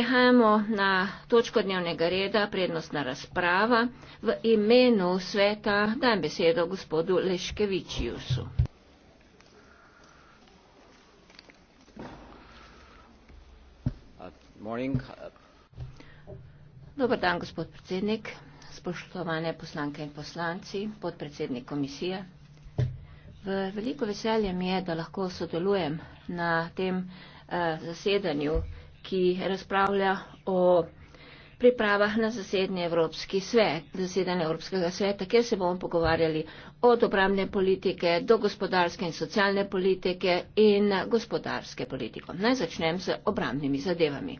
Prehajamo na točko dnevnega reda, prednostna razprava. V imenu sveta dajem besedo gospodu Leškevičiusu. Dobar dan, gospod predsednik, spoštovane poslanke in poslanci, podpredsednik komisije. V veliko veselje mi je, da lahko sodelujem na tem uh, zasedanju ki razpravlja o pripravah na zasedni Evropski svet, zasedanje Evropskega sveta, kjer se bomo pogovarjali od obramne politike do gospodarske in socialne politike in gospodarske politike. Naj začnem z obramnimi zadevami.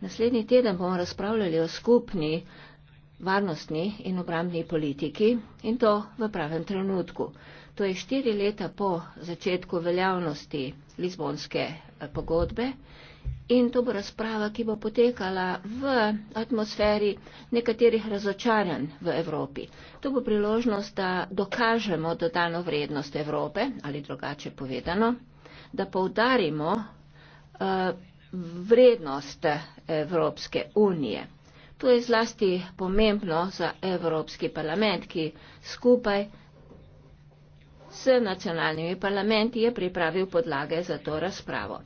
Naslednji teden bomo razpravljali o skupni varnostni in obramni politiki in to v pravem trenutku. To je štiri leta po začetku veljavnosti Lizbonske eh, pogodbe. In to bo razprava, ki bo potekala v atmosferi nekaterih razočaranj v Evropi. To bo priložnost, da dokažemo dodano vrednost Evrope ali drugače povedano, da poudarimo uh, vrednost Evropske unije. To je zlasti pomembno za Evropski parlament, ki skupaj s nacionalnimi parlamenti je pripravil podlage za to razpravo.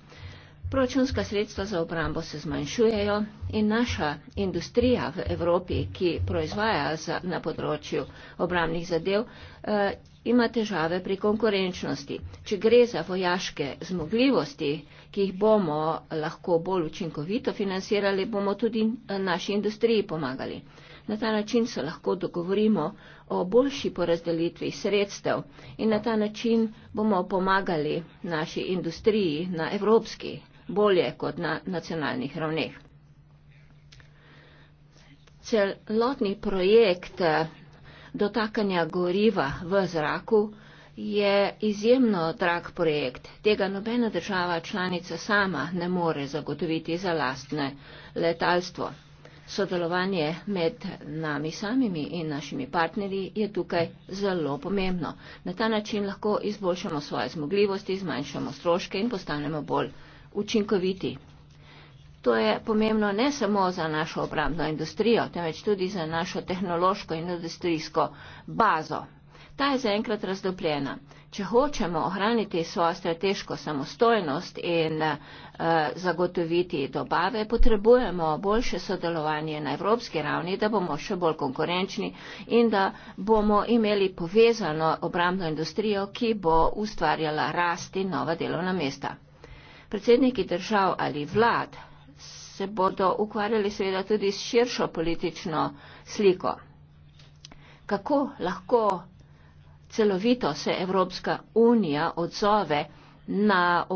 Proračunska sredstva za obrambo se zmanjšujejo in naša industrija v Evropi, ki proizvaja za, na področju obramnih zadev, eh, ima težave pri konkurenčnosti. Če gre za vojaške zmogljivosti, ki jih bomo lahko bolj učinkovito financirali, bomo tudi eh, naši industriji pomagali. Na ta način se lahko dogovorimo o boljši porazdelitvi sredstev in na ta način bomo pomagali naši industriji na evropski bolje kot na nacionalnih ravneh. Celotni projekt dotakanja goriva v zraku je izjemno drag projekt. Tega nobena država članica sama ne more zagotoviti za lastne letalstvo. Sodelovanje med nami samimi in našimi partnerji je tukaj zelo pomembno. Na ta način lahko izboljšamo svoje zmogljivosti, zmanjšamo stroške in postanemo bolj učinkoviti. To je pomembno ne samo za našo obrambno industrijo, temveč tudi za našo tehnološko in industrijsko bazo. Ta je zaenkrat razdobljena. Če hočemo ohraniti svojo strateško samostojnost in eh, zagotoviti dobave, potrebujemo boljše sodelovanje na evropski ravni, da bomo še bolj konkurenčni in da bomo imeli povezano obrambno industrijo, ki bo ustvarjala rasti nova delovna mesta predsedniki držav ali vlad se bodo ukvarjali seveda tudi s širšo politično sliko. Kako lahko celovito se Evropska unija odzove na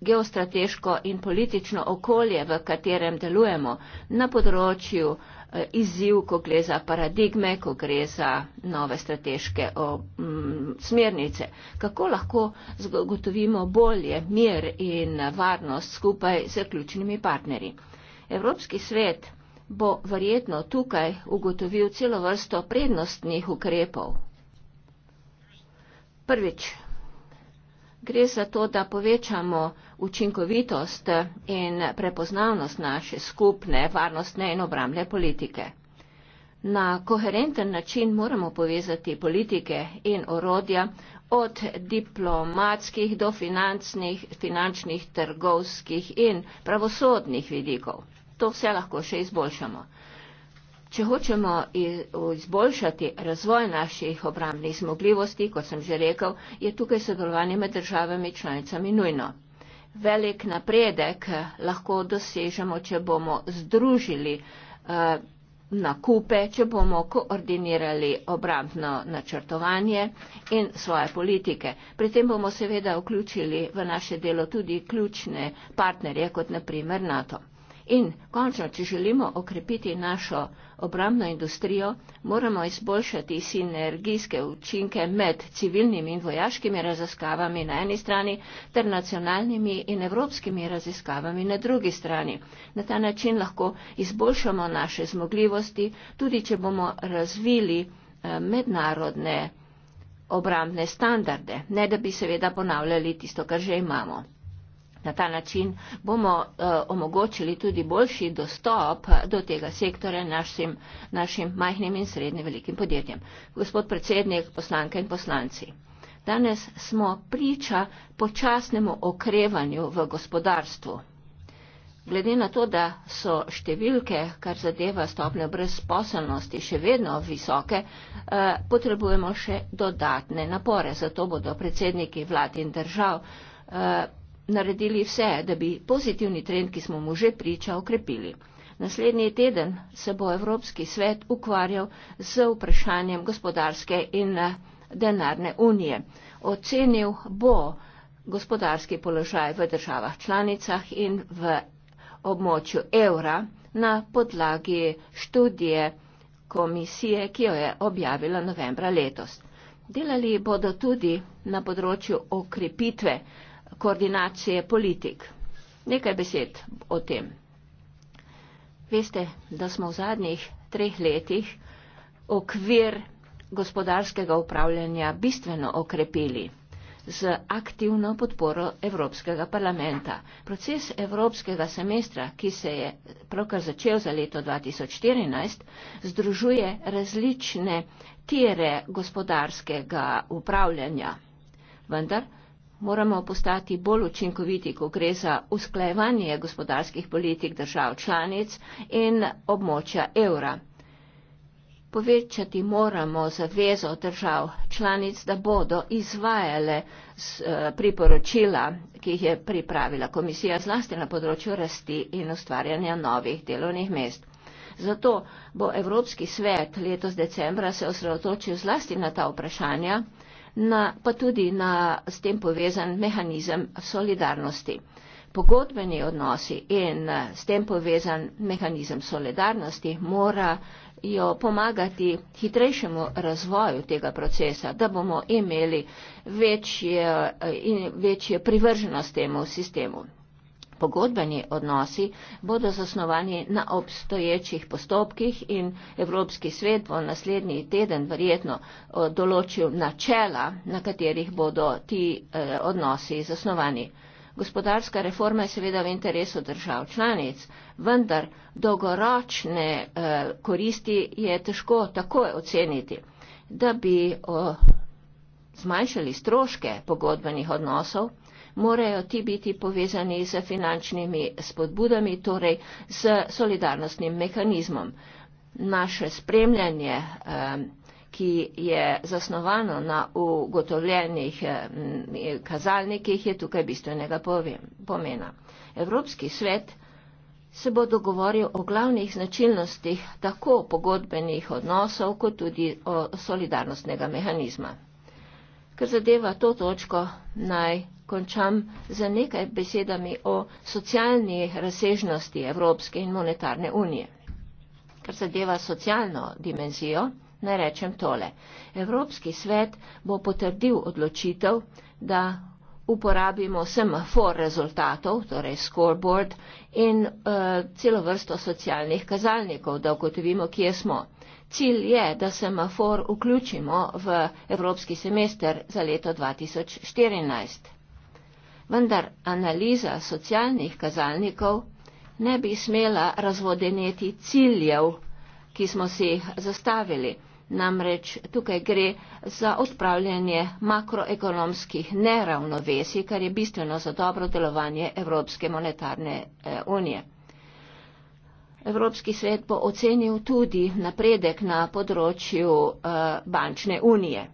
geostrateško in politično okolje, v katerem delujemo na področju Eh, izziv, ko gre za paradigme, ko gre za nove strateške mm, smernice. Kako lahko zagotovimo bolje mir in varnost skupaj z ključnimi partnerji? Evropski svet bo verjetno tukaj ugotovil celo vrsto prednostnih ukrepov. Prvič, gre za to, da povečamo učinkovitost in prepoznavnost naše skupne varnostne in obramne politike. Na koherenten način moramo povezati politike in orodja od diplomatskih do finančnih, finančnih trgovskih in pravosodnih vidikov. To vse lahko še izboljšamo. Če hočemo izboljšati razvoj naših obramnih zmogljivosti, kot sem že rekel, je tukaj sodelovanje med državami članicami nujno velik napredek lahko dosežemo, če bomo združili eh, nakupe, če bomo koordinirali obrambno načrtovanje in svoje politike. Pri tem bomo seveda vključili v naše delo tudi ključne partnerje, kot naprimer NATO. In končno, če želimo okrepiti našo obramno industrijo, moramo izboljšati sinergijske učinke med civilnimi in vojaškimi raziskavami na eni strani ter nacionalnimi in evropskimi raziskavami na drugi strani. Na ta način lahko izboljšamo naše zmogljivosti, tudi če bomo razvili eh, mednarodne obramne standarde, ne da bi seveda ponavljali tisto, kar že imamo. Na ta način bomo uh, omogočili tudi boljši dostop do tega sektora našim, našim majhnim in srednjim velikim podjetjem. Gospod predsednik, poslanke in poslanci, danes smo priča počasnemu okrevanju v gospodarstvu. Glede na to, da so številke, kar zadeva stopnjo brezposelnosti, še vedno visoke, uh, potrebujemo še dodatne napore. Zato bodo predsedniki vlad in držav. Uh, naredili vse, da bi pozitivni trend, ki smo mu že priča, okrepili. Naslednji teden se bo Evropski svet ukvarjal z vprašanjem gospodarske in eh, denarne unije. Ocenil bo gospodarski položaj v državah članicah in v območju evra na podlagi študije komisije, ki jo je objavila novembra letos. Delali bodo tudi na področju okrepitve koordinacije politik. Nekaj besed o tem. Veste, da smo v zadnjih treh letih okvir gospodarskega upravljanja bistveno okrepili z aktivno podporo Evropskega parlamenta. Proces Evropskega semestra, ki se je pravkar začel za leto 2014, združuje različne tire gospodarskega upravljanja. Vendar moramo postati bolj učinkoviti, ko gre za usklajevanje gospodarskih politik držav članic in območja evra. Povečati moramo zavezo držav članic, da bodo izvajale eh, priporočila, ki jih je pripravila komisija zlasti na področju rasti in ustvarjanja novih delovnih mest. Zato bo Evropski svet letos decembra se osredotočil zlasti na ta vprašanja, na, pa tudi na s tem povezan mehanizem solidarnosti. Pogodbeni odnosi in s tem povezan mehanizem solidarnosti morajo pomagati hitrejšemu razvoju tega procesa, da bomo imeli večje, večje privrženost temu sistemu. Pogodbeni odnosi bodo zasnovani na obstoječih postopkih in Evropski svet bo naslednji teden verjetno eh, določil načela, na katerih bodo ti eh, odnosi zasnovani. Gospodarska reforma je seveda v interesu držav članic, vendar dolgoročne eh, koristi je težko takoj oceniti, da bi zmanjšali stroške pogodbenih odnosov morajo ti biti povezani z finančnimi spodbudami, torej z solidarnostnim mehanizmom. Naše spremljanje, ki je zasnovano na ugotovljenih kazalnikih, je tukaj bistvenega pomena. Evropski svet se bo dogovoril o glavnih značilnostih tako pogodbenih odnosov, kot tudi o solidarnostnega mehanizma. Kar zadeva to točko, naj končam z nekaj besedami o socialni razsežnosti Evropske in monetarne unije. Kar zadeva socialno dimenzijo, naj rečem tole. Evropski svet bo potrdil odločitev, da uporabimo semafor rezultatov, torej scoreboard in uh, celo vrsto socialnih kazalnikov, da ugotovimo, kje smo. Cilj je, da semafor vključimo v evropski semester za leto 2014 vendar analiza socialnih kazalnikov ne bi smela razvodeneti ciljev, ki smo si jih zastavili. Namreč tukaj gre za odpravljanje makroekonomskih neravnovesij, kar je bistveno za dobro delovanje Evropske monetarne eh, unije. Evropski svet bo ocenil tudi napredek na področju eh, bančne unije,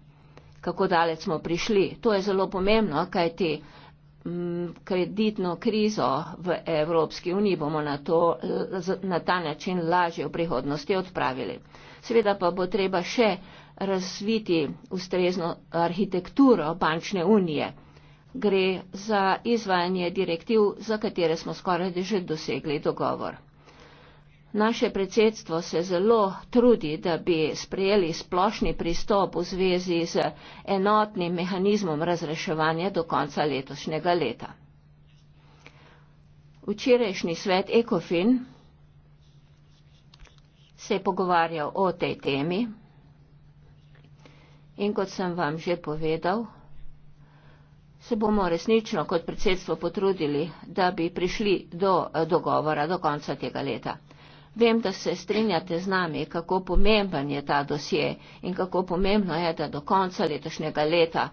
kako daleč smo prišli. To je zelo pomembno, kajti kreditno krizo v Evropski uniji bomo na, to, na ta način lažje v prihodnosti odpravili. Seveda pa bo treba še razviti ustrezno arhitekturo bančne unije. Gre za izvajanje direktiv, za katere smo skoraj že dosegli dogovor. Naše predsedstvo se zelo trudi, da bi sprejeli splošni pristop v zvezi z enotnim mehanizmom razreševanja do konca letošnjega leta. Včerajšnji svet ECOFIN se je pogovarjal o tej temi in kot sem vam že povedal, se bomo resnično kot predsedstvo potrudili, da bi prišli do dogovora do konca tega leta. Vem, da se strinjate z nami, kako pomemben je ta dosje in kako pomembno je, da do konca letošnjega leta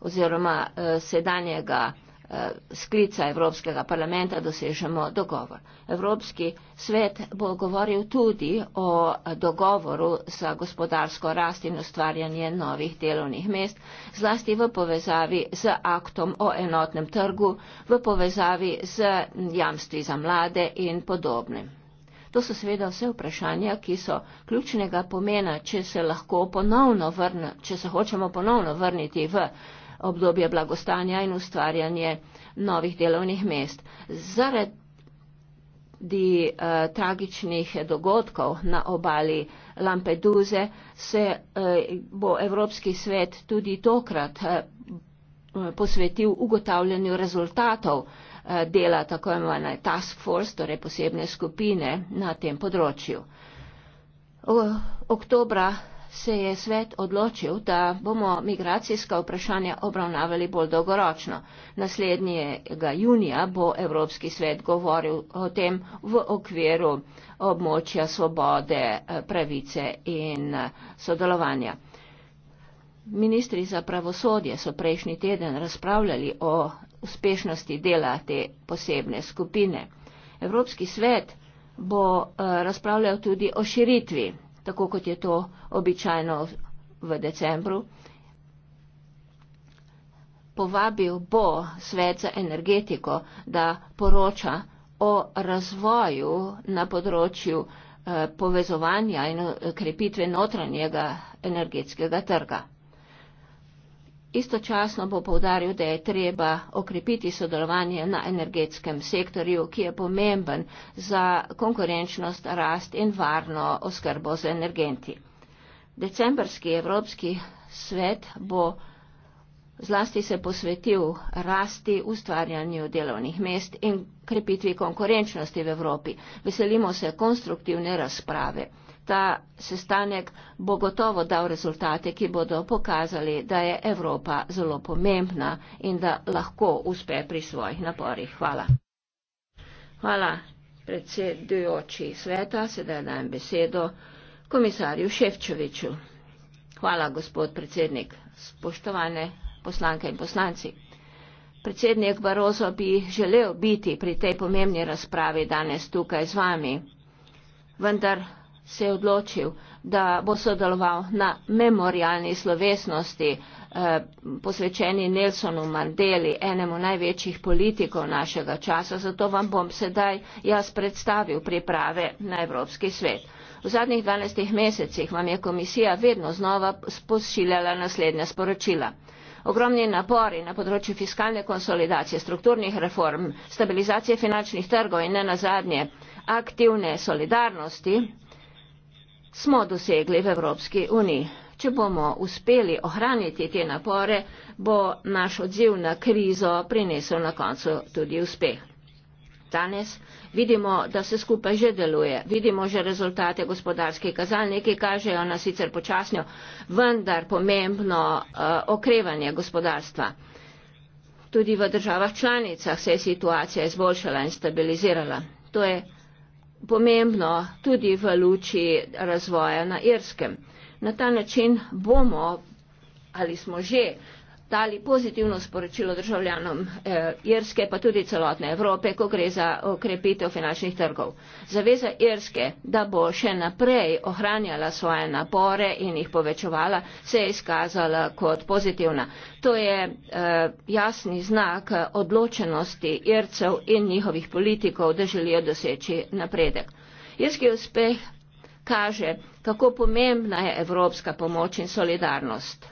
oziroma eh, sedanjega eh, sklica Evropskega parlamenta dosežemo dogovor. Evropski svet bo govoril tudi o dogovoru za gospodarsko rast in ustvarjanje novih delovnih mest, zlasti v povezavi z aktom o enotnem trgu, v povezavi z jamstvi za mlade in podobnim. To so seveda vse vprašanja, ki so ključnega pomena, če se lahko ponovno vrne, če se hočemo ponovno vrniti v obdobje blagostanja in ustvarjanje novih delovnih mest. Zaradi uh, tragičnih dogodkov na obali Lampeduze se uh, bo Evropski svet tudi tokrat uh, posvetil ugotavljanju rezultatov uh, Eh, dela tako imenovane task force, torej posebne skupine na tem področju. O, oktobra se je svet odločil, da bomo migracijska vprašanja obravnavali bolj dolgoročno. Naslednjega junija bo Evropski svet govoril o tem v okviru območja svobode, eh, pravice in eh, sodelovanja. Ministri za pravosodje so prejšnji teden razpravljali o uspešnosti dela te posebne skupine. Evropski svet bo eh, razpravljal tudi o širitvi, tako kot je to običajno v decembru. Povabil bo svet za energetiko, da poroča o razvoju na področju eh, povezovanja in eh, krepitve notranjega energetskega trga. Istočasno bo povdaril, da je treba okrepiti sodelovanje na energetskem sektorju, ki je pomemben za konkurenčnost, rast in varno oskrbo z energenti. Decembrski Evropski svet bo zlasti se posvetil rasti, ustvarjanju delovnih mest in krepitvi konkurenčnosti v Evropi. Veselimo se konstruktivne razprave ta sestanek bo gotovo dal rezultate, ki bodo pokazali, da je Evropa zelo pomembna in da lahko uspe pri svojih naporih. Hvala. Hvala predsedujoči sveta, sedaj dajem besedo komisarju Ševčoviču. Hvala, gospod predsednik. Spoštovane poslanke in poslanci. Predsednik Barozo bi želel biti pri tej pomembni razpravi danes tukaj z vami, vendar se je odločil, da bo sodeloval na memorialni slovesnosti eh, posvečeni Nelsonu Mandeli, enemu največjih politikov našega časa. Zato vam bom sedaj jaz predstavil priprave na Evropski svet. V zadnjih 12 mesecih vam je komisija vedno znova posiljala naslednja sporočila. Ogromni napori na področju fiskalne konsolidacije, strukturnih reform, stabilizacije finančnih trgov in ne nazadnje aktivne solidarnosti smo dosegli v Evropski uniji. Če bomo uspeli ohraniti te napore, bo naš odziv na krizo prinesel na koncu tudi uspeh. Danes vidimo, da se skupaj že deluje. Vidimo že rezultate gospodarskih kazalnikov, ki kažejo na sicer počasnjo, vendar pomembno uh, okrevanje gospodarstva. Tudi v državah članicah se je situacija izboljšala in stabilizirala. To je pomembno tudi v luči razvoja na Irskem. Na ta način bomo ali smo že dali pozitivno sporočilo državljanom eh, Irske, pa tudi celotne Evrope, ko gre za okrepitev finančnih trgov. Zaveza Irske, da bo še naprej ohranjala svoje napore in jih povečevala, se je izkazala kot pozitivna. To je eh, jasni znak eh, odločenosti Ircev in njihovih politikov, da želijo doseči napredek. Irski uspeh kaže, kako pomembna je evropska pomoč in solidarnost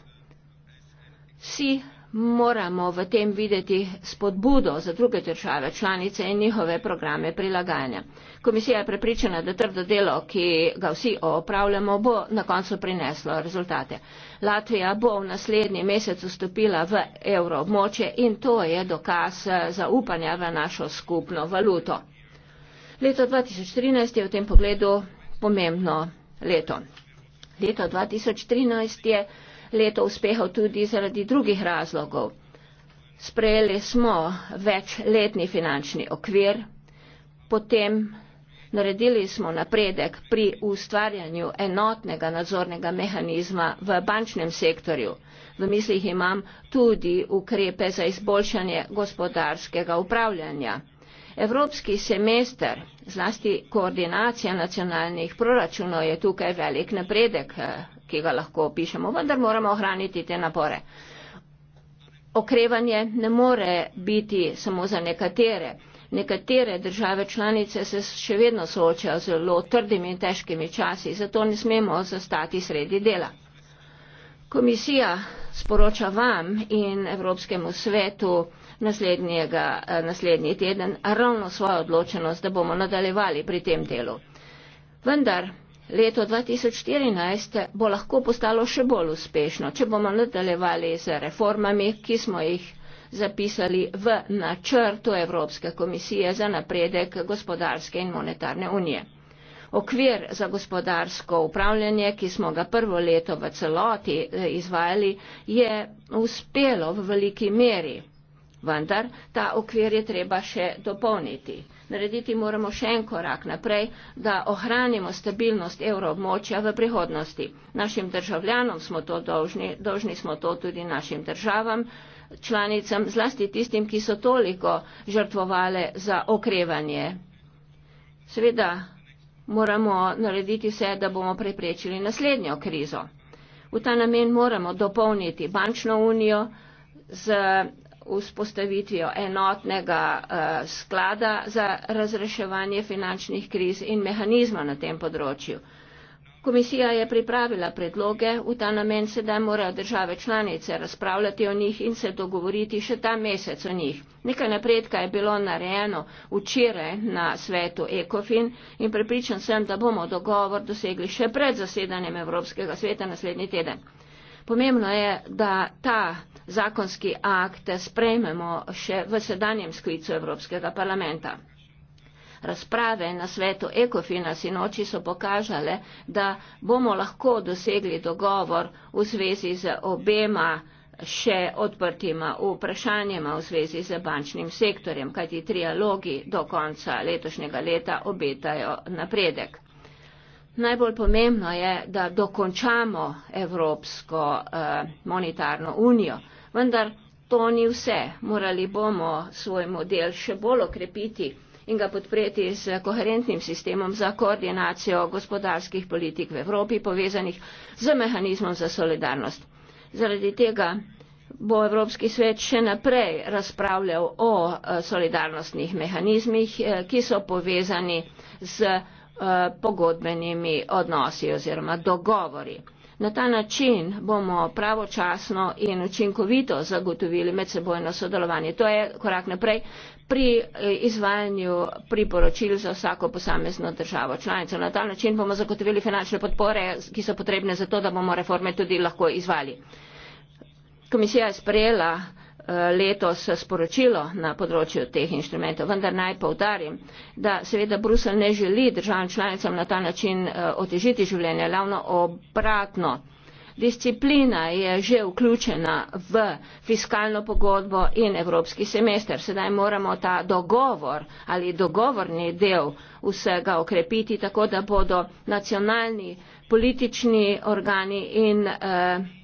vsi moramo v tem videti spodbudo za druge države članice in njihove programe prilagajanja. Komisija je prepričana, da trdo delo, ki ga vsi opravljamo, bo na koncu prineslo rezultate. Latvija bo v naslednji mesec vstopila v evroobmoče in to je dokaz eh, zaupanja v našo skupno valuto. Leto 2013 je v tem pogledu pomembno leto. Leto 2013 je leto uspehov tudi zaradi drugih razlogov. Sprejeli smo večletni finančni okvir, potem naredili smo napredek pri ustvarjanju enotnega nadzornega mehanizma v bančnem sektorju. V mislih imam tudi ukrepe za izboljšanje gospodarskega upravljanja. Evropski semester, zlasti koordinacija nacionalnih proračunov, je tukaj velik napredek eh, ki ga lahko opišemo, vendar moramo ohraniti te napore. Okrevanje ne more biti samo za nekatere. Nekatere države članice se še vedno soočajo z zelo trdimi in težkimi časi, zato ne smemo zastati sredi dela. Komisija sporoča vam in Evropskemu svetu eh, naslednji teden ravno svojo odločenost, da bomo nadaljevali pri tem delu. Vendar leto 2014 bo lahko postalo še bolj uspešno, če bomo nadaljevali z reformami, ki smo jih zapisali v načrtu Evropske komisije za napredek gospodarske in monetarne unije. Okvir za gospodarsko upravljanje, ki smo ga prvo leto v celoti eh, izvajali, je uspelo v veliki meri, vendar ta okvir je treba še dopolniti narediti moramo še en korak naprej, da ohranimo stabilnost evroobmočja v prihodnosti. Našim državljanom smo to dolžni, dolžni smo to tudi našim državam, članicam, zlasti tistim, ki so toliko žrtvovali za okrevanje. Seveda moramo narediti vse, da bomo preprečili naslednjo krizo. V ta namen moramo dopolniti bančno unijo z vzpostavitvijo enotnega uh, sklada za razreševanje finančnih kriz in mehanizma na tem področju. Komisija je pripravila predloge, v ta namen sedaj morajo države članice razpravljati o njih in se dogovoriti še ta mesec o njih. Nekaj napredka je bilo narejeno včeraj na svetu ECOFIN in prepričan sem, da bomo dogovor dosegli še pred zasedanjem Evropskega sveta naslednji teden. Pomembno je, da ta zakonski akt sprejmemo še v sedanjem sklicu Evropskega parlamenta. Razprave na svetu Ekofina sinoči so pokazale, da bomo lahko dosegli dogovor v zvezi z obema še odprtima vprašanjima v zvezi z bančnim sektorjem, kajti trialogi do konca letošnjega leta obetajo napredek. Najbolj pomembno je, da dokončamo Evropsko eh, monetarno unijo, vendar to ni vse. Morali bomo svoj model še bolj okrepiti in ga podpreti z koherentnim sistemom za koordinacijo gospodarskih politik v Evropi povezanih z mehanizmom za solidarnost. Zaradi tega bo Evropski svet še naprej razpravljal o eh, solidarnostnih mehanizmih, eh, ki so povezani z. Eh, pogodbenimi odnosi oziroma dogovori. Na ta način bomo pravočasno in učinkovito zagotovili medsebojno sodelovanje. To je korak naprej pri eh, izvajanju priporočil za vsako posamezno državo članico. Na ta način bomo zagotovili finančne podpore, ki so potrebne za to, da bomo reforme tudi lahko izvali. Komisija je sprejela letos sporočilo na področju teh inštrumentov. Vendar naj povdarim, da seveda Brusel ne želi državam članicam na ta način eh, otežiti življenje, ravno obratno. Disciplina je že vključena v fiskalno pogodbo in evropski semester. Sedaj moramo ta dogovor ali dogovorni del vsega okrepiti tako, da bodo nacionalni politični organi in eh,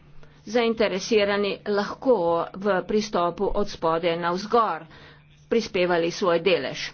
zainteresirani lahko v pristopu od spode na vzgor prispevali svoj delež.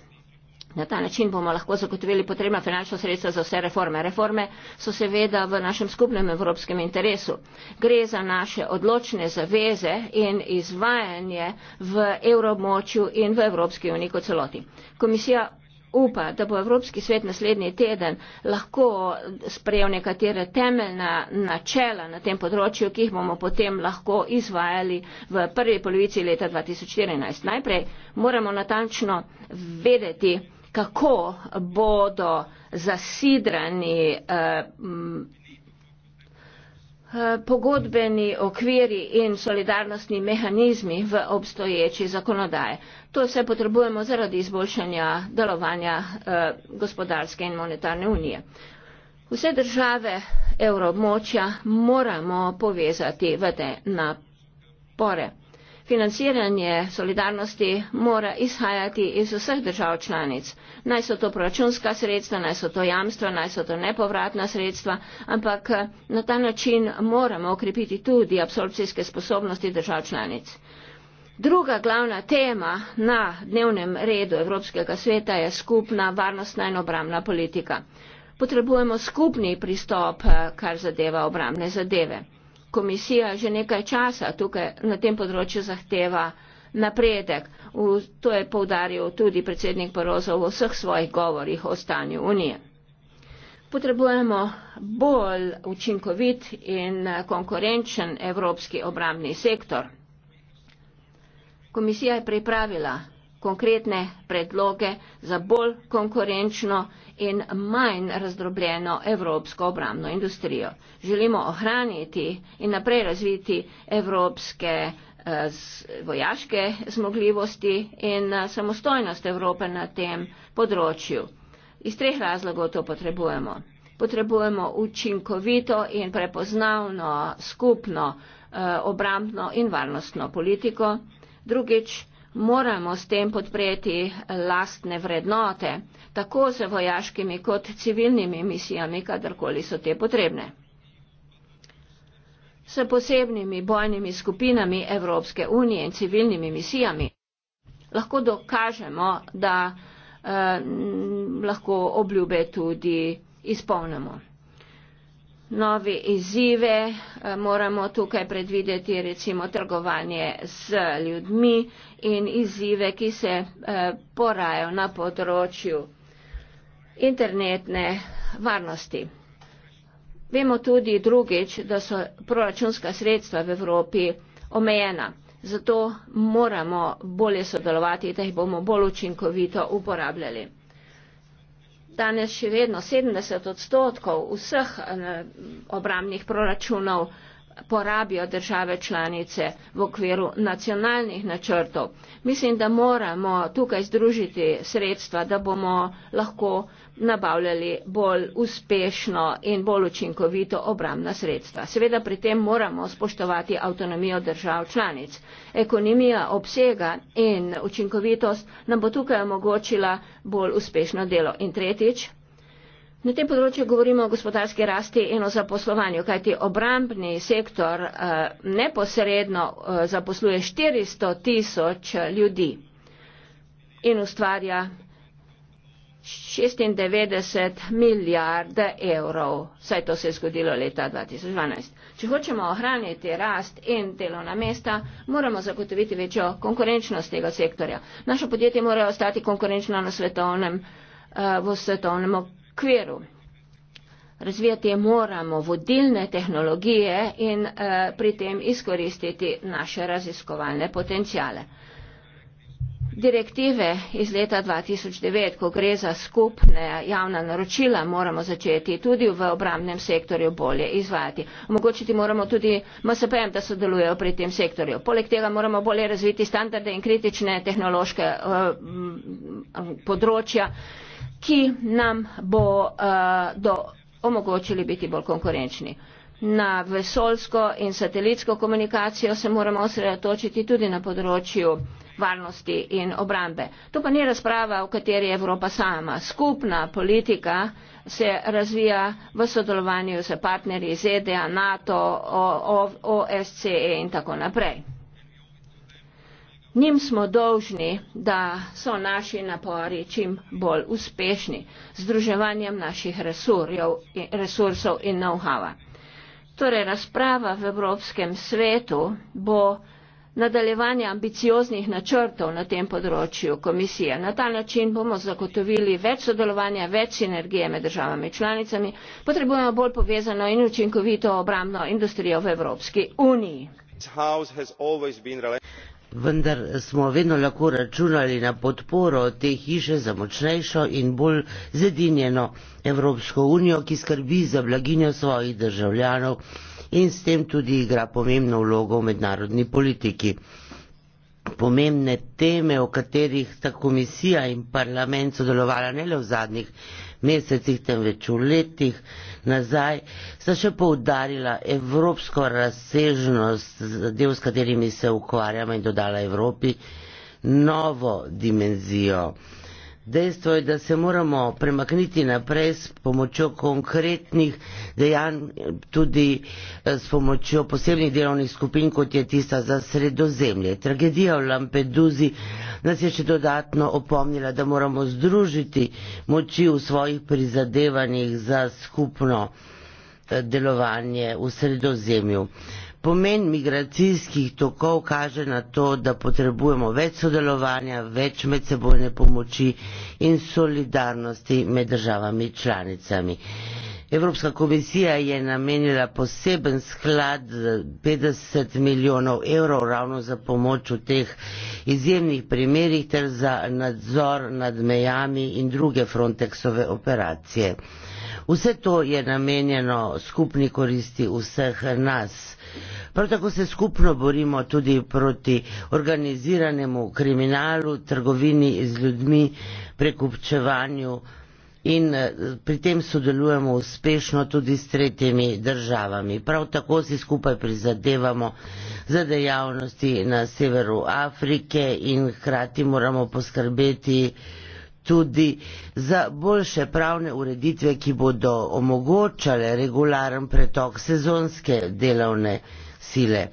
Na ta način bomo lahko zagotovili potrebna finančna sredstva za vse reforme. Reforme so seveda v našem skupnem evropskem interesu. Gre za naše odločne zaveze in izvajanje v evromočju in v Evropski uniji kot celoti. Komisija upa, da bo Evropski svet naslednji teden lahko sprejel nekatere temeljna načela na tem področju, ki jih bomo potem lahko izvajali v prvi polovici leta 2014. Najprej moramo natančno vedeti, kako bodo zasidrani. Eh, Eh, pogodbeni okviri in solidarnostni mehanizmi v obstoječi zakonodaje. To vse potrebujemo zaradi izboljšanja delovanja eh, gospodarske in monetarne unije. Vse države evroobmočja moramo povezati v te napore financiranje solidarnosti mora izhajati iz vseh držav članic. Naj so to proračunska sredstva, naj so to jamstva, naj so to nepovratna sredstva, ampak eh, na ta način moramo okrepiti tudi absorpcijske sposobnosti držav članic. Druga glavna tema na dnevnem redu Evropskega sveta je skupna varnostna in obramna politika. Potrebujemo skupni pristop, eh, kar zadeva obramne zadeve komisija že nekaj časa tukaj na tem področju zahteva napredek. V, to je povdaril tudi predsednik Barozov v vseh svojih govorih o stanju Unije. Potrebujemo bolj učinkovit in konkurenčen evropski obramni sektor. Komisija je pripravila konkretne predloge za bolj konkurenčno in manj razdrobljeno evropsko obramno industrijo. Želimo ohraniti in naprej razviti evropske eh, vojaške zmogljivosti in eh, samostojnost Evrope na tem področju. Iz treh razlogov to potrebujemo. Potrebujemo učinkovito in prepoznavno skupno eh, obrambno in varnostno politiko. Drugič, moramo s tem podpreti lastne vrednote, tako z vojaškimi kot civilnimi misijami, kadarkoli so te potrebne. S posebnimi bojnimi skupinami Evropske unije in civilnimi misijami lahko dokažemo, da eh, lahko obljube tudi izpolnimo nove izzive, eh, moramo tukaj predvideti recimo trgovanje z ljudmi in izzive, ki se eh, porajajo na področju internetne varnosti. Vemo tudi drugič, da so proračunska sredstva v Evropi omejena, zato moramo bolje sodelovati, da jih bomo bolj učinkovito uporabljali danes še vedno 70 odstotkov vseh eh, obramnih proračunov porabijo države članice v okviru nacionalnih načrtov. Mislim, da moramo tukaj združiti sredstva, da bomo lahko uh, nabavljali bolj uspešno in bolj učinkovito obramna sredstva. Seveda pri tem moramo spoštovati avtonomijo držav članic. Ekonomija obsega in učinkovitost nam bo tukaj omogočila bolj uspešno delo. In tretjič, na tem področju govorimo o gospodarski rasti in o zaposlovanju, kajti obrambni sektor eh, neposredno eh, zaposluje 400 tisoč ljudi in ustvarja 96 milijard evrov. Saj to se je zgodilo leta 2012. Če hočemo ohraniti rast in delovna mesta, moramo zagotoviti večjo konkurenčnost tega sektorja. Naša podjetja morajo ostati konkurenčna na svetovnem, eh, v svetovnem okviru. Razvijati moramo vodilne tehnologije in eh, pri tem izkoristiti naše raziskovalne potencijale direktive iz leta 2009, ko gre za skupne javna naročila, moramo začeti tudi v obramnem sektorju bolje izvajati. Omogočiti moramo tudi MSP-jem, da sodelujejo pri tem sektorju. Poleg tega moramo bolje razviti standarde in kritične tehnološke uh, področja, ki nam bo uh, do, omogočili biti bolj konkurenčni. Na vesolsko in satelitsko komunikacijo se moramo osredotočiti tudi na področju uh, varnosti in obrambe. To pa ni razprava, v kateri je Evropa sama. Skupna politika se razvija v sodelovanju z partnerji ZDA, NATO, OSCE in tako naprej. Njim smo dolžni, da so naši napori čim bolj uspešni z združevanjem naših resursov in know-howa. Torej, razprava v Evropskem svetu bo nadaljevanje ambicioznih načrtov na tem področju komisije. Na ta način bomo zagotovili več sodelovanja, več sinergije med državami članicami, potrebujemo bolj povezano in učinkovito obrambno industrijo v Evropski uniji. Vendar smo vedno lahko računali na podporo te hiše za močnejšo in bolj zedinjeno Evropsko unijo, ki skrbi za blaginjo svojih državljanov in s tem tudi igra pomembno vlogo v mednarodni politiki. Pomembne teme, o katerih sta komisija in parlament sodelovala ne le v zadnjih mesecih, temveč v letih nazaj, sta še poudarila evropsko razsežnost, del s katerimi se ukvarjamo in dodala Evropi novo dimenzijo. Dejstvo je, da se moramo premakniti naprej s pomočjo konkretnih dejanj, tudi eh, s pomočjo posebnih delovnih skupin, kot je tista za sredozemlje. Tragedija v Lampeduzi nas je še dodatno opomnila, da moramo združiti moči v svojih prizadevanjih za skupno eh, delovanje v sredozemlju. Pomen migracijskih tokov kaže na to, da potrebujemo več sodelovanja, več medsebojne pomoči in solidarnosti med državami članicami. Evropska komisija je namenila poseben sklad 50 milijonov evrov ravno za pomoč v teh izjemnih primerih ter za nadzor nad mejami in druge Frontexove operacije. Vse to je namenjeno skupni koristi vseh nas. Prav tako se skupno borimo tudi proti organiziranemu kriminalu, trgovini z ljudmi, prekupčevanju in eh, pri tem sodelujemo uspešno tudi s tretjimi državami. Prav tako si skupaj prizadevamo za dejavnosti na severu Afrike in hkrati moramo poskrbeti, tudi za boljše pravne ureditve, ki bodo omogočale regularen pretok sezonske delovne sile.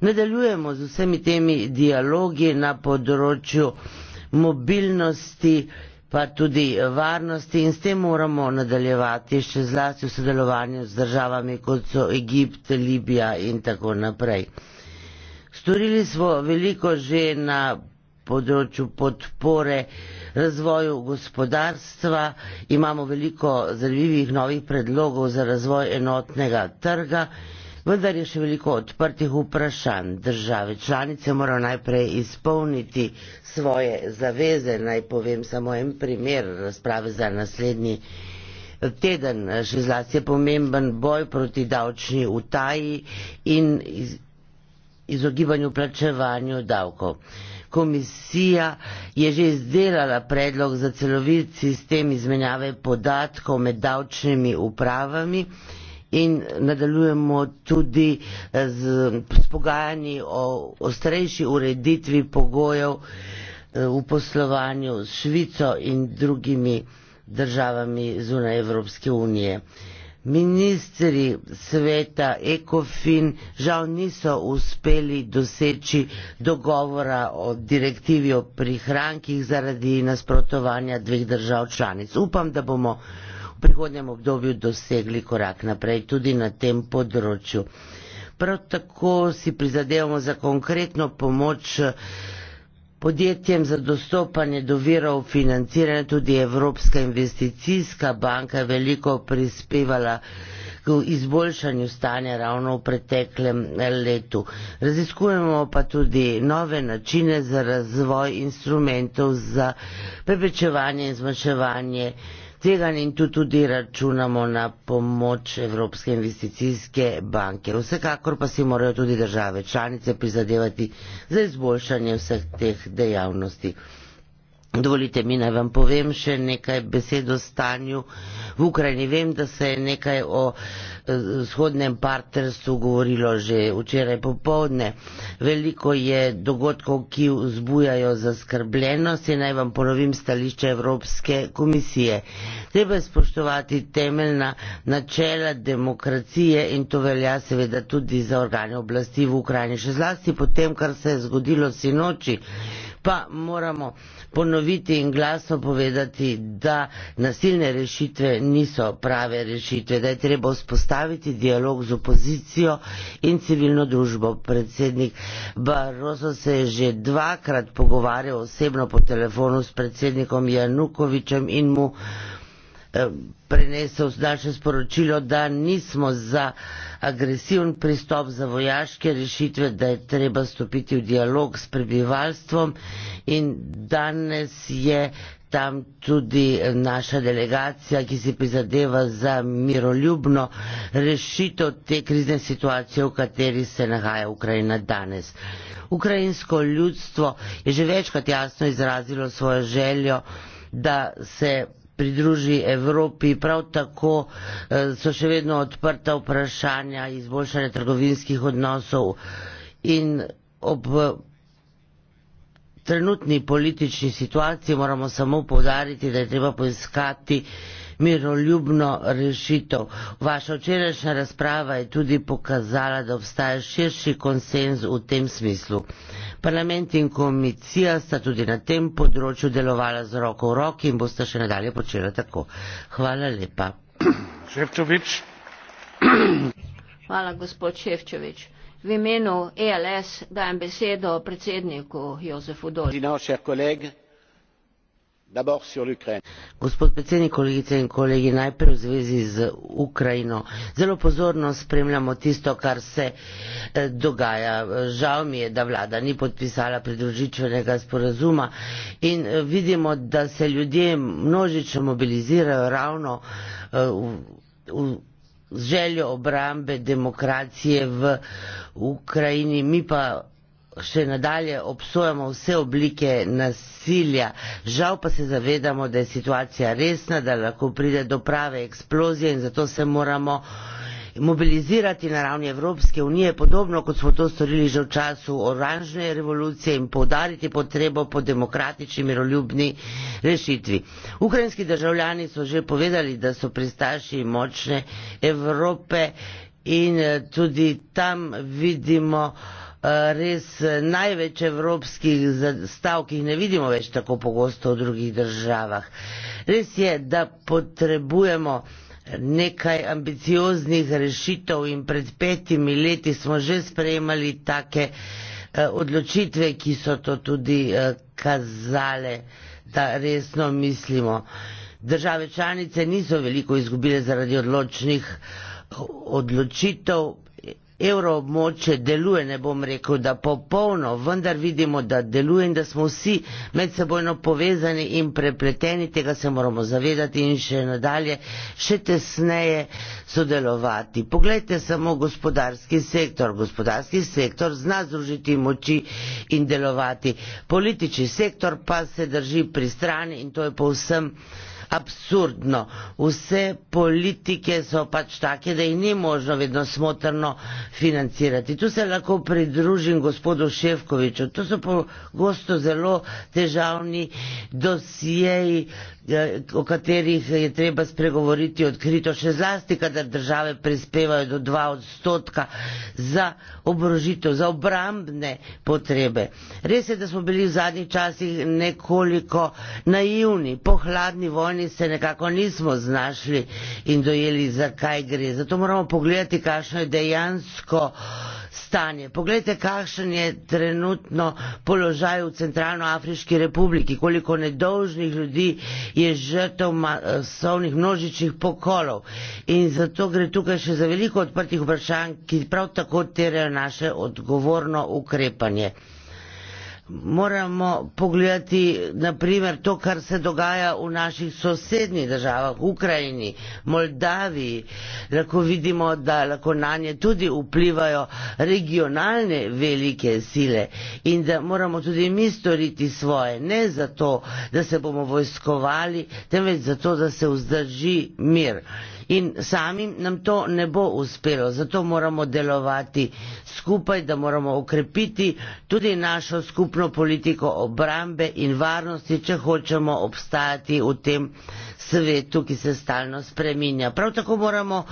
Nadaljujemo z vsemi temi dialogi na področju mobilnosti, pa tudi varnosti in s tem moramo nadaljevati še zlasti v sodelovanju z državami, kot so Egipt, Libija in tako naprej. Storili smo veliko že na področju podpore razvoju gospodarstva. Imamo veliko zanimivih novih predlogov za razvoj enotnega trga, vendar je še veliko odprtih vprašanj. Države članice morajo najprej izpolniti svoje zaveze. Naj povem samo en primer razprave za naslednji. Teden še zlasti je pomemben boj proti davčni utaji in iz, izogibanju plačevanju davkov komisija je že izdelala predlog za celovit sistem izmenjave podatkov med davčnimi upravami in nadaljujemo tudi eh, z, z pogajanji o ostrejši ureditvi pogojev eh, v poslovanju s Švico in drugimi državami zunaj Evropske unije. Uh, ministri sveta ECOFIN žal niso uspeli doseči dogovora o direktivi o prihrankih zaradi nasprotovanja dveh držav članic. Upam, da bomo v prihodnjem obdobju dosegli korak naprej tudi na tem področju. Prav tako si prizadevamo za konkretno pomoč podjetjem za dostopanje do virov financiranja tudi Evropska investicijska banka je veliko prispevala k izboljšanju stanja ravno v preteklem eh, letu. Raziskujemo pa tudi nove načine za razvoj instrumentov za prepečevanje in zmanjševanje tega in tu tudi računamo na pomoč Evropske investicijske banke. Vsekakor pa si morajo tudi države članice prizadevati za izboljšanje vseh teh dejavnosti. Dovolite mi, naj vam povem še nekaj besed o stanju v Ukrajini. Vem, da se je nekaj o eh, vzhodnem partnerstvu govorilo že včeraj popovdne. Veliko je dogodkov, ki vzbujajo zaskrbljenost in naj vam ponovim stališče Evropske komisije. Treba je spoštovati temeljna načela demokracije in to velja seveda tudi za organe oblasti v Ukrajini. Še zlasti potem, kar se je zgodilo sinoči pa moramo ponoviti in glasno povedati, da nasilne rešitve niso prave rešitve, da je treba vzpostaviti dialog z opozicijo in civilno družbo. Predsednik Barroso se je že dvakrat pogovarjal osebno po telefonu s predsednikom Janukovičem in mu Eh, prenesel naše sporočilo, da nismo za agresivn pristop za vojaške rešitve, da je treba stopiti v dialog s prebivalstvom in danes je tam tudi naša delegacija, ki si prizadeva za miroljubno rešitev te krizne situacije, v kateri se nahaja Ukrajina danes. Ukrajinsko ljudstvo je že večkrat jasno izrazilo svojo željo, da se pridruži Evropi. Prav tako eh, so še vedno odprta vprašanja izboljšanja trgovinskih odnosov in ob trenutni politični situaciji moramo samo povdariti, da je treba poiskati miroljubno rešitev. Vaša včerajšnja razprava je tudi pokazala, da obstaja širši konsenz v tem smislu. Parlament in komisija sta tudi na tem področju delovala z roko v roki in boste še nadalje počela tako. Hvala lepa. Ševčovič. Hvala, gospod Ševčovič. V imenu ELS dajem besedo predsedniku Jozefu Dolju gospod predsednik kolegice in kolegi najprej v zvezi z ukrajino zelo pozorno spremljamo tisto kar se eh, dogaja žal mi je da vlada ni podpisala pridružitvenega sporazuma in eh, vidimo da se ljudje množično mobilizirajo ravno eh, v, v željo obrambe demokracije v ukrajini mi pa še nadalje obsojamo vse oblike nasilja. Žal pa se zavedamo, da je situacija resna, da lahko pride do prave eksplozije in zato se moramo mobilizirati na ravni Evropske unije, podobno kot smo to storili že v času oranžne revolucije in povdariti potrebo po demokratični miroljubni rešitvi. Ukrajinski državljani so že povedali, da so pristaši močne Evrope in eh, tudi tam vidimo, Eh, res eh, največ evropskih zastav, ki jih ne vidimo več tako pogosto v drugih državah. Res je, da potrebujemo nekaj ambicioznih rešitev in pred petimi leti smo že sprejemali take eh, odločitve, ki so to tudi kazale, da resno mislimo. Države članice niso veliko izgubile zaradi odločnih odločitev, evroobmoče deluje, ne bom rekel, da popolno, vendar vidimo, da deluje in da smo vsi medsebojno povezani in prepleteni, tega se moramo zavedati in še nadalje, še tesneje sodelovati. Poglejte samo gospodarski sektor. Gospodarski sektor zna združiti moči in delovati. Politični sektor pa se drži pri strani in to je povsem absurdno. Vse politike so pač take, da jih ni možno vedno smotrno financirati. Tu se lahko pridružim gospodu Ševkoviču. To so pogosto zelo težavni dosijeji, Ja, o katerih je treba spregovoriti odkrito, še zlasti, kadar države prispevajo do 2 odstotka za obrožitev, za obrambne potrebe. Res je, da smo bili v zadnjih časih nekoliko naivni, po hladni vojni se nekako nismo znašli in dojeli, zakaj gre. Zato moramo pogledati, kakšno je dejansko stanje. Poglejte, kakšen je trenutno položaj v Centralnoafriški republiki, koliko nedolžnih ljudi je žrtev masovnih množičnih pokolov. In zato gre tukaj še za veliko odprtih vprašanj, ki prav tako terajo naše odgovorno ukrepanje moramo pogledati naprimer to, kar se dogaja v naših sosednjih državah, Ukrajini, Moldaviji. Lahko vidimo, da lahko na nje tudi vplivajo regionalne velike sile in da moramo tudi mi storiti svoje. Ne zato, da se bomo vojskovali, temveč zato, da se vzdrži mir in samim nam to ne bo uspelo. Zato moramo delovati skupaj, da moramo okrepiti tudi našo skupno politiko obrambe in varnosti, če hočemo obstajati v tem svetu, ki se stalno spreminja. Prav tako moramo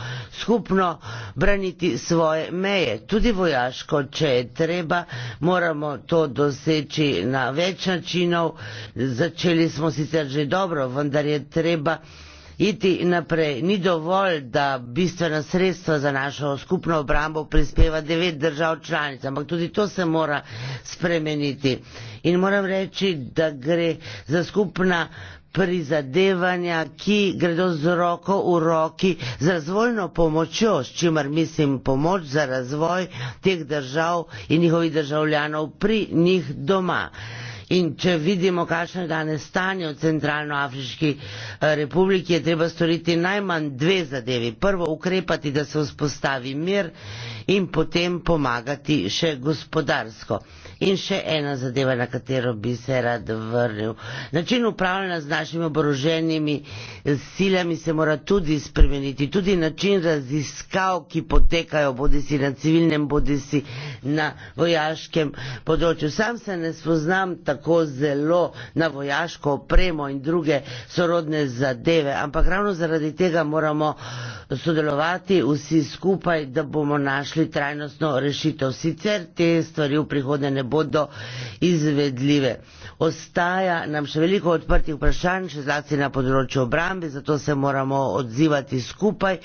skupno braniti svoje meje, tudi vojaško, če je treba, moramo to doseči na več načinov. Začeli smo sicer že dobro, vendar je treba iti naprej. Ni dovolj, da bistvena sredstva za našo skupno obrambo prispeva devet držav članic, ampak tudi to se mora spremeniti. In moram reči, da gre za skupna prizadevanja, ki gredo z roko v roki z razvojno pomočjo, s čimer mislim pomoč za razvoj teh držav in njihovih državljanov pri njih doma. In če vidimo, kakšno je danes stanje v Centralnoafriški eh, republiki, je treba storiti najmanj dve zadevi. Prvo, ukrepati, da se vzpostavi mir in potem pomagati še gospodarsko. In še ena zadeva, na katero bi se rad vrnil. Način upravljanja z našimi oboroženimi eh, silami se mora tudi spremeniti. Tudi način raziskav, ki potekajo bodi si na civilnem, bodi si na vojaškem področju. Sam se ne spoznam tako zelo na vojaško opremo in druge sorodne zadeve, ampak ravno zaradi tega moramo sodelovati vsi skupaj, da bomo našli trajnostno rešitev. Sicer te stvari v prihodnje ne bodo bodo izvedljive. Ostaja nam še veliko odprtih vprašanj, še zlasti na področju obrambe, zato se moramo odzivati skupaj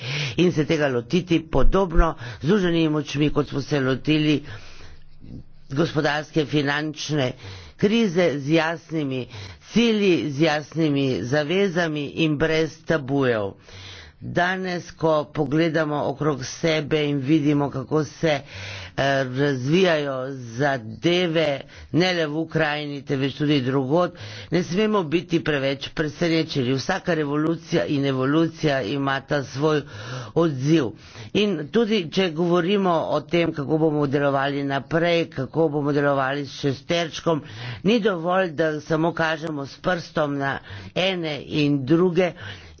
in se tega lotiti podobno z uženimi močmi, kot smo se lotili gospodarske, finančne krize z jasnimi cilji, z jasnimi zavezami in brez tabujev. Danes, ko pogledamo okrog sebe in vidimo, kako se eh, razvijajo zadeve, ne le v Ukrajini, temveč tudi drugod, ne smemo biti preveč presrečeni. Vsaka revolucija in evolucija ima ta svoj odziv. In tudi, če govorimo o tem, kako bomo delovali naprej, kako bomo delovali s šesterčkom, ni dovolj, da samo kažemo s prstom na ene in druge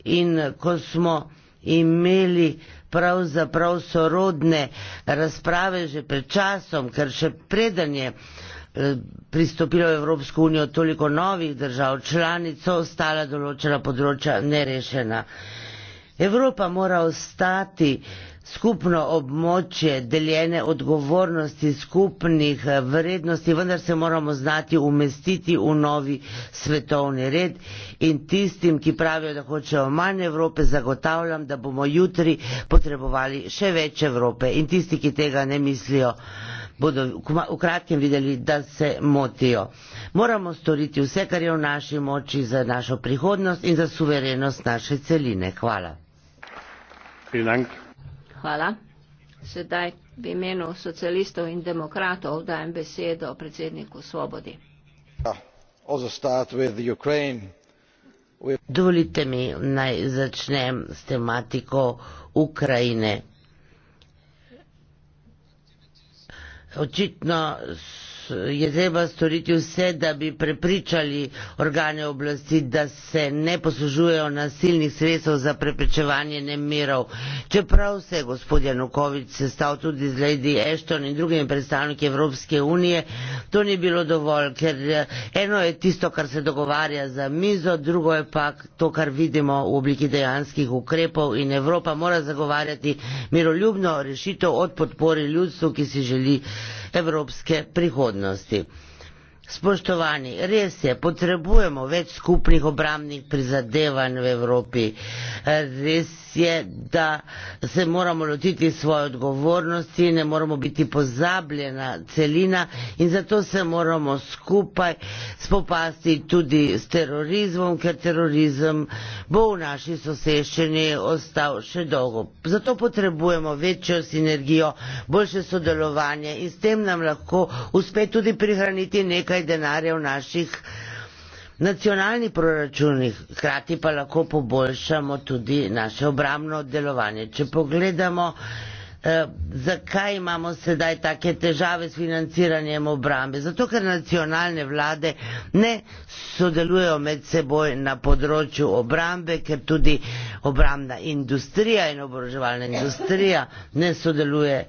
in ko smo imeli pravzaprav sorodne razprave že pred časom, ker še preden je eh, pristopilo v Evropsko unijo toliko novih držav, članic, so ostala določena področja nerešena. Evropa mora ostati eh, skupno območje, deljene odgovornosti, skupnih eh, vrednosti, vendar se moramo znati umestiti v novi svetovni red in tistim, ki pravijo, da hočejo manj Evrope, zagotavljam, da bomo jutri potrebovali še več Evrope in tisti, ki tega ne mislijo, bodo v kratkem videli, da se motijo. Moramo storiti vse, kar je v naši moči za našo prihodnost in za suverenost naše celine. Hvala. Vielen Dank. Hvala. Sedaj v imenu socialistov in demokratov dajem besedo predsedniku Svobodi. Ja, Dovolite mi, naj začnem s tematiko Ukrajine. Očitno je treba storiti vse, da bi prepričali organe oblasti, da se ne poslužujejo nasilnih sredstev za preprečevanje nemirov. Čeprav se je gospod Janukovič sestal tudi z Lady Ashton in drugimi predstavniki Evropske unije, to ni bilo dovolj, ker eh, eno je tisto, kar se dogovarja za mizo, drugo je pa to, kar vidimo v obliki dejanskih ukrepov in Evropa mora zagovarjati miroljubno rešitev od podpori ljudstvu, ki si želi evropske prihodnosti. Spoštovani, res je, potrebujemo več skupnih obramnih prizadevanj v Evropi. Res je, da se moramo lotiti svoje odgovornosti, ne moramo biti pozabljena celina in zato se moramo skupaj spopasti tudi s terorizmom, ker terorizem bo v naši soseščini ostal še dolgo. Zato potrebujemo večjo sinergijo, boljše sodelovanje in s tem nam lahko uspe tudi prihraniti nekaj nekaj denarja v naših nacionalnih proračunih, hkrati pa lahko poboljšamo tudi naše obramno delovanje. Če pogledamo, eh, zakaj imamo sedaj take težave s financiranjem obrambe, zato ker nacionalne vlade ne sodelujejo med seboj na področju obrambe, ker tudi obramna industrija in oboroževalna industrija ne sodelujejo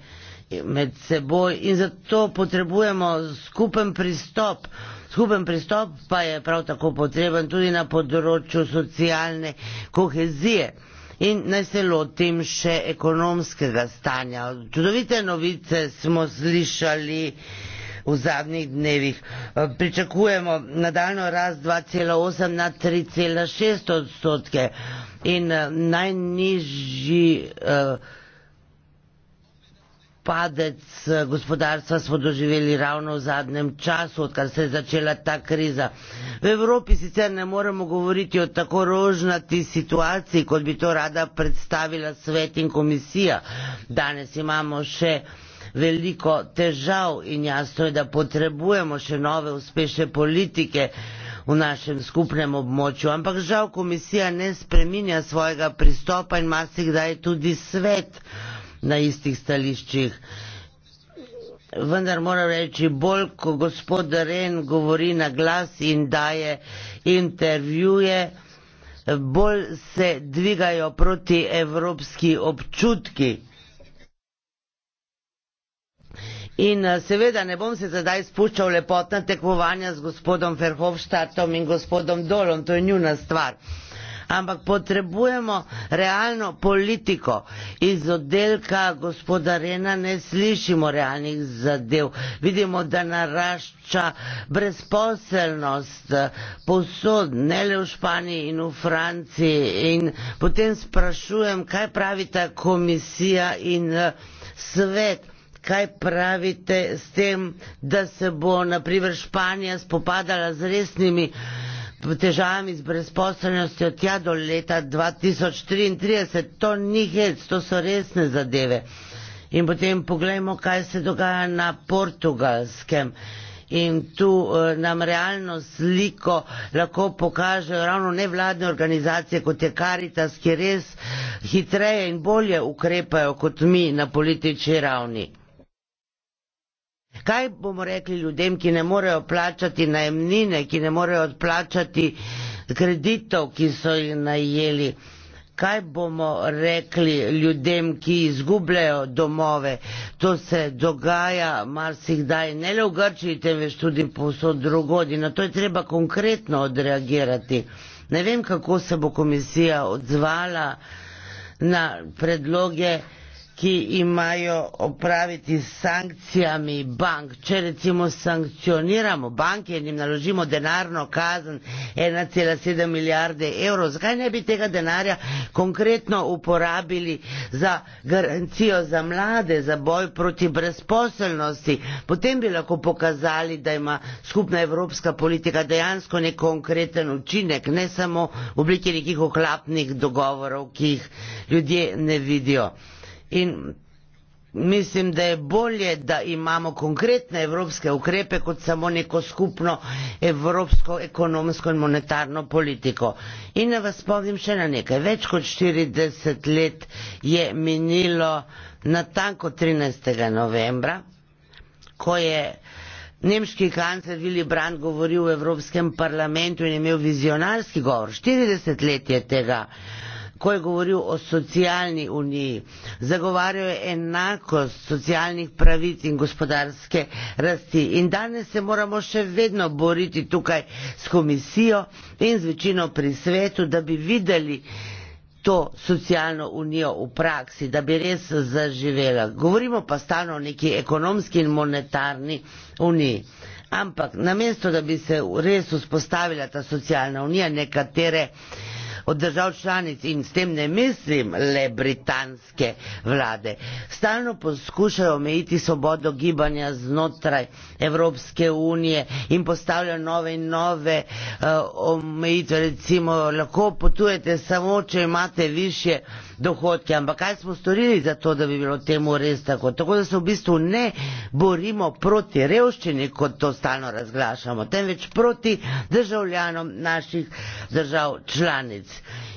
med seboj in zato potrebujemo skupen pristop. Skupen pristop pa je prav tako potreben tudi na področju socialne kohezije. In naj se lotim še ekonomskega stanja. Čudovite novice smo slišali v zadnjih dnevih. Pričakujemo nadaljno rast 2,8 na 3,6 odstotke in eh, najnižji. Uh, padec eh, gospodarstva smo doživeli ravno v zadnjem času, odkar se je začela ta kriza. V Evropi sicer ne moremo govoriti o tako rožnati situaciji, kot bi to rada predstavila svet in komisija. Danes imamo še veliko težav in jasno je, da potrebujemo še nove uspešne politike v našem skupnem območju. Ampak žal komisija ne spreminja svojega pristopa in marsikdaj tudi svet na istih stališčih. Vendar moram reči, bolj ko gospod Ren govori na glas in daje intervjuje, bolj se dvigajo proti evropski občutki. In eh, seveda ne bom se zdaj spuščal lepotna tekmovanja z gospodom Ferhovštatom in gospodom Dolom, to je njuna stvar ampak potrebujemo realno politiko. Iz oddelka gospoda Rena ne slišimo realnih zadev. Vidimo, da narašča brezposelnost eh, posod, ne le v Španiji in v Franciji. In potem sprašujem, kaj pravita komisija in eh, svet. Kaj pravite s tem, da se bo naprimer Španija spopadala z resnimi težavami z brezposobnostjo tja do leta 2033. To ni hec, to so resne zadeve. In potem pogledajmo, kaj se dogaja na portugalskem. In tu eh, nam realno sliko lahko pokažejo ravno nevladne organizacije, kot je Karitas, ki res hitreje in bolje ukrepajo kot mi na politični ravni. Kaj bomo rekli ljudem, ki ne morejo plačati najemnine, ki ne morejo odplačati kreditov, ki so jih najeli? Kaj bomo rekli ljudem, ki izgubljajo domove? To se dogaja marsikdaj, ne le v Grčiji, temveč tudi povsod drugod. Na to je treba konkretno odreagirati. Ne vem, kako se bo komisija odzvala na predloge ki imajo opraviti s sankcijami bank. Če recimo sankcioniramo banke in jim naložimo denarno kazen 1,7 milijarde evrov, zakaj ne bi tega denarja konkretno uporabili za garancijo za mlade, za boj proti brezposelnosti? Potem bi lahko pokazali, da ima skupna evropska politika dejansko nek konkreten učinek, ne samo v obliki nekih oklapnih dogovorov, ki jih ljudje ne vidijo. In mislim, da je bolje, da imamo konkretne evropske ukrepe, kot samo neko skupno evropsko ekonomsko in monetarno politiko. In da vas povem še na nekaj. Več kot 40 let je minilo na tanko 13. novembra, ko je Nemški kancler Willy Brandt govoril v Evropskem parlamentu in imel vizionarski govor. 40 let je tega ko je govoril o socialni uniji. Zagovarjal je enakost socialnih pravic in gospodarske rasti. In danes se moramo še vedno boriti tukaj s komisijo in z večino pri svetu, da bi videli to socialno unijo v praksi, da bi res zaživela. Govorimo pa stano o neki ekonomski in monetarni uniji. Ampak namesto, da bi se res vzpostavila ta socialna unija, nekatere uh, od držav članic in s tem ne mislim le britanske vlade, stalno poskušajo omejiti svobodo gibanja znotraj Evropske unije in postavljajo nove in nove uh, omejitve, recimo lahko potujete samo, če imate više uh, dohodke, ampak kaj smo storili za to, da bi bilo temu res tako. Tako da se v bistvu ne borimo proti revščini, kot to stalno razglašamo, temveč proti državljanom naših držav članic.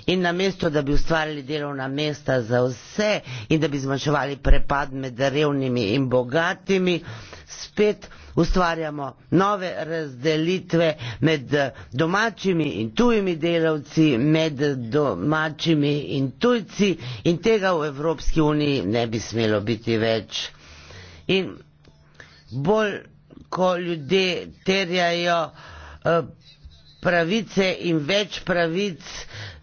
In namesto, da bi ustvarili delovna mesta za vse in da bi zmanjševali prepad med revnimi in bogatimi, spet ustvarjamo nove razdelitve med domačimi in tujimi delavci, med domačimi in tujci in tega v Evropski uniji ne bi smelo biti več. In bolj, ko ljudje terjajo eh, pravice in več pravic,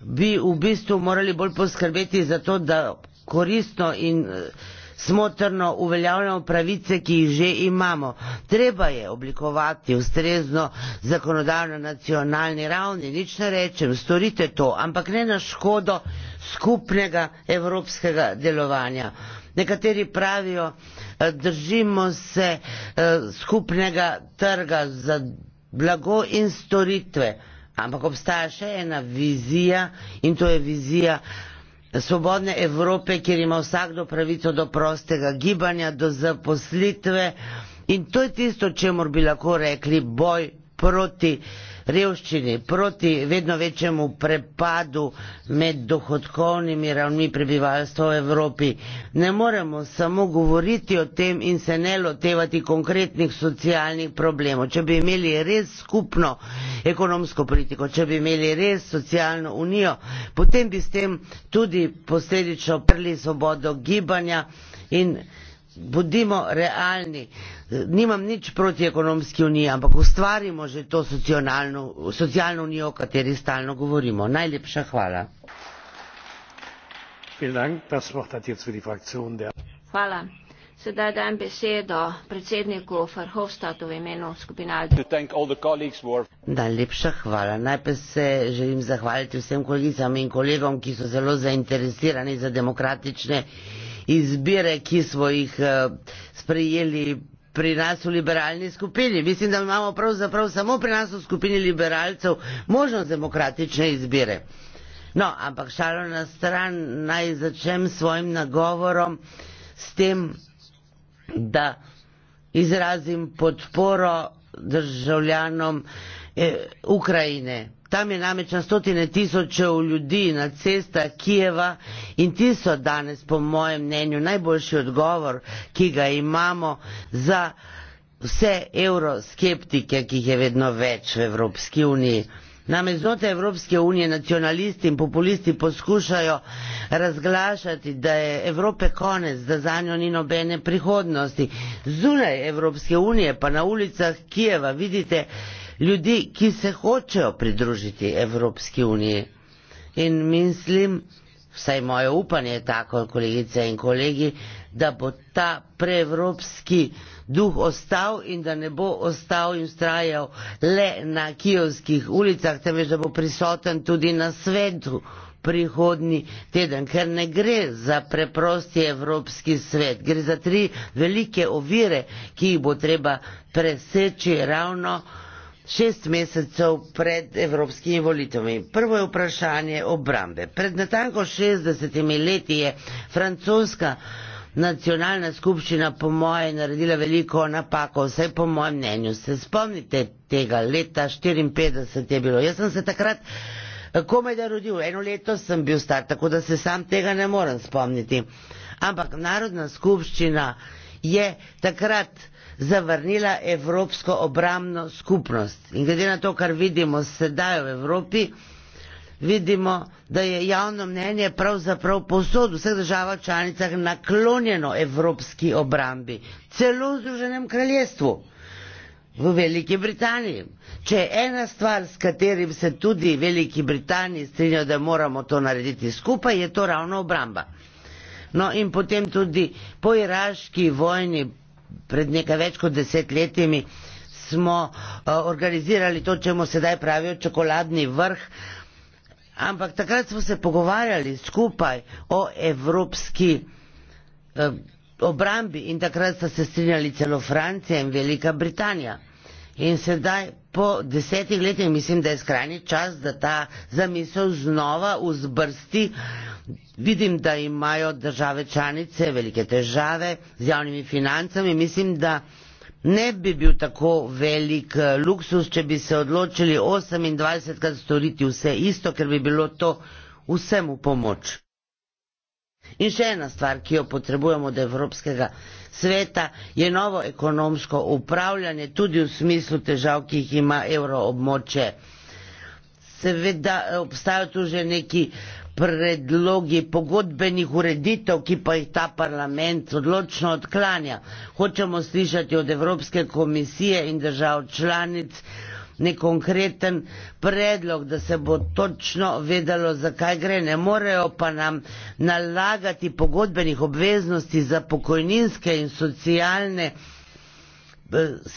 bi v bistvu morali bolj poskrbeti za to, da koristno in eh, smotrno uveljavljamo pravice, ki jih že imamo. Treba je oblikovati ustrezno zakonodajo na nacionalni ravni, nič ne rečem, storite to, ampak ne na škodo skupnega evropskega delovanja. Nekateri pravijo, eh, držimo se eh, skupnega trga za blago in storitve, ampak obstaja še ena vizija in to je vizija svobodne Evrope, kjer ima vsakdo pravico do prostega gibanja, do zaposlitve. In to je tisto, čemu bi lahko rekli boj proti uh, revščini, proti vedno večjemu prepadu med dohodkovnimi ravni prebivalstva v Evropi. Ne moremo samo govoriti o tem in se ne lotevati konkretnih socialnih problemov. Če bi imeli res skupno ekonomsko politiko, če bi imeli res socialno unijo, potem bi s tem tudi posledično prli svobodo gibanja in Budimo realni, nimam nič proti ekonomski uniji, ampak ustvarimo že to socialno unijo, o kateri stalno govorimo. Najlepša hvala. Hvala. Sedaj dajem besedo predsedniku Farhovstatu v imenu skupine Aldi. Najlepša hvala. Najprej se želim zahvaliti vsem kolegicam in kolegom, ki so zelo zainteresirani za demokratične izbire, ki smo jih eh, sprejeli pri nas v liberalni skupini. Mislim, da imamo pravzaprav samo pri nas v skupini liberalcev možnost demokratične izbire. No, ampak šalo na stran, naj začnem svojim nagovorom s tem, da izrazim podporo državljanom eh, Ukrajine, Tam je namreč na stotine tisočev ljudi na cesta Kijeva in ti so danes, po mojem mnenju, najboljši odgovor, ki ga imamo za vse euroskeptike, ki jih je vedno več v Evropski uniji. Namreč znotraj Evropske unije nacionalisti in populisti poskušajo razglašati, da je Evrope konec, da za njo ni nobene prihodnosti. Zunaj Evropske unije pa na ulicah Kijeva vidite, ljudi, ki se hočejo pridružiti Evropski uniji. In mislim, vsaj moje upanje je tako, kolegice in kolegi, da bo ta preevropski duh ostal in da ne bo ostal in ustrajal le na kijovskih ulicah, temveč da bo prisoten tudi na svetu prihodni teden, ker ne gre za preprosti evropski svet, gre za tri velike ovire, ki jih bo treba preseči ravno šest mesecev pred evropskimi volitvami. Prvo je vprašanje obrambe. Pred natanko 60 leti je francoska nacionalna skupščina po moje naredila veliko napako, vsaj po mojem mnenju. Se spomnite tega leta 54 je bilo. Jaz sem se takrat eh, komaj da rodil, eno leto sem bil star, tako da se sam tega ne morem spomniti. Ampak narodna skupščina je takrat zavrnila Evropsko obramno skupnost. In glede na to, kar vidimo sedaj v Evropi, vidimo, da je javno mnenje pravzaprav posod v vseh državah članicah naklonjeno Evropski obrambi, celo v Združenem kraljestvu. V Veliki Britaniji. Če je ena stvar, s katerim se tudi Veliki Britaniji strinjajo, da moramo to narediti skupaj, je to ravno obramba. No in potem tudi po iraški vojni, pred nekaj več kot desetletjimi smo eh, organizirali to, čemu sedaj pravijo čokoladni vrh. Ampak takrat smo se pogovarjali skupaj o evropski eh, obrambi in takrat sta se strinjali celo Francija in Velika Britanija. In sedaj, po desetih letih, mislim, da je skrajni čas, da ta zamisel znova vzbrsti. Vidim, da imajo države članice velike težave z javnimi financami. Mislim, da ne bi bil tako velik eh, luksus, če bi se odločili 28krat storiti vse isto, ker bi bilo to vsemu pomoč. In še ena stvar, ki jo potrebujemo od Evropskega sveta, je novo ekonomsko upravljanje, tudi v smislu težav, ki jih ima evroobmoče. Seveda eh, obstajajo tu že neki predlogi pogodbenih ureditev, ki pa jih ta parlament odločno odklanja. Hočemo slišati od Evropske komisije in držav članic, nek konkreten predlog, da se bo točno vedelo, zakaj gre. Ne morejo pa nam nalagati pogodbenih obveznosti za pokojninske in socialne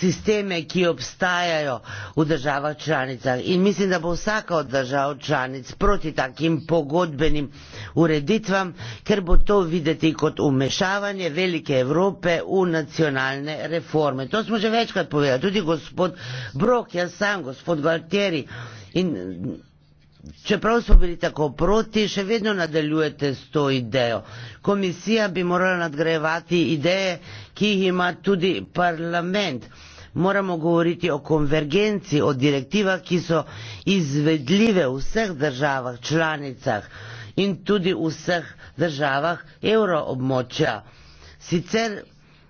sisteme, ki obstajajo v državah članicah in mislim, da bo vsaka od držav članic proti takim pogodbenim ureditvam, ker bo to videti kot umešavanje velike Evrope v nacionalne reforme. To smo že večkrat povedali, tudi gospod Brok, jaz sam, gospod Gualtieri in Čeprav smo bili tako proti, še vedno nadaljujete s to idejo. Komisija bi morala nadgrajevati ideje, ki jih ima tudi parlament. Moramo govoriti o konvergenci, o direktivah, ki so izvedljive v vseh državah, članicah in tudi v vseh državah evroobmočja. Sicer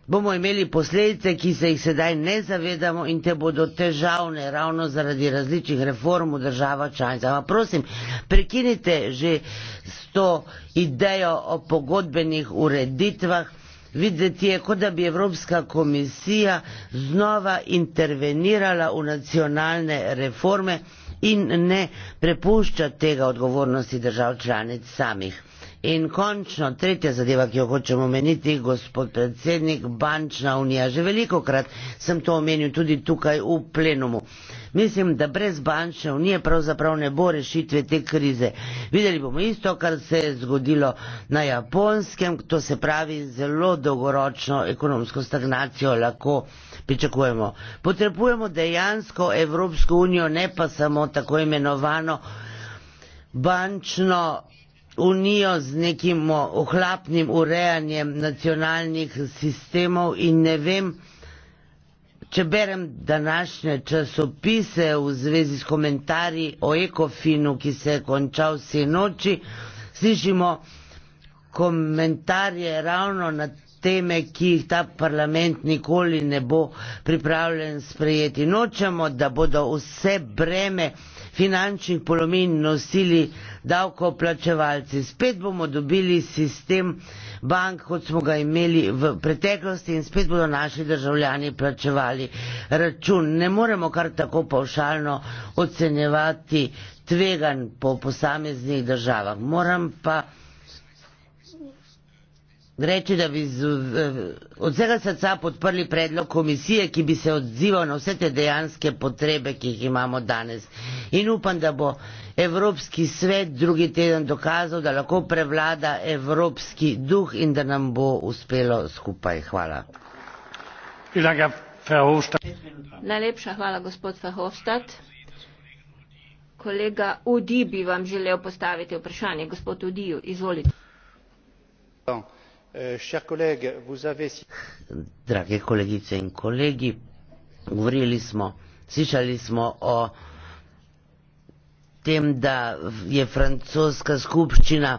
bomo imeli posledice, ki se jih sedaj ne zavedamo in te bodo težavne ravno zaradi različnih reform v država članicama. Prosim, prekinite že s to idejo o pogodbenih ureditvah. Videti je, kot da bi Evropska komisija znova intervenirala v nacionalne reforme in ne prepušča tega odgovornosti držav članic samih. In končno, tretja zadeva, ki jo hočemo omeniti, gospod predsednik, bančna unija. Že veliko krat sem to omenil tudi tukaj v plenumu. Mislim, da brez bančne unije pravzaprav ne bo rešitve te krize. Videli bomo isto, kar se je zgodilo na japonskem, to se pravi zelo dolgoročno ekonomsko stagnacijo lahko pričakujemo. Potrebujemo dejansko Evropsko unijo, ne pa samo tako imenovano bančno unijo z nekim ohlapnim urejanjem nacionalnih sistemov in ne vem, če berem današnje časopise v zvezi s komentarji o ekofinu, ki se je končal vsi noči, slišimo komentarje ravno na teme, ki jih ta parlament nikoli ne bo pripravljen sprejeti. Nočemo, da bodo vse breme finančnih polomin nosili davkoplačevalci. Spet bomo dobili sistem bank, kot smo ga imeli v preteklosti in spet bodo naši državljani plačevali račun. Ne moremo kar tako paušalno ocenjevati tvegan po posameznih državah. Moram pa reči, da bi z, eh, od vsega srca podprli predlog komisije, ki bi se odzival na vse te dejanske potrebe, ki jih imamo danes. In upam, da bo Evropski svet drugi teden dokazal, da lahko prevlada evropski duh in da nam bo uspelo skupaj. Hvala. Najlepša hvala, gospod Fahovstad. Kolega Udi bi vam želel postaviti vprašanje. Gospod Udi, izvolite. No. Eh, chers collègues, vous avez. Drage kolegice in kolegi, govorili smo, slišali smo o tem, da je francoska skupščina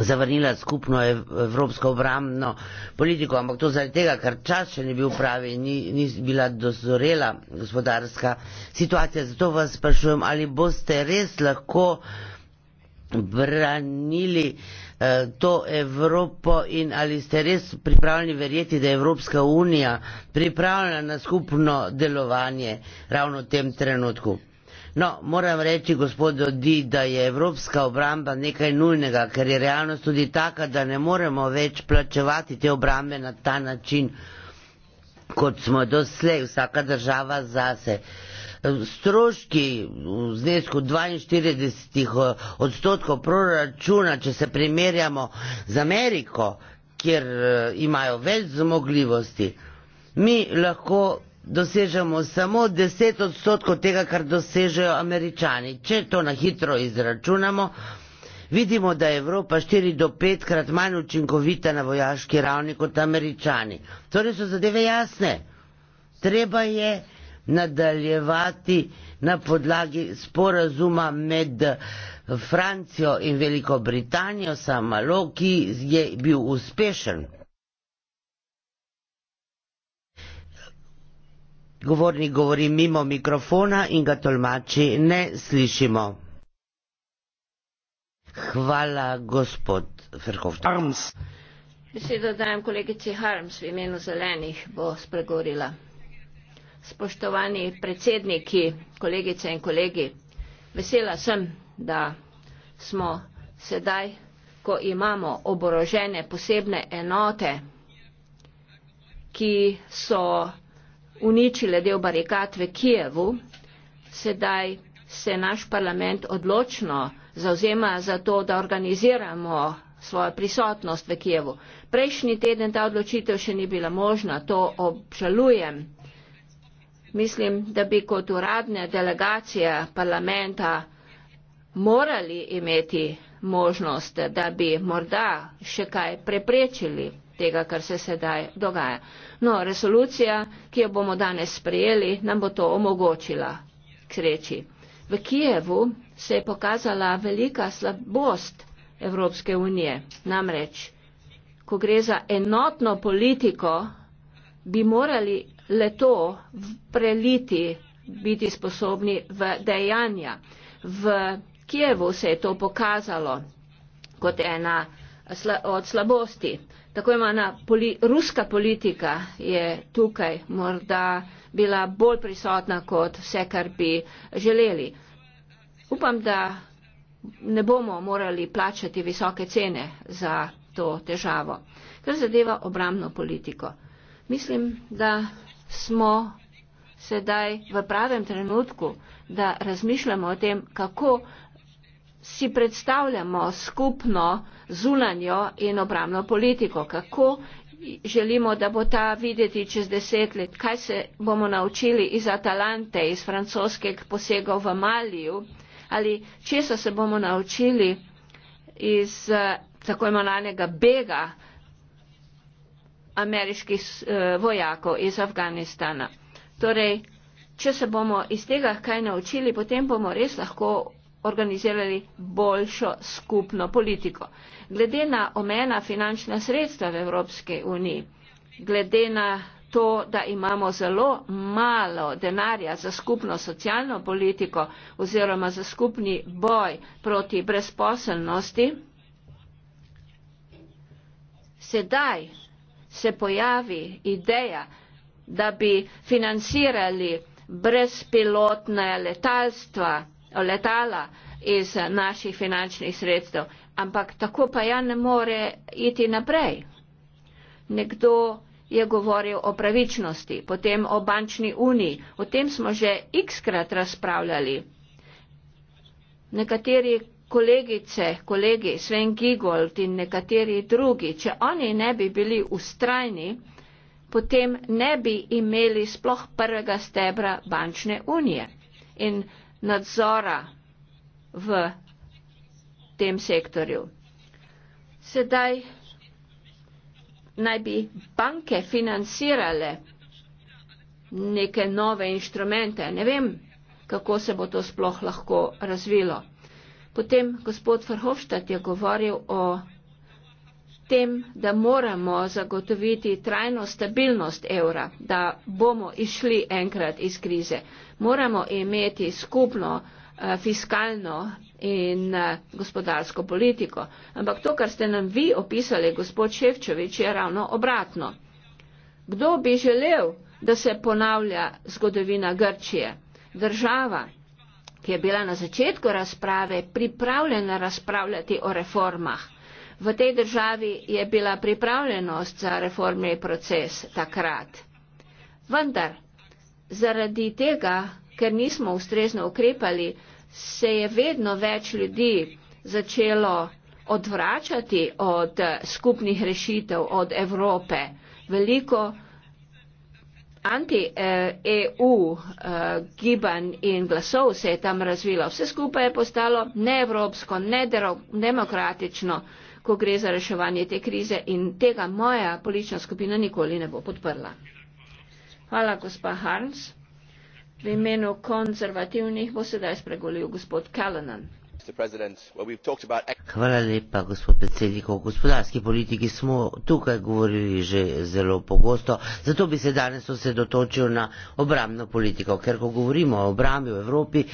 zavrnila skupno evropsko obramno politiko, ampak to zaradi tega, ker čas še ni bil pravi, ni, ni bila dozorela gospodarska situacija. Zato vas sprašujem, ali boste res lahko branili. Eh, to Evropo in ali ste res pripravljeni verjeti, da je Evropska unija pripravljena na skupno delovanje ravno v tem trenutku. No, moram reči, gospod Dodi, da je evropska obramba nekaj nujnega, ker je realnost tudi taka, da ne moremo več plačevati te obrambe na ta način, kot smo doslej, vsaka država zase. Uh, stroški v znesku 42 eh, odstotkov proračuna, če se primerjamo z Ameriko, kjer eh, imajo več zmogljivosti, mi lahko dosežemo samo 10 odstotkov tega, kar dosežejo američani. Če to na hitro izračunamo, vidimo, da je Evropa 4 do 5 krat manj učinkovita na vojaški ravni kot američani. Torej so zadeve jasne. Treba je nadaljevati na podlagi sporazuma med Francijo in Veliko Britanijo, samo ki je bil uspešen. Govornik govori mimo mikrofona in ga tolmači ne slišimo. Hvala, gospod Ferhovt. Besedo dajem kolegici Harms v imenu zelenih, bo spregovorila. Spoštovani predsedniki, kolegice in kolegi, vesela sem, da smo sedaj, ko imamo oborožene posebne enote, ki so uničile del barikat v Kijevu, sedaj se naš parlament odločno zauzema za to, da organiziramo svojo prisotnost v Kijevu. Prejšnji teden ta odločitev še ni bila možna, to obžalujem mislim da bi kot uradne delegacije parlamenta morali imeti možnost, da bi morda še kaj preprečili tega, kar se sedaj dogaja. No, resolucija, ki jo bomo danes sprejeli, nam bo to omogočila, k sreči. V Kijevu se je pokazala velika slabost Evropske unije. Namreč, ko gre za enotno politiko, bi morali le to preliti, biti sposobni v dejanja. V Kijevu se je to pokazalo kot ena od slabosti. Tako imena poli, ruska politika je tukaj morda bila bolj prisotna kot vse, kar bi želeli. Upam, da ne bomo morali plačati visoke cene za to težavo. Kar zadeva obramno politiko. Mislim, da smo sedaj v pravem trenutku, da razmišljamo o tem, kako si predstavljamo skupno zunanjo in obramno politiko, kako želimo, da bo ta videti čez deset let, kaj se bomo naučili iz Atalante, iz francoskeg posegov v Maliju ali česa se bomo naučili iz eh, tako imenovanega bega ameriških eh, vojakov iz Afganistana. Torej, če se bomo iz tega kaj naučili, potem bomo res lahko organizirali boljšo skupno politiko. Glede na omena finančna sredstva v Evropske uniji, glede na to, da imamo zelo malo denarja za skupno socialno politiko oziroma za skupni boj proti brezposelnosti, sedaj se pojavi ideja, da bi financirali brezpilotne letalstva, letala iz naših finančnih sredstev. Ampak tako pa ja ne more iti naprej. Nekdo je govoril o pravičnosti, potem o bančni uniji. O tem smo že x-krat razpravljali. Nekateri kolegice, kolegi Sven Gigold in nekateri drugi, če oni ne bi bili ustrajni, potem ne bi imeli sploh prvega stebra bančne unije in nadzora v tem sektorju. Sedaj naj bi banke financirale neke nove inštrumente. Ne vem, kako se bo to sploh lahko razvilo. Potem gospod Verhofstadt je govoril o tem, da moramo zagotoviti trajno stabilnost evra, da bomo išli enkrat iz krize. Moramo imeti skupno uh, fiskalno in uh, gospodarsko politiko. Ampak to, kar ste nam vi opisali, gospod Ševčevič, je ravno obratno. Kdo bi želel, da se ponavlja zgodovina Grčije? Država, ki je bila na začetku razprave pripravljena razpravljati o reformah. V tej državi je bila pripravljenost za reformni proces takrat. Vendar, zaradi tega, ker nismo ustrezno ukrepali, se je vedno več ljudi začelo odvračati od skupnih rešitev, od Evrope. Veliko anti-EU eh, giban in glasov se je tam razvilo. Vse skupaj je postalo neevropsko, nedemokratično, ko gre za reševanje te krize in tega moja politična skupina nikoli ne bo podprla. Hvala, gospa Harns. V imenu konzervativnih bo sedaj spregolil gospod Callanan. Hvala lepa, gospod predsednik. O gospodarski politiki smo tukaj govorili že zelo pogosto, zato bi se danes osredotočil na obramno politiko, ker ko govorimo o obrambi v Evropi,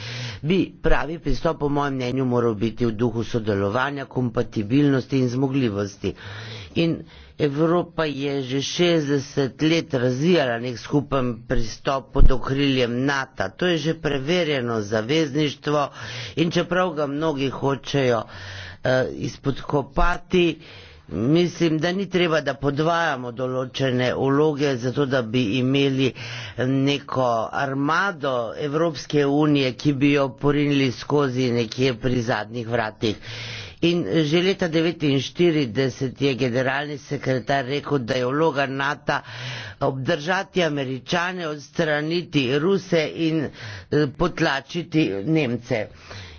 bi pravi pristop, po mojem mnenju, moral biti v duhu sodelovanja, kompatibilnosti in zmogljivosti. In Evropa je že 60 let razvijala nek skupen pristop pod okriljem NATO. To je že preverjeno zavezništvo in čeprav ga mnogi hočejo uh, izpodkopati, mislim, da ni treba, da podvajamo določene uloge za to, da bi imeli eh, neko armado Evropske unije, ki bi jo porinili skozi nekje pri zadnjih vratih. In že leta 1949 je generalni sekretar rekel, da je vloga NATO obdržati američane, odstraniti ruse in eh, potlačiti nemce.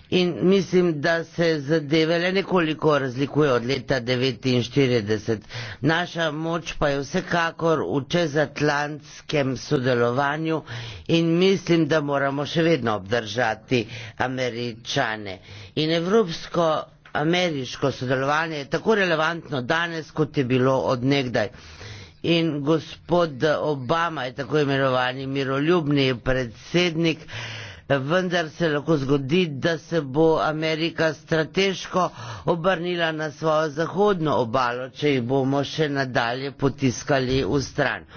In mislim, da se zadeve le nekoliko razlikuje od leta 1949. Naša moč pa je vsekakor v čezatlantskem sodelovanju in mislim, da moramo še vedno obdržati američane. In Evropsko ameriško sodelovanje je tako relevantno danes, kot je bilo odnegdaj. In gospod Obama je tako imenovani miroljubni predsednik, vendar se lahko zgodi, da se bo Amerika strateško obrnila na svojo zahodno obalo, če jih bomo še nadalje potiskali v stran.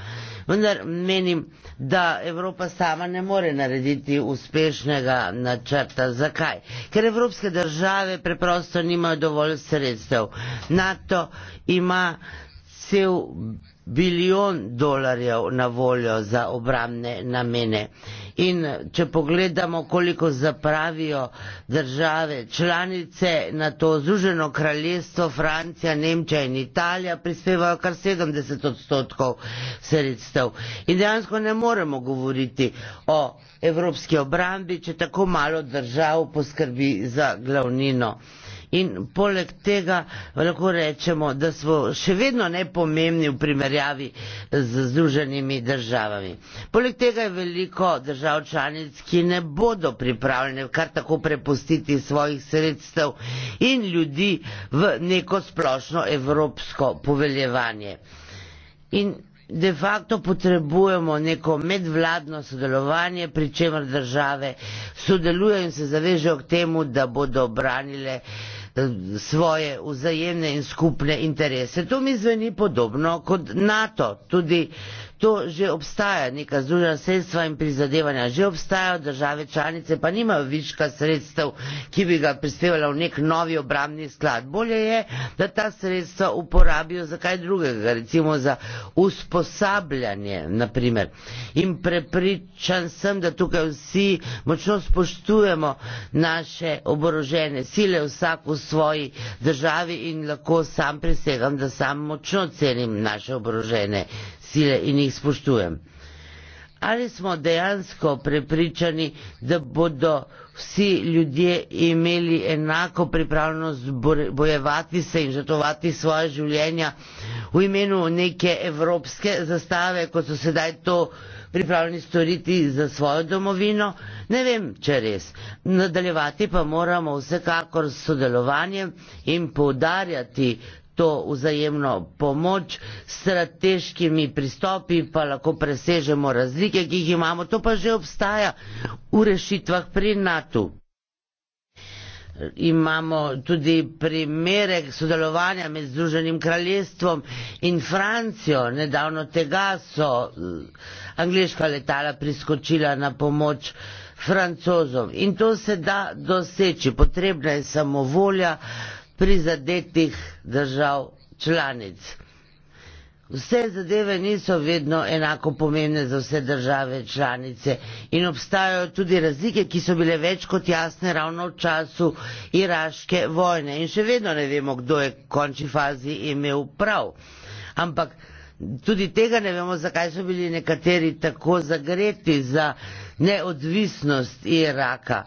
Vendar menim, da Evropa sama ne more narediti uspešnega načrta. Zakaj? Ker evropske države preprosto nimajo dovolj sredstev. NATO ima cel bilijon dolarjev na voljo za obramne namene. In če pogledamo, koliko zapravijo države članice na to Združeno kraljestvo, Francija, Nemčija in Italija, prispevajo kar 70 odstotkov sredstev. In dejansko ne moremo govoriti o evropski obrambi, če tako malo držav poskrbi za glavnino in poleg tega lahko rečemo, da smo še vedno nepomembni v primerjavi z združenimi državami. Poleg tega je veliko držav članic, ki ne bodo pripravljene kar tako prepustiti svojih sredstev in ljudi v neko splošno evropsko poveljevanje. In De facto potrebujemo neko medvladno sodelovanje, pri čemer države sodelujejo in se zavežejo k temu, da bodo obranile svoje vzajemne in skupne interese. To mi zveni podobno kot NATO. Tudi to že obstaja, neka združena sredstva in prizadevanja že obstajajo, države članice pa nimajo viška sredstev, ki bi ga prispevala v nek novi obramni sklad. Bolje je, da ta sredstva uporabijo za kaj drugega, recimo za usposabljanje, naprimer. In prepričan sem, da tukaj vsi močno spoštujemo naše oborožene sile, vsak v svoji državi in lahko sam presegam, da sam močno cenim naše oborožene sile in jih spoštujem. Ali smo dejansko prepričani, da bodo vsi ljudje imeli enako pripravljenost bojevati se in žrtovati svoje življenja v imenu neke evropske zastave, kot so sedaj to pripravljeni storiti za svojo domovino? Ne vem, če res. Nadaljevati pa moramo vsekakor s sodelovanjem in poudarjati to vzajemno pomoč, strateškimi pristopi pa lahko presežemo razlike, ki jih imamo, to pa že obstaja v rešitvah pri NATO. Imamo tudi primere sodelovanja med Združenim kraljestvom in Francijo. Nedavno tega so eh, angliška letala priskočila na pomoč francozom. In to se da doseči. Potrebna je samo volja, prizadetih držav članic. Vse zadeve niso vedno enako pomembne za vse države članice in obstajajo tudi razlike, ki so bile več kot jasne ravno v času iraške vojne in še vedno ne vemo, kdo je v končni fazi imel prav. Ampak tudi tega ne vemo, zakaj so bili nekateri tako zagreti za neodvisnost Iraka.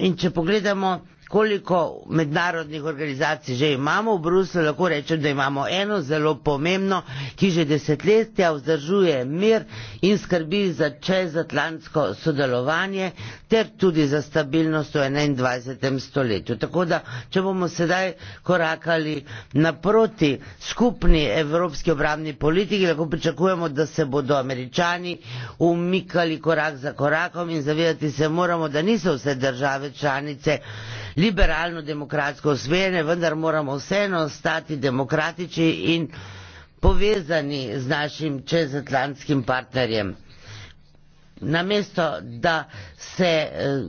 In če pogledamo koliko mednarodnih organizacij že imamo v Bruslju, lahko rečem, da imamo eno zelo pomembno, ki že desetletja vzdržuje mir in skrbi za čezatlantsko sodelovanje ter tudi za stabilnost v 21. stoletju. Tako da, če bomo sedaj korakali naproti skupni evropski obramni politiki, lahko pričakujemo, da se bodo američani umikali korak za korakom in zavedati se moramo, da niso vse države članice liberalno-demokratsko usmerjene, vendar moramo vseeno ostati demokratični in povezani z našim čezatlantskim partnerjem. Namesto, da se eh,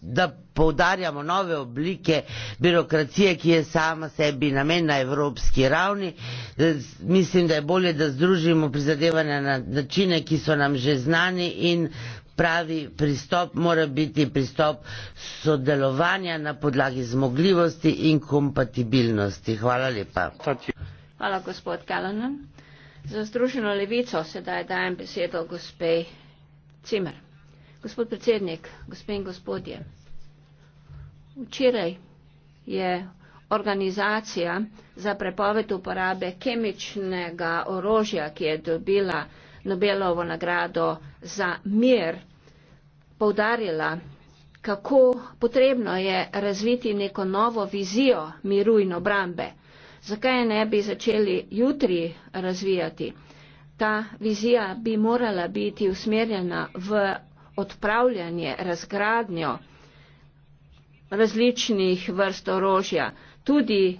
da poudarjamo nove oblike birokracije, ki je sama sebi namen na evropski ravni. Mislim, da je bolje, da združimo prizadevanja na načine, ki so nam že znani in pravi pristop mora biti pristop sodelovanja na podlagi zmogljivosti in kompatibilnosti. Hvala lepa. Hvala, gospod Kalanen. Za združeno levico sedaj dajem besedo gospe Cimer. Gospod predsednik, gospe in gospodje, včeraj je organizacija za prepoved uporabe kemičnega orožja, ki je dobila Nobelovo nagrado za mir povdarjala, kako potrebno je razviti neko novo vizijo miru in obrambe. Zakaj ne bi začeli jutri razvijati? Ta vizija bi morala biti usmerjena v odpravljanje, razgradnjo različnih vrst orožja, tudi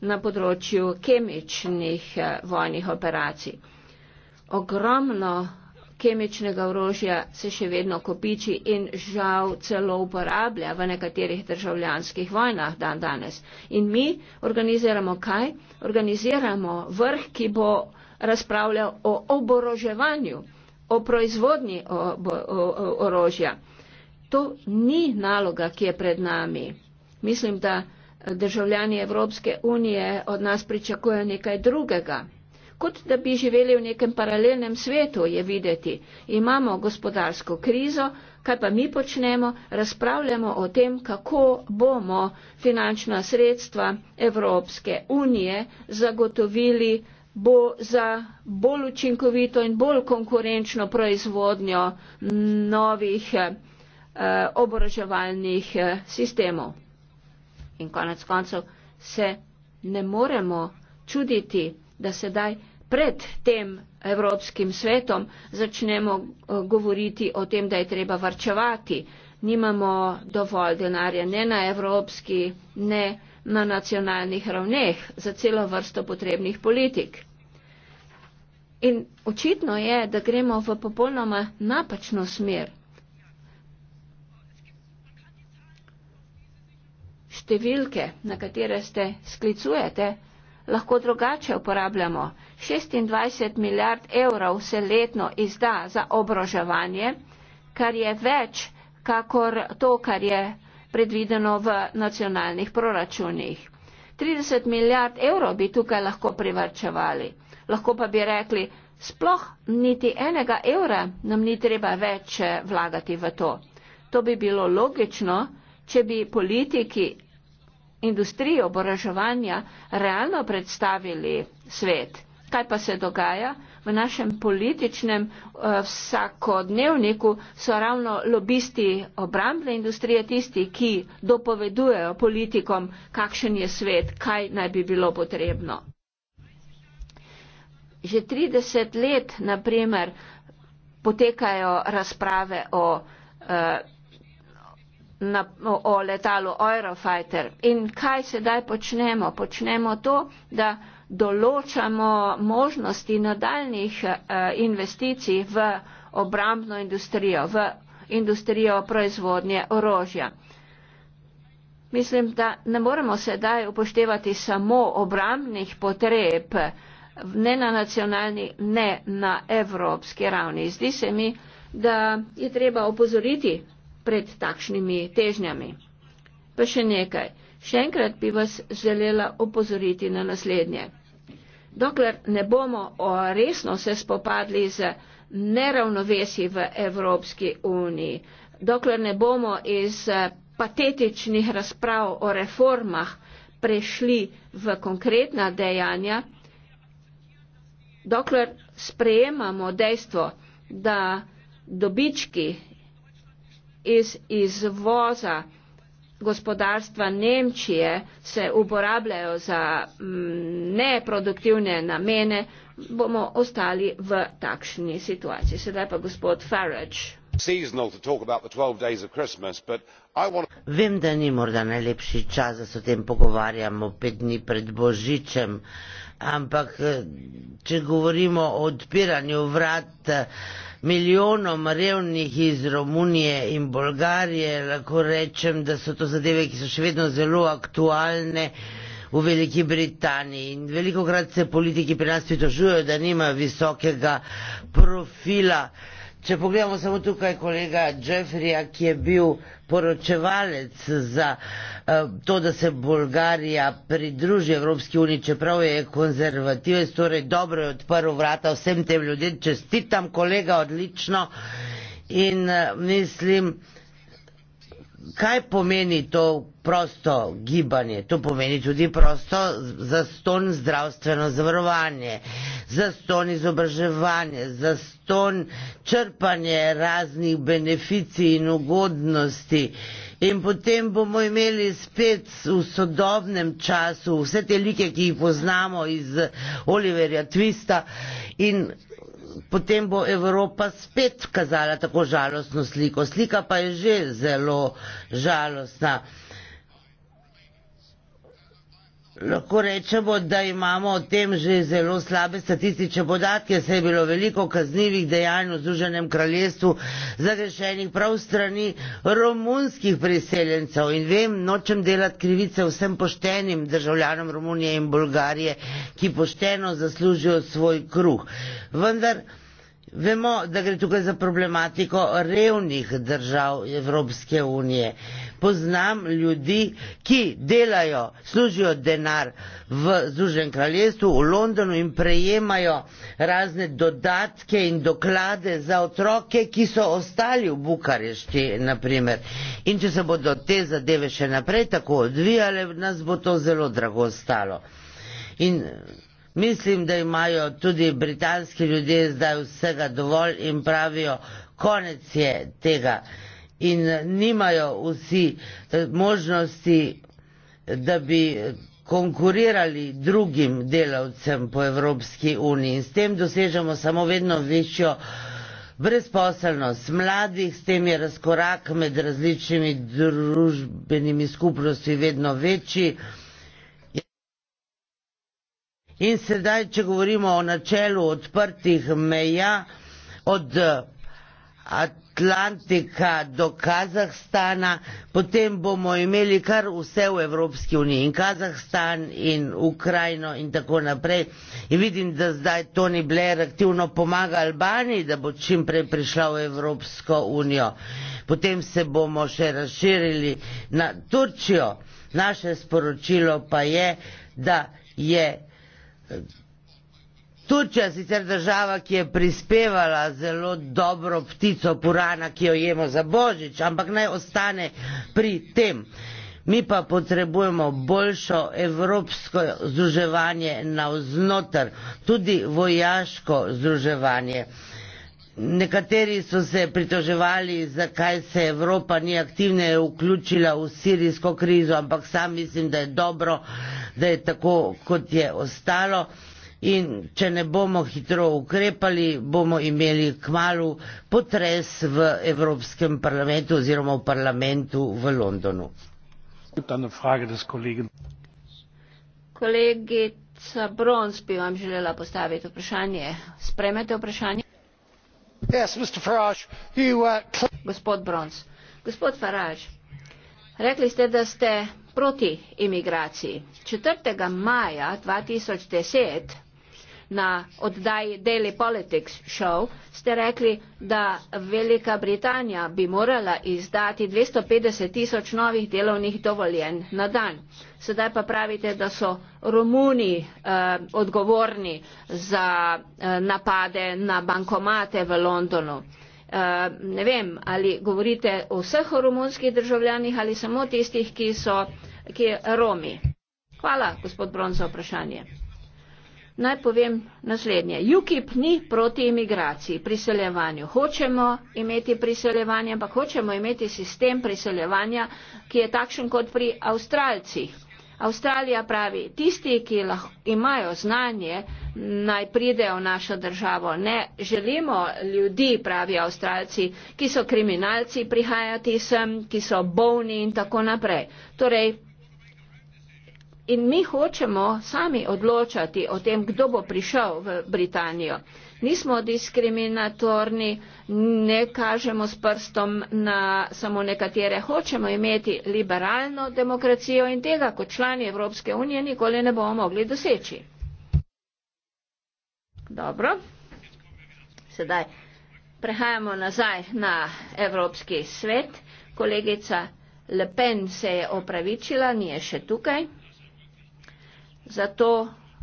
na področju kemičnih eh, vojnih operacij. Ogromno kemičnega orožja se še vedno kopiči in žal celo uporablja v nekaterih državljanskih vojnah dan danes. In mi organiziramo kaj? Organiziramo vrh, ki bo razpravljal o oboroževanju, o proizvodnji orožja. To ni naloga, ki je pred nami. Mislim, da državljani Evropske unije od nas pričakujejo nekaj drugega kot da bi živeli v nekem paralelnem svetu, je videti. Imamo gospodarsko krizo, kaj pa mi počnemo, razpravljamo o tem, kako bomo finančna sredstva Evropske unije zagotovili bo za bolj učinkovito in bolj konkurenčno proizvodnjo novih eh, oboroževalnih eh, sistemov. In konec koncev se ne moremo čuditi, da sedaj pred tem Evropskim svetom začnemo eh, govoriti o tem, da je treba varčevati. Nimamo dovolj denarja ne na evropski, ne na nacionalnih ravneh za celo vrsto potrebnih politik. In očitno je, da gremo v popolnoma napačno smer. Številke, na katere ste sklicujete, lahko drugače uporabljamo. 26 milijard evrov se letno izda za obroževanje, kar je več, kakor to, kar je predvideno v nacionalnih proračunih. 30 milijard evrov bi tukaj lahko privrčevali. Lahko pa bi rekli, sploh niti enega evra nam ni treba več eh, vlagati v to. To bi bilo logično, če bi politiki industrijo oboraževanja realno predstavili svet. Kaj pa se dogaja? V našem političnem eh, vsakodnevniku so ravno lobisti obrambne industrije tisti, ki dopovedujejo politikom, kakšen je svet, kaj naj bi bilo potrebno. Že 30 let, naprimer, potekajo razprave o eh, na, o, o letalu Eurofighter. In kaj sedaj počnemo? Počnemo to, da določamo možnosti nadaljnih eh, investicij v obrambno industrijo, v industrijo proizvodnje orožja. Mislim, da ne moremo sedaj upoštevati samo obrambnih potreb, ne na nacionalni, ne na evropski ravni. Zdi se mi, da je treba opozoriti pred takšnimi težnjami. Pa še nekaj. Še enkrat bi vas želela opozoriti na naslednje. Dokler ne bomo resno se spopadli z neravnovesi v Evropski uniji, dokler ne bomo iz eh, patetičnih razprav o reformah prešli v konkretna dejanja, dokler sprejemamo dejstvo, da dobički iz izvoza gospodarstva Nemčije se uporabljajo za mm, neproduktivne namene, bomo ostali v takšni situaciji. Sedaj pa gospod Farage. Vem, da ni morda najlepši čas, da se o tem pogovarjamo pet dni pred božičem, ampak eh, če govorimo o odpiranju vrat eh, milijonom revnih iz Romunije in Bolgarije, lahko rečem, da so to zadeve, ki so še vedno zelo aktualne. V Veliki Britaniji in veliko krat se politiki pri nas pritožujejo, da nima visokega profila. Če pogledamo samo tukaj kolega Jeffrija, ki je bil poročevalec za eh, to, da se Bolgarija pridruži Evropski uniji, čeprav je konzervativec, torej dobro je odprl vrata vsem tem ljudem, čestitam kolega odlično in eh, mislim, kaj pomeni to prosto gibanje? To pomeni tudi prosto zaston zdravstveno zavarovanje, zaston izobraževanje, zaston črpanje raznih beneficij in ugodnosti. In potem bomo imeli spet v sodobnem času vse te like, ki jih poznamo iz Oliverja Twista in potem bo Evropa spet kazala tako žalostno sliko. Slika pa je že zelo žalostna. Lahko rečemo, da imamo o tem že zelo slabe statistične podatke, saj je bilo veliko kaznjivih dejanj v Združenem kraljestvu zagrešenih prav strani romunskih priseljencev in vem, nočem delati krivice vsem poštenim državljanom Romunije in Bolgarije, ki pošteno zaslužijo svoj kruh. Vendar Vemo, da gre tukaj za problematiko revnih držav Evropske unije. Poznam ljudi, ki delajo, služijo denar v Združenem kraljestvu, v Londonu in prejemajo razne dodatke in doklade za otroke, ki so ostali v Bukarešti, naprimer. In če se bodo te zadeve še naprej tako odvijale, nas bo to zelo drago stalo. In Mislim, da imajo tudi britanski ljudje zdaj vsega dovolj in pravijo, konec je tega. In nimajo vsi eh, možnosti, da bi konkurirali drugim delavcem po Evropski uniji. In s tem dosežemo samo vedno večjo brezposelnost mladih, s tem je razkorak med različnimi družbenimi skupnostmi vedno večji. In sedaj, če govorimo o načelu odprtih meja od eh, Atlantika do Kazahstana, potem bomo imeli kar vse v Evropski uniji in Kazahstan in Ukrajino in tako naprej. In vidim, da zdaj Toni Blair aktivno pomaga Albaniji, da bo čim prej prišla v Evropsko unijo. Potem se bomo še razširili na Turčijo. Naše sporočilo pa je, da je Turčija sicer država, ki je prispevala zelo dobro ptico purana, ki jo jemo za božič, ampak naj ostane pri tem. Mi pa potrebujemo boljšo evropsko združevanje navznotr, tudi vojaško združevanje. Nekateri so se pritoževali, zakaj se Evropa ni aktivneje vključila v sirijsko krizo, ampak sam mislim, da je dobro, da je tako, kot je ostalo. In če ne bomo hitro ukrepali, bomo imeli k malu potres v Evropskem parlamentu oziroma v parlamentu v Londonu. Kolegica Bronz bi vam želela postaviti vprašanje. Spremete vprašanje? Yes, Farage, you, uh... Gospod Bronz, gospod Farage, rekli ste, da ste proti imigraciji. 4. maja 2010 na oddaji Daily Politics Show ste rekli, da Velika Britanija bi morala izdati 250 tisoč novih delovnih dovoljen na dan. Sedaj pa pravite, da so Romuni eh, odgovorni za eh, napade na bankomate v Londonu. Eh, ne vem, ali govorite o vseh romunskih državljanih ali samo tistih, ki so ki Romi. Hvala, gospod Bron, za vprašanje. Naj povem naslednje. UKIP ni proti imigraciji, priseljevanju. Hočemo imeti priseljevanje, ampak hočemo imeti sistem priseljevanja, ki je takšen kot pri Avstralcih. Avstralija pravi, tisti, ki lahko, imajo znanje, naj pridejo v našo državo. Ne želimo ljudi, pravi Avstralci, ki so kriminalci, prihajati sem, ki so bolni in tako naprej. Torej, in mi hočemo sami odločati o tem, kdo bo prišel v Britanijo nismo diskriminatorni, ne kažemo s prstom na samo nekatere. Hočemo imeti liberalno demokracijo in tega kot člani Evropske unije nikoli ne bomo mogli doseči. Dobro. Sedaj prehajamo nazaj na Evropski svet. Kolegica Le Pen se je opravičila, nije še tukaj. Zato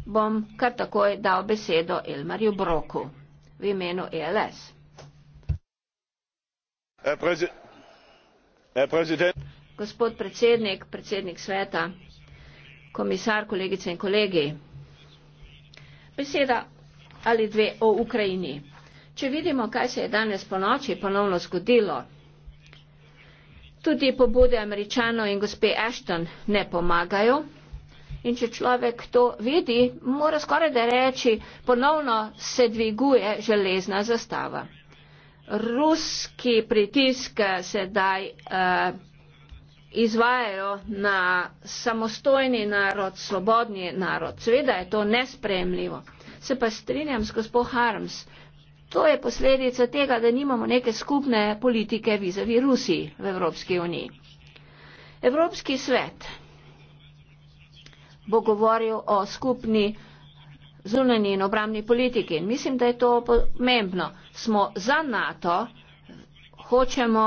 bom kar takoj dal besedo Elmarju Broku v imenu ELS. Gospod predsednik, predsednik sveta, komisar, kolegice in kolegi. Beseda ali dve o Ukrajini. Če vidimo, kaj se je danes po noči ponovno zgodilo, tudi pobude američanov in gospe Ashton ne pomagajo, In če človek to vidi, mora skoraj da reči, ponovno se dviguje železna zastava. Ruski pritisk eh, sedaj uh, izvajajo na samostojni narod, svobodni narod. Sveda je to nespremljivo. Se pa strinjam s gospod Harms. To je posledica tega, da nimamo neke skupne politike vizavi Rusiji v Evropski uniji. Evropski svet bo govoril o skupni zunanji in obramni politiki. In mislim, da je to pomembno. Smo za NATO, hočemo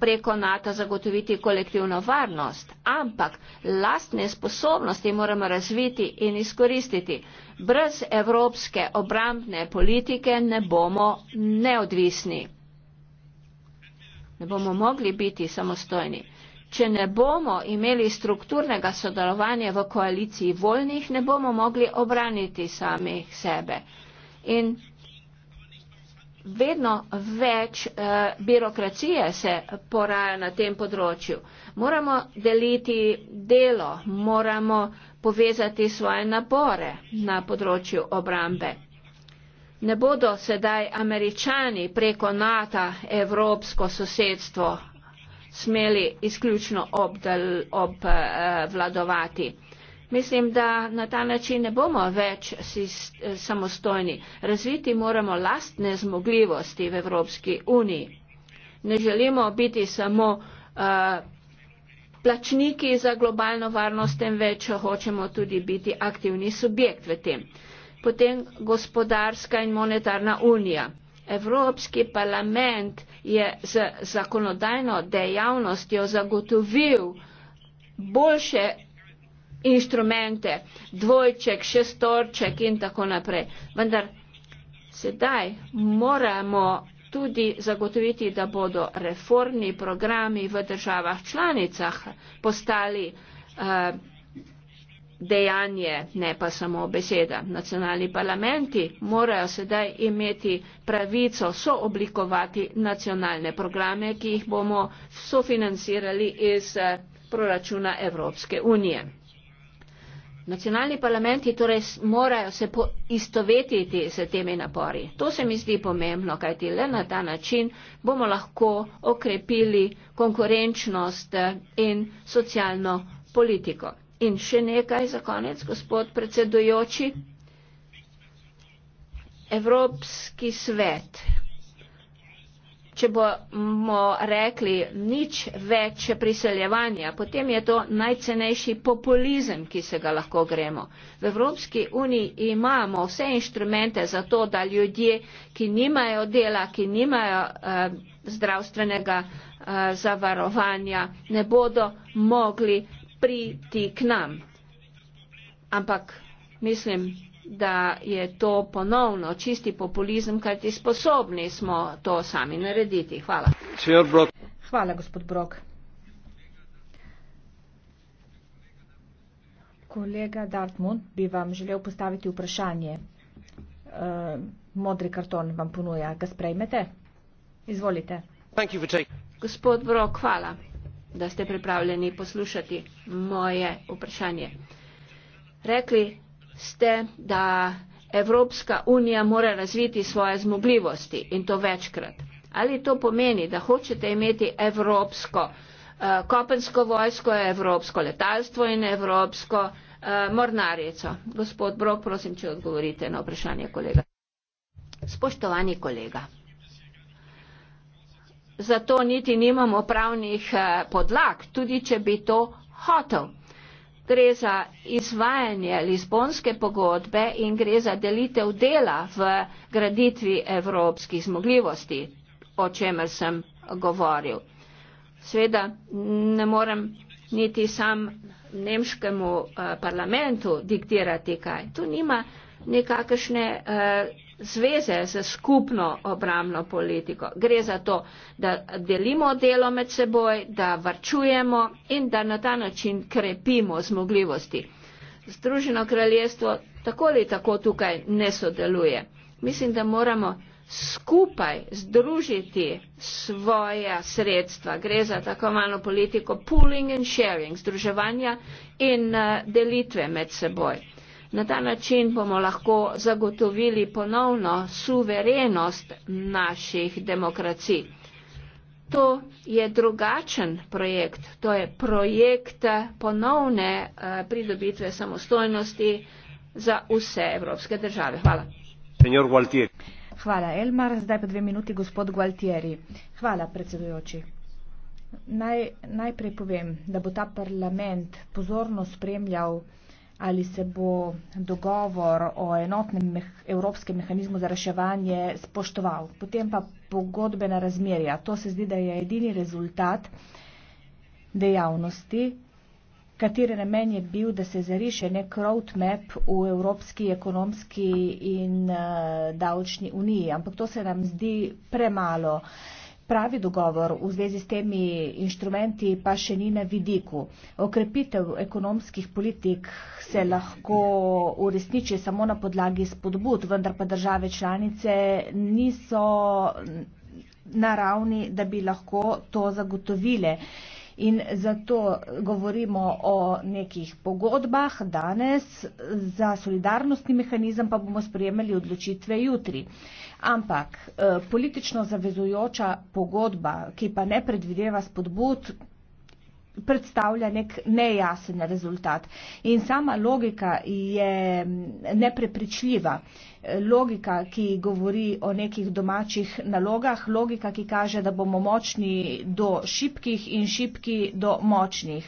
preko NATO zagotoviti kolektivno varnost, ampak lastne sposobnosti moramo razviti in izkoristiti. Brez evropske obrambne politike ne bomo neodvisni. Ne bomo mogli biti samostojni. Če ne bomo imeli strukturnega sodelovanja v koaliciji voljnih, ne bomo mogli obraniti samih sebe. In vedno več eh, birokracije se poraja na tem področju. Moramo deliti delo, moramo povezati svoje napore na področju obrambe. Ne bodo sedaj američani preko NATO evropsko sosedstvo smeli izključno obdel, obvladovati. Mislim, da na ta način ne bomo več samostojni. Razviti moramo lastne zmogljivosti v Evropski uniji. Ne želimo biti samo plačniki za globalno varnost, temveč hočemo tudi biti aktivni subjekt v tem. Potem gospodarska in monetarna unija. Evropski parlament je z zakonodajno dejavnostjo zagotovil boljše inštrumente, dvojček, šestorček in tako naprej. Vendar sedaj moramo tudi zagotoviti, da bodo reformni programi v državah članicah postali uh, dejanje, ne pa samo beseda. Nacionalni parlamenti morajo sedaj imeti pravico sooblikovati nacionalne programe, ki jih bomo sofinancirali iz eh, proračuna Evropske unije. Nacionalni parlamenti torej morajo se poistovetiti s temi napori. To se mi zdi pomembno, kajti le na ta način bomo lahko okrepili konkurenčnost eh, in socialno politiko. In še nekaj za konec, gospod predsedujoči. Evropski svet. Če bomo rekli nič več priseljevanja, potem je to najcenejši populizem, ki se ga lahko gremo. V Evropski uniji imamo vse inštrumente za to, da ljudje, ki nimajo dela, ki nimajo eh, zdravstvenega eh, zavarovanja, ne bodo mogli priti k nam. Ampak mislim, da je to ponovno čisti populizem, kajti sposobni smo to sami narediti. Hvala. Hvala, gospod Brok. Kolega Dartmund bi vam želel postaviti vprašanje. Uh, modri karton vam ponuja. Ga sprejmete? Izvolite. Gospod Brok, hvala da ste pripravljeni poslušati moje vprašanje. Rekli ste, da Evropska unija mora razviti svoje zmogljivosti in to večkrat. Ali to pomeni, da hočete imeti evropsko uh, kopensko vojsko, evropsko letalstvo in evropsko uh, mornarico? Gospod Brok, prosim, če odgovorite na vprašanje kolega. Spoštovani kolega zato niti nimamo pravnih eh, podlag, tudi če bi to hotel. Gre za izvajanje Lizbonske pogodbe in gre za delitev dela v graditvi evropskih zmogljivosti, o čemer sem govoril. Sveda ne morem niti sam nemškemu eh, parlamentu diktirati kaj. Tu nima nekakšne eh, zveze za skupno obramno politiko. Gre za to, da delimo delo med seboj, da varčujemo in da na ta način krepimo zmogljivosti. Združeno kraljestvo tako ali tako tukaj ne sodeluje. Mislim, da moramo skupaj združiti svoja sredstva. Gre za tako malo politiko pooling and sharing, združevanja in eh, delitve med seboj. Na ta način bomo lahko zagotovili ponovno suverenost naših demokracij. To je drugačen projekt, to je projekt ponovne eh, pridobitve samostojnosti za vse evropske države. Hvala. Hvala, Elmar. Zdaj pa dve minuti, gospod Gualtieri. Hvala, predsedujoči. Naj, najprej povem, da bo ta parlament pozorno spremljal uh, ali se bo dogovor o enotnem evropskem mehanizmu za reševanje spoštoval. Potem pa pogodbena razmerja. To se zdi, da je edini rezultat dejavnosti, katere namen je bil, da se zariše nek roadmap v Evropski ekonomski in eh, davčni uniji. Ampak to se nam zdi premalo. Uh, Pravi dogovor v zvezi s temi inštrumenti pa še ni na vidiku. Okrepitev ekonomskih politik se lahko uresniči samo na podlagi spodbud, vendar pa države članice niso na ravni, da bi lahko to zagotovile. In zato govorimo o nekih pogodbah danes, za solidarnostni mehanizem pa bomo sprejemali odločitve jutri. Ampak eh, politično zavezujoča pogodba, ki pa ne predvideva spodbud, predstavlja nek nejasen rezultat. In sama logika je mm, neprepričljiva. Logika, ki govori o nekih domačih nalogah, logika, ki kaže, da bomo močni do šipkih in šipki do močnih.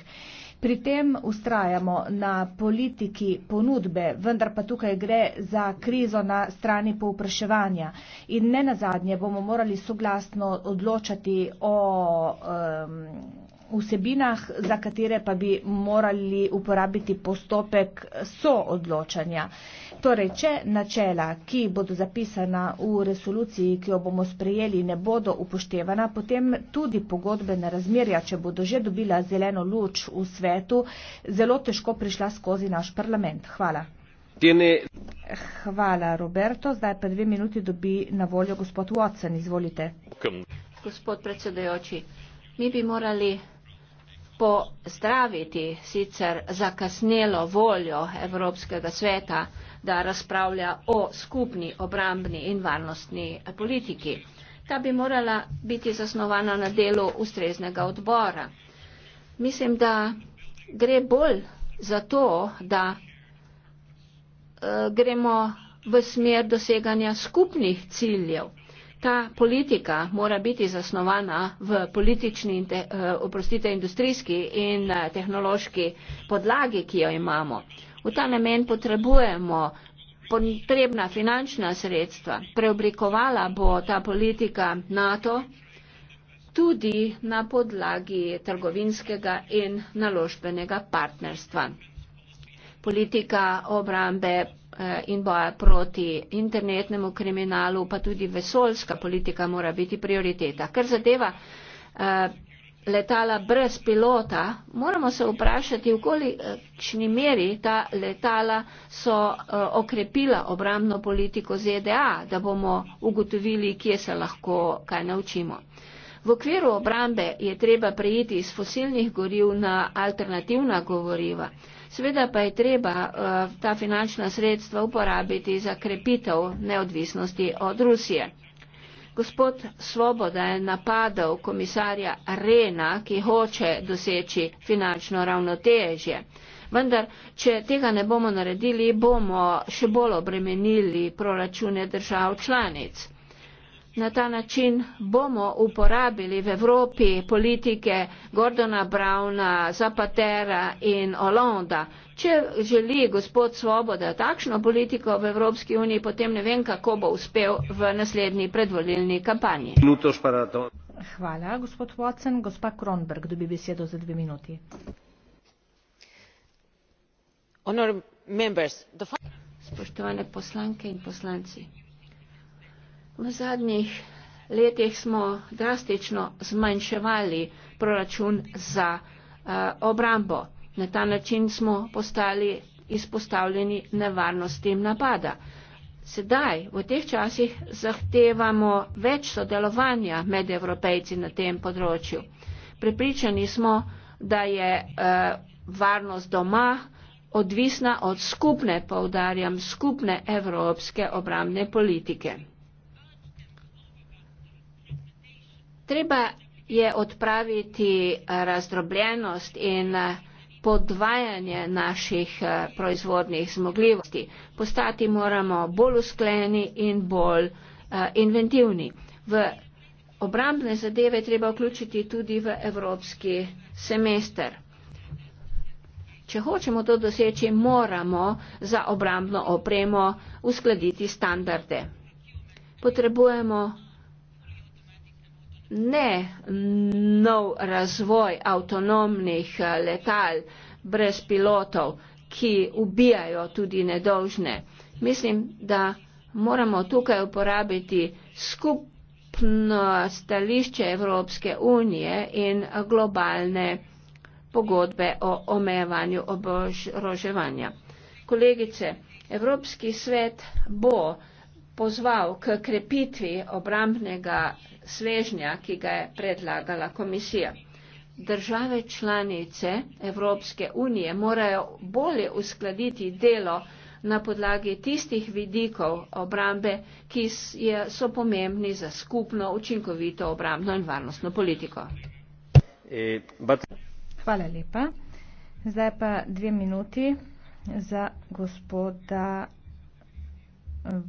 Pri tem ustrajamo na politiki ponudbe, vendar pa tukaj gre za krizo na strani povpraševanja. In ne nazadnje bomo morali soglasno odločati o. Um, vsebinah, za katere pa bi morali uporabiti postopek soodločanja. Torej, če načela, ki bodo zapisana v resoluciji, ki jo bomo sprejeli, ne bodo upoštevana, potem tudi pogodbene razmerja, če bodo že dobila zeleno luč v svetu, zelo težko prišla skozi naš parlament. Hvala. Tjene. Hvala, Roberto. Zdaj pa dve minuti dobi na voljo gospod Watson. Izvolite. Gospod predsedajoči, mi bi morali pozdraviti sicer zakasnelo voljo Evropskega sveta, da razpravlja o skupni obrambni in varnostni politiki. Ta bi morala biti zasnovana na delu ustreznega odbora. Mislim, da gre bolj za to, da eh, gremo v smer doseganja skupnih ciljev ta politika mora biti zasnovana v politični in eh, oprostite industrijski in eh, tehnološki podlagi, ki jo imamo. V ta namen potrebujemo potrebna finančna sredstva. Preoblikovala bo ta politika NATO tudi na podlagi trgovinskega in naložbenega partnerstva. Politika obrambe Eh, in boja proti internetnemu kriminalu, pa tudi vesoljska politika mora biti prioriteta. Ker zadeva eh, letala brez pilota, moramo se vprašati, v kolikšni meri ta letala so eh, okrepila obramno politiko ZDA, da bomo ugotovili, kje se lahko kaj naučimo. V okviru obrambe je treba prejiti iz fosilnih goriv na alternativna govoriva. Sveda pa je treba uh, ta finančna sredstva uporabiti za krepitev neodvisnosti od Rusije. Gospod Svoboda je napadal komisarja Rena, ki hoče doseči finančno ravnotežje. Vendar, če tega ne bomo naredili, bomo še bolj obremenili proračune držav članic na ta način bomo uporabili v Evropi politike Gordona Brauna, Zapatera in Olonda. Če želi gospod Svoboda takšno politiko v Evropski uniji, potem ne vem, kako bo uspel v naslednji predvolilni kampanji. Hvala, gospod Watson. Gospa Kronberg dobi besedo za dve minuti. Spoštovane poslanke in poslanci. V zadnjih letih smo drastično zmanjševali proračun za uh, obrambo. Na ta način smo postali izpostavljeni nevarnostim napada. Sedaj, v teh časih, zahtevamo več sodelovanja med evropejci na tem področju. Pripričani smo, da je uh, varnost doma odvisna od skupne, poudarjam, skupne evropske obrambne politike. Treba je odpraviti eh, razdrobljenost in eh, podvajanje naših eh, proizvodnih zmogljivosti. Postati moramo bolj uskleni in bolj inventivni. V obrambne zadeve treba vključiti tudi v evropski semester. Če hočemo to doseči, moramo za obrambno opremo uskladiti standarde. Potrebujemo ne nov razvoj avtonomnih eh, letal brez pilotov, ki ubijajo tudi nedolžne. Mislim, da moramo tukaj uporabiti skupno stališče Evropske unije in globalne pogodbe o omejevanju oboroževanja. Kolegice, Evropski svet bo pozval k krepitvi obrambnega svežnja, ki ga je predlagala komisija. Države članice Evropske unije morajo bolje uskladiti delo na podlagi tistih vidikov obrambe, ki so pomembni za skupno učinkovito obrambno in varnostno politiko. Hvala lepa. Zdaj pa dve minuti za gospoda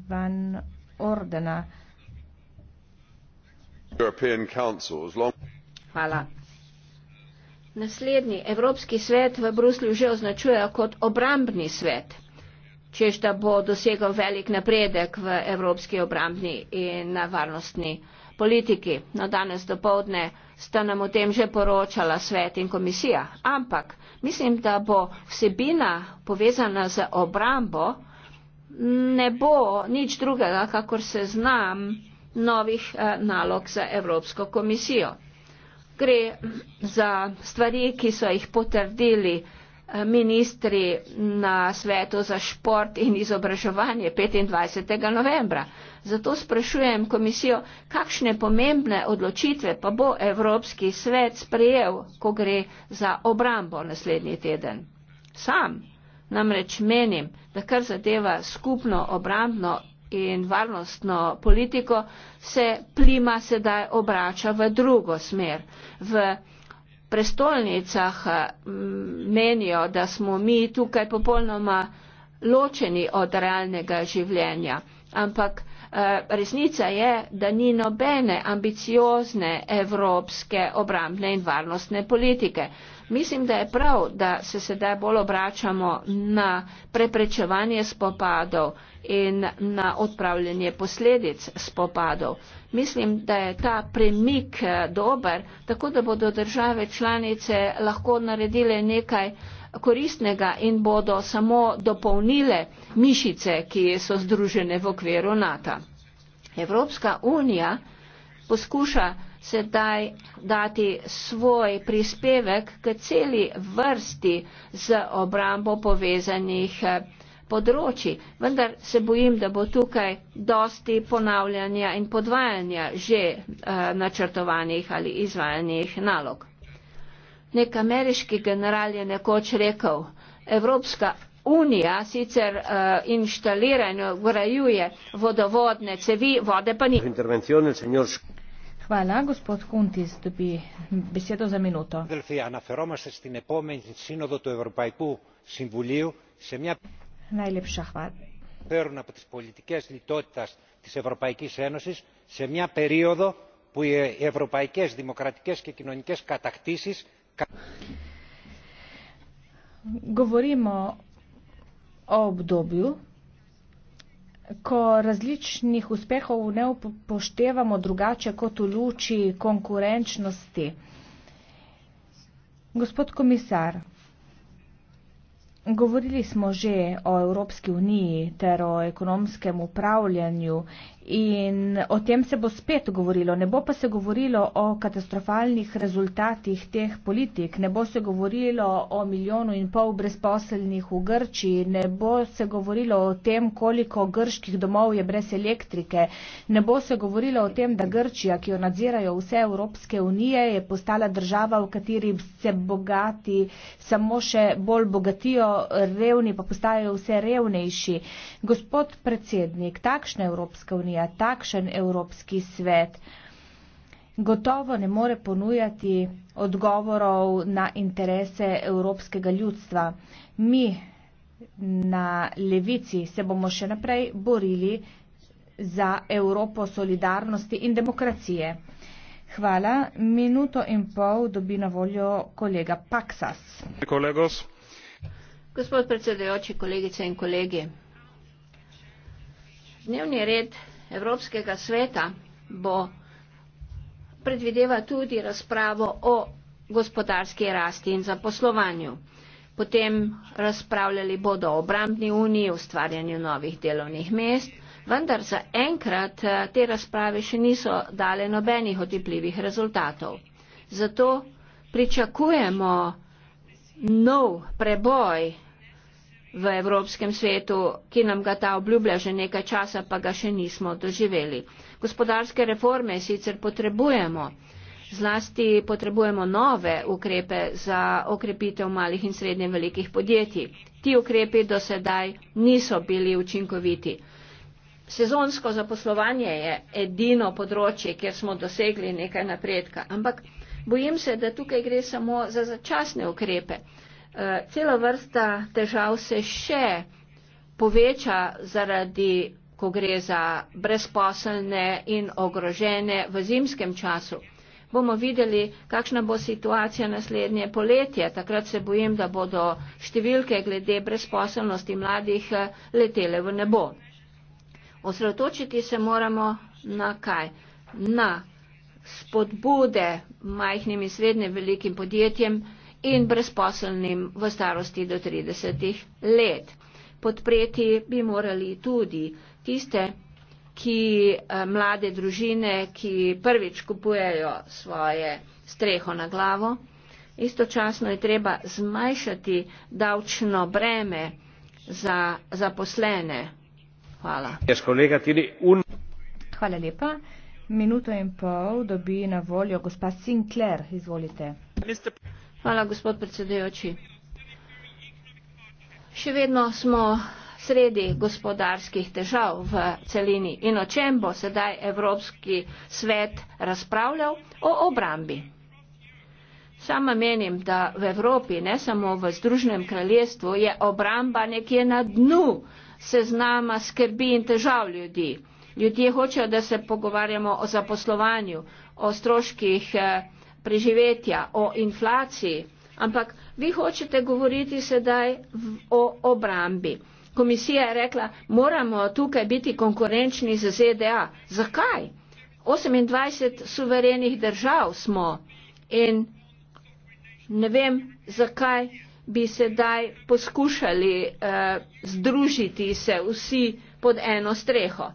van Ordena. Hvala. Naslednji Evropski svet v Bruslju že označuje kot obrambni svet, čež da bo dosegal velik napredek v evropski obrambni in varnostni politiki. No, danes do povdne sta nam o tem že poročala svet in komisija. Ampak mislim, da bo vsebina povezana z obrambo, ne bo nič drugega, kakor se znam novih eh, nalog za Evropsko komisijo. Gre za stvari, ki so jih potrdili eh, ministri na svetu za šport in izobraževanje 25. novembra. Zato sprašujem komisijo, kakšne pomembne odločitve pa bo Evropski svet sprejel, ko gre za obrambo naslednji teden. Sam Namreč menim, da kar zadeva skupno obrambno in varnostno politiko, se plima sedaj obrača v drugo smer. V prestolnicah mm, menijo, da smo mi tukaj popolnoma ločeni od realnega življenja, ampak Eh, resnica je, da ni nobene ambiciozne evropske obrambne in varnostne politike. Mislim, da je prav, da se sedaj bolj obračamo na preprečevanje spopadov in na odpravljanje posledic spopadov. Mislim, da je ta premik eh, dober, tako da bodo države članice lahko naredile nekaj koristnega in bodo samo dopolnile mišice, ki so združene v okviru NATO. Evropska unija poskuša sedaj dati svoj prispevek k celi vrsti z obrambo povezanih eh, področji, vendar se bojim, da bo tukaj dosti ponavljanja in podvajanja že eh, načrtovanih ali izvajanih nalog. Nek ameriški general je nekoč rekel, Evropska unija sicer uh, eh, inštalira in urajuje vodovodne cevi, vode pa ni. Hvala, gospod Kuntis, da bi besedo za minuto. Najlepša hvala. Φέρουν από τις πολιτικές λιτότητας της Ευρωπαϊκής Ένωσης σε μια περίοδο που οι ευρωπαϊκές δημοκρατικές και κοινωνικές κατακτήσεις Govorimo o obdobju, ko različnih uspehov ne upoštevamo drugače kot v luči konkurenčnosti. Gospod komisar, govorili smo že o Evropski uniji ter o ekonomskem upravljanju In o tem se bo spet govorilo. Ne bo pa se govorilo o katastrofalnih rezultatih teh politik, ne bo se govorilo o milijonu in pol brezposelnih v Grčiji, ne bo se govorilo o tem, koliko grških domov je brez elektrike, ne bo se govorilo o tem, da Grčija, ki jo nadzirajo vse Evropske unije, je postala država, v kateri se bogati samo še bolj bogatijo, revni pa postajajo vse revnejši. Gospod predsednik, takšna Evropska unija. Slovenija, takšen Evropski svet, gotovo ne more ponujati odgovorov na interese evropskega ljudstva. Mi na levici se bomo še naprej borili za Evropo solidarnosti in demokracije. Hvala. Minuto in pol dobi na voljo kolega Paksas. Kolegos. Gospod predsedujoči, kolegice in kolegi. Dnevni red Evropskega sveta bo predvideva tudi razpravo o gospodarski rasti in zaposlovanju. Potem razpravljali bodo o obrambni uniji, ustvarjanju novih delovnih mest, vendar za enkrat eh, te razprave še niso dale nobenih otipljivih rezultatov. Zato pričakujemo nov preboj v Evropskem svetu, ki nam ga ta obljublja že nekaj časa, pa ga še nismo doživeli. Gospodarske reforme sicer potrebujemo, zlasti potrebujemo nove ukrepe za okrepitev malih in srednje velikih podjetij. Ti ukrepi do sedaj niso bili učinkoviti. Sezonsko zaposlovanje je edino področje, kjer smo dosegli nekaj napredka, ampak bojim se, da tukaj gre samo za začasne ukrepe. Eh, cela vrsta težav se še poveča zaradi, ko gre za brezposelne in ogrožene v zimskem času. Bomo videli, kakšna bo situacija naslednje poletje. Takrat se bojim, da bodo številke glede brezposelnosti mladih eh, letele v nebo. Osredotočiti se moramo na kaj? Na spodbude majhnim in srednje velikim podjetjem, in brezposelnim v starosti do 30 let. Podpreti bi morali tudi tiste, ki eh, mlade družine, ki prvič kupujejo svoje streho na glavo. Istočasno je treba zmanjšati davčno breme za zaposlene. Hvala. Hvala lepa. Minuto in pol dobi na voljo gospa Sinclair. Izvolite. Hvala, gospod predsedujoči. Še vedno smo sredi gospodarskih težav v celini in o čem bo sedaj Evropski svet razpravljal? O obrambi. Sama menim, da v Evropi, ne samo v Združenem kraljestvu, je obramba nekje na dnu seznama skrbi in težav ljudi. Ljudje hočejo, da se pogovarjamo o zaposlovanju, o stroških. Eh, preživetja, o inflaciji, ampak vi hočete govoriti sedaj v, o obrambi. Komisija je rekla, moramo tukaj biti konkurenčni z ZDA. Zakaj? 28 suverenih držav smo in ne vem, zakaj bi sedaj poskušali eh, združiti se vsi pod eno streho,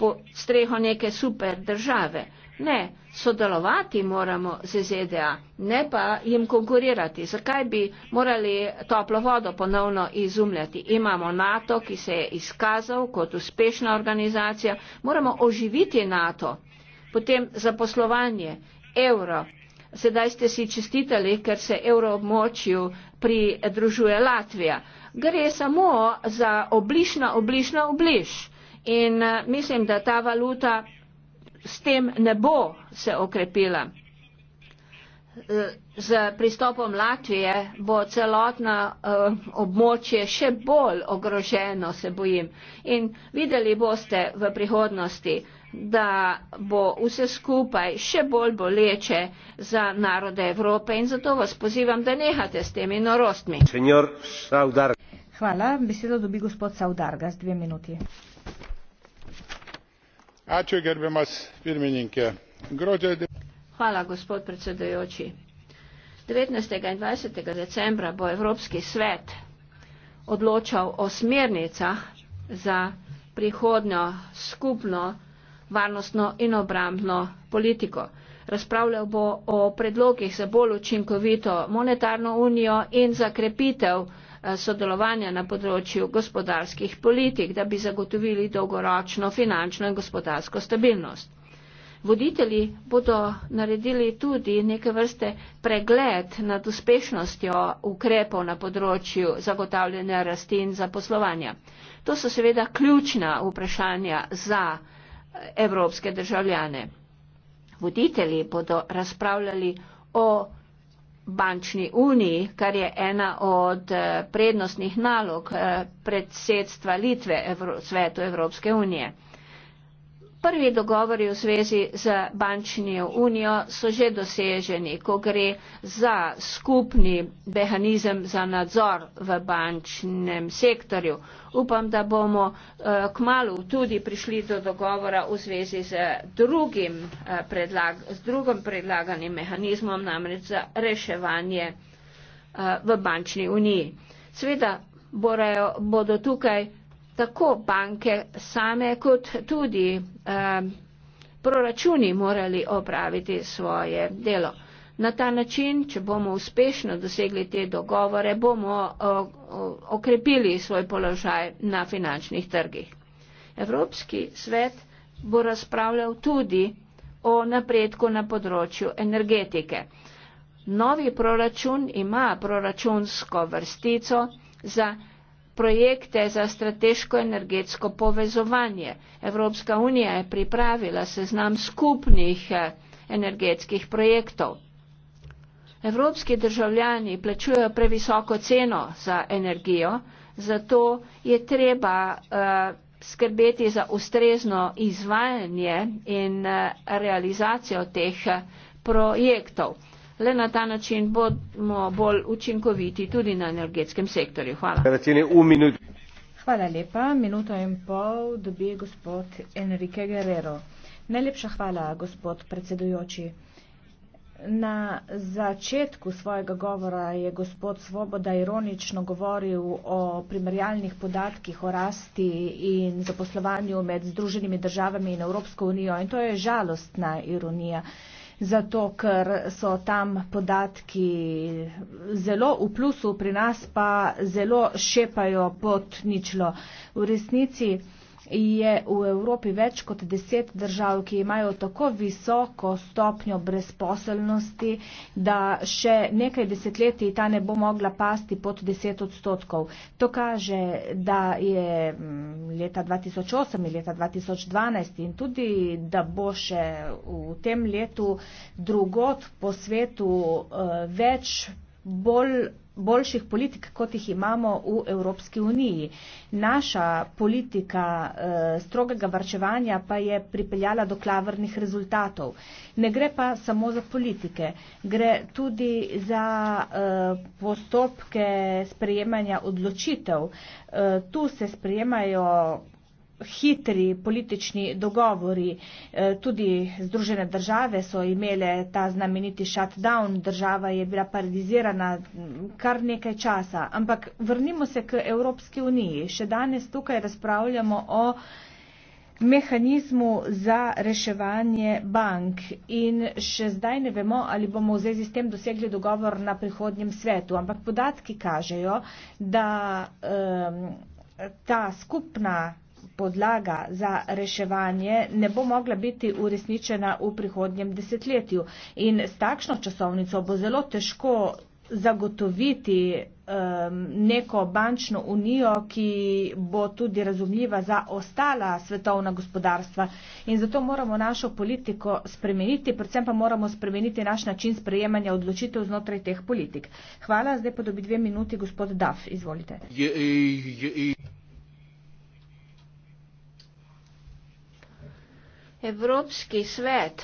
pod streho neke super države. Ne, sodelovati moramo z ZDA, ne pa jim konkurirati. Zakaj bi morali toplo vodo ponovno izumljati? Imamo NATO, ki se je izkazal kot uspešna organizacija. Moramo oživiti NATO. Potem zaposlovanje, evro. Sedaj ste si čestitali, ker se evro območju pridružuje Latvija. Gre samo za oblišna, oblišna, obliš. In eh, mislim, da ta valuta s tem ne bo se okrepila. Z pristopom Latvije bo celotna eh, območje še bolj ogroženo, se bojim. In videli boste v prihodnosti, da bo vse skupaj še bolj boleče za narode Evrope in zato vas pozivam, da nehate s temi norostmi. Hvala, besedo dobi gospod Saudarga z dve minuti devetnajst in dvajset decembra bo evropski svet odločal o smernicah za prihodnjo skupno varnostno in obrambno politiko. razpravljal bo o predlogih za bolj učinkovito monetarno unijo in za krepitev Eh, sodelovanja na področju gospodarskih politik, da bi zagotovili dolgoročno finančno in gospodarsko stabilnost. Voditelji bodo naredili tudi neke vrste pregled nad uspešnostjo ukrepov na področju zagotavljanja rasti in zaposlovanja. To so seveda ključna vprašanja za eh, evropske državljane. Voditelji bodo razpravljali o bančni uniji, kar je ena od eh, prednostnih nalog eh, predsedstva Litve Evro, svetu Evropske unije. Prvi dogovori v zvezi z bančnijo unijo so že doseženi, ko gre za skupni mehanizem za nadzor v bančnem sektorju. Upam, da bomo eh, k malu tudi prišli do dogovora v zvezi z drugim, eh, predlag, z drugim predlaganim mehanizmom, namreč za reševanje eh, v bančni uniji. Sveda bodo tukaj tako banke same kot tudi eh, proračuni morali opraviti svoje delo. Na ta način, če bomo uspešno dosegli te dogovore, bomo eh, okrepili svoj položaj na finančnih trgih. Evropski svet bo razpravljal tudi o napredku na področju energetike. Novi proračun ima proračunsko vrstico za energetiko projekte za strateško energetsko povezovanje. Evropska unija je pripravila seznam skupnih eh, energetskih projektov. Evropski državljani plačujejo previsoko ceno za energijo, zato je treba uh, skrbeti za ustrezno izvajanje in uh, realizacijo teh projektov. Le na ta način bomo bolj učinkoviti tudi na energetskem sektorju. Hvala. Hvala lepa. Minuto in pol dobi gospod Enrique Guerrero. Najlepša hvala, gospod predsedujoči. Na začetku svojega govora je gospod Svoboda ironično govoril o primerjalnih podatkih o rasti in zaposlovanju med Združenimi državami in Evropsko unijo in to je žalostna ironija zato ker so tam podatki zelo v plusu, pri nas pa zelo šepajo pod ničlo. V resnici je v Evropi več kot deset držav, ki imajo tako visoko stopnjo brezposelnosti, da še nekaj desetletij ta ne bo mogla pasti pod deset odstotkov. To kaže, da je mm, leta 2008 in leta 2012 in tudi, da bo še v tem letu drugot po svetu eh, več bolj boljših politik, kot jih imamo v Evropski uniji. Naša politika eh, strogega varčevanja pa je pripeljala do klavrnih rezultatov. Ne gre pa samo za politike, gre tudi za eh, postopke sprejemanja odločitev. Eh, tu se sprejemajo hitri politični dogovori. E, tudi Združene države so imele ta znameniti shutdown, država je bila paralizirana kar nekaj časa. Ampak vrnimo se k Evropski uniji. Še danes tukaj razpravljamo o mehanizmu za reševanje bank in še zdaj ne vemo, ali bomo v zvezi s tem dosegli dogovor na prihodnjem svetu, ampak podatki kažejo, da um, ta skupna podlaga za reševanje ne bo mogla biti uresničena v prihodnjem desetletju. In s takšno časovnico bo zelo težko zagotoviti neko bančno unijo, ki bo tudi razumljiva za ostala svetovna gospodarstva. In zato moramo našo politiko spremeniti, predvsem pa moramo spremeniti naš način sprejemanja odločitev znotraj teh politik. Hvala, zdaj pa dobi dve minuti, gospod Daf, izvolite. Je, je, je, je. Evropski svet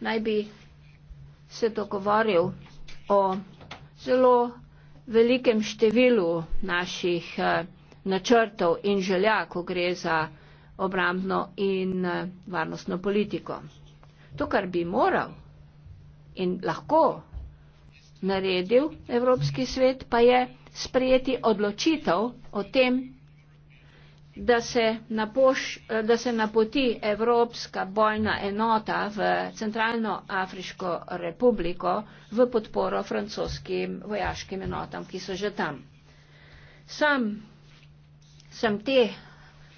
naj bi se dogovoril o zelo velikem številu naših eh, načrtov in želja, ko gre za obrambno in eh, varnostno politiko. To, kar bi moral in lahko naredil Evropski svet, pa je sprejeti odločitev o tem, da se, napoš, da se napoti Evropska bojna enota v Centralno Afriško republiko v podporo francoskim vojaškim enotam, ki so že tam. Sam sem te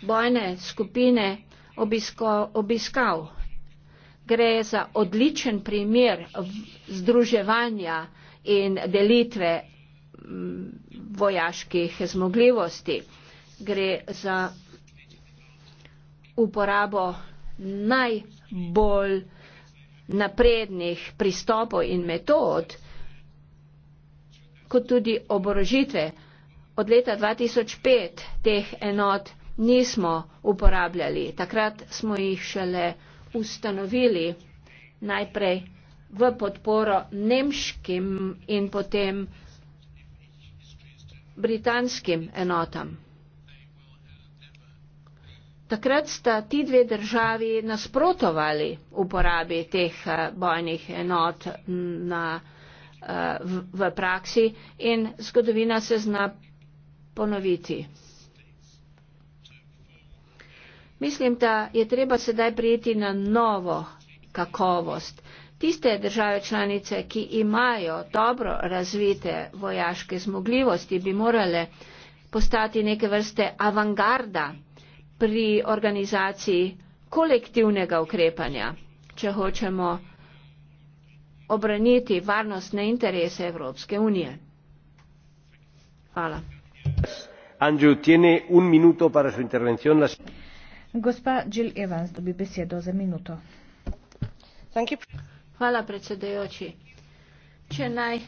bojne skupine obisko, obiskal. Gre za odličen primer združevanja in delitve vojaških zmogljivosti gre za uporabo najbolj naprednih pristopov in metod, kot tudi oborožitve. Od leta 2005 teh enot nismo uporabljali. Takrat smo jih šele ustanovili najprej v podporo nemškim in potem britanskim enotam. Takrat sta ti dve državi nasprotovali uporabi teh eh, bojnih enot na, eh, v, v praksi in zgodovina se zna ponoviti. Mislim, da je treba sedaj prijeti na novo kakovost. Tiste države članice, ki imajo dobro razvite vojaške zmogljivosti, bi morale postati neke vrste avangarda pri organizaciji kolektivnega ukrepanja, če hočemo obraniti varnostne interese Evropske unije. Hvala. Andrew, tiene un minuto para su intervención. Las... Gospa Jill Evans dobi besedo za minuto. Hvala predsedujoči. Če naj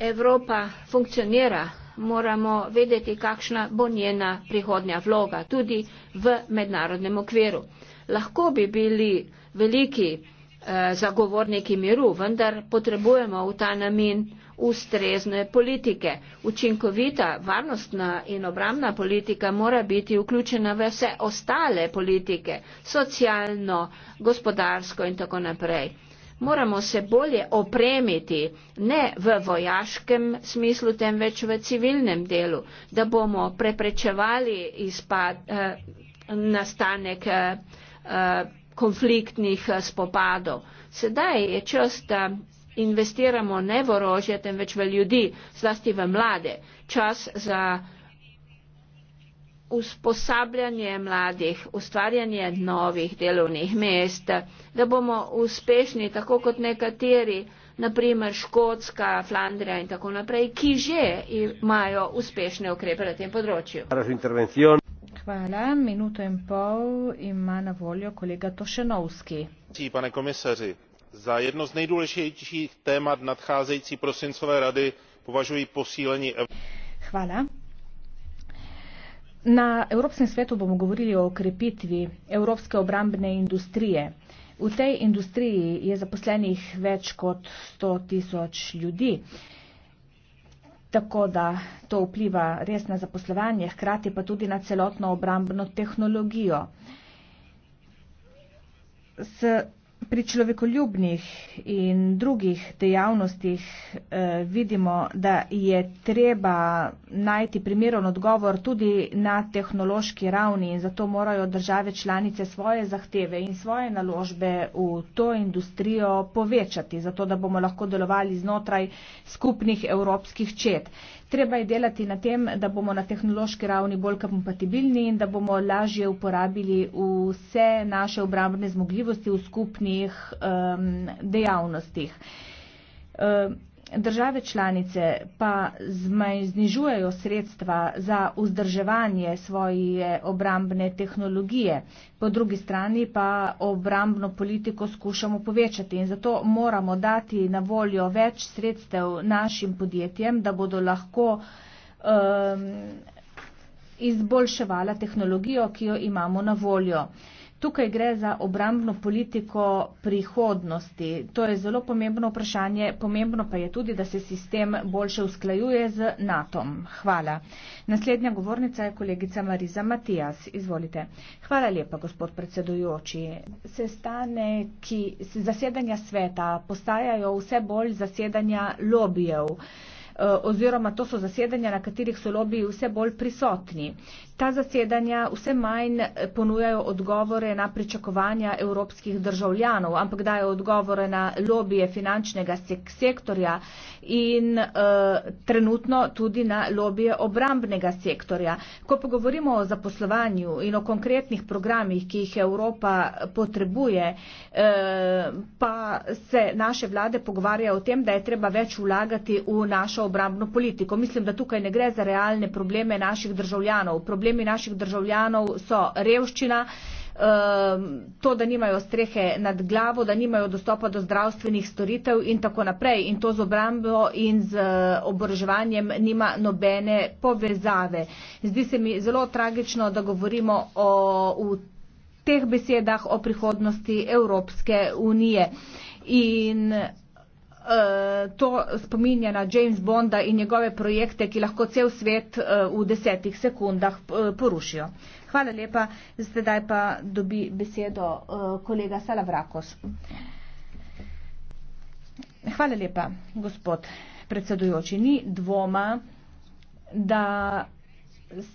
Evropa funkcionira moramo vedeti, kakšna bo njena prihodnja vloga tudi v mednarodnem okviru. Lahko bi bili veliki eh, zagovorniki miru, vendar potrebujemo v ta namen ustrezne politike. Učinkovita varnostna in obramna politika mora biti vključena v vse ostale politike, socialno, gospodarsko in tako naprej moramo se bolje opremiti, ne v vojaškem smislu, temveč v civilnem delu, da bomo preprečevali izpad, eh, nastanek eh, eh, konfliktnih spopadov. Sedaj je čas, da investiramo ne v orožje, temveč v ljudi, zlasti v mlade. Čas za usposabljanje mladih, ustvarjanje novih delovnih mest, da bomo uspešni, tako kot nekateri, naprimer Škotska, Flandrija in tako naprej, ki že imajo uspešne ukrepe na tem področju. Hvala. Minuto in pol ima na voljo kolega Tošenovski. Pane komisaři, za jedno z najdůležitějších témat nadcházející prosincové rady považuji posílení. Hvala. Na Evropskem svetu bomo govorili o krepitvi evropske obrambne industrije. V tej industriji je zaposlenih več kot 100 tisoč ljudi, tako da to vpliva res na zaposlovanje, hkrati pa tudi na celotno obrambno tehnologijo. S Pri človekoljubnih in drugih dejavnostih eh, vidimo, da je treba najti primeren odgovor tudi na tehnološki ravni in zato morajo države članice svoje zahteve in svoje naložbe v to industrijo povečati, zato da bomo lahko delovali znotraj skupnih evropskih čet. Eh, treba je delati na tem, da bomo na tehnološki ravni bolj kompatibilni in da bomo lažje uporabili vse naše obrambne zmogljivosti v skupnih um, dejavnostih. Um, države članice pa znižujejo sredstva za vzdrževanje svoje obrambne tehnologije, po drugi strani pa obrambno politiko skušamo povečati in zato moramo dati na voljo več sredstev našim podjetjem, da bodo lahko um, izboljševala tehnologijo, ki jo imamo na voljo. Uh, Tukaj gre za obrambno politiko prihodnosti. To je zelo pomembno vprašanje. Pomembno pa je tudi, da se sistem boljše usklajuje z NATO. Hvala. Naslednja govornica je kolegica Mariza Matijas. Izvolite. Hvala lepa, gospod predsedujoči. Sestane, ki zasedanja sveta postajajo vse bolj zasedanja lobijev eh, oziroma to so zasedanja, na katerih so lobiji vse bolj prisotni. Ta zasedanja vse manj eh, ponujajo odgovore na pričakovanja evropskih državljanov, ampak dajo odgovore na lobije finančnega sek sektorja in e, trenutno tudi na lobije obrambnega sektorja. Ko pa govorimo o zaposlovanju in o konkretnih programih, ki jih Evropa potrebuje, e, pa se naše vlade pogovarjajo o tem, da je treba več vlagati v našo obrambno politiko. Mislim, da tukaj ne gre za realne probleme naših državljanov. Problem problemi naših državljanov so revščina, ehm, to, da nimajo strehe nad glavo, da nimajo dostopa do zdravstvenih storitev in tako naprej. In to z obrambo in z eh, oboroževanjem nima nobene povezave. Zdi se mi zelo tragično, da govorimo o, v teh besedah o prihodnosti Evropske unije. In Eh, to spominja na James Bonda in njegove projekte, ki lahko cel svet eh, v desetih sekundah eh, porušijo. Hvala lepa, zdaj pa dobi besedo kolega Salavrakos. Hvala lepa, gospod predsedujoči. Ni dvoma, da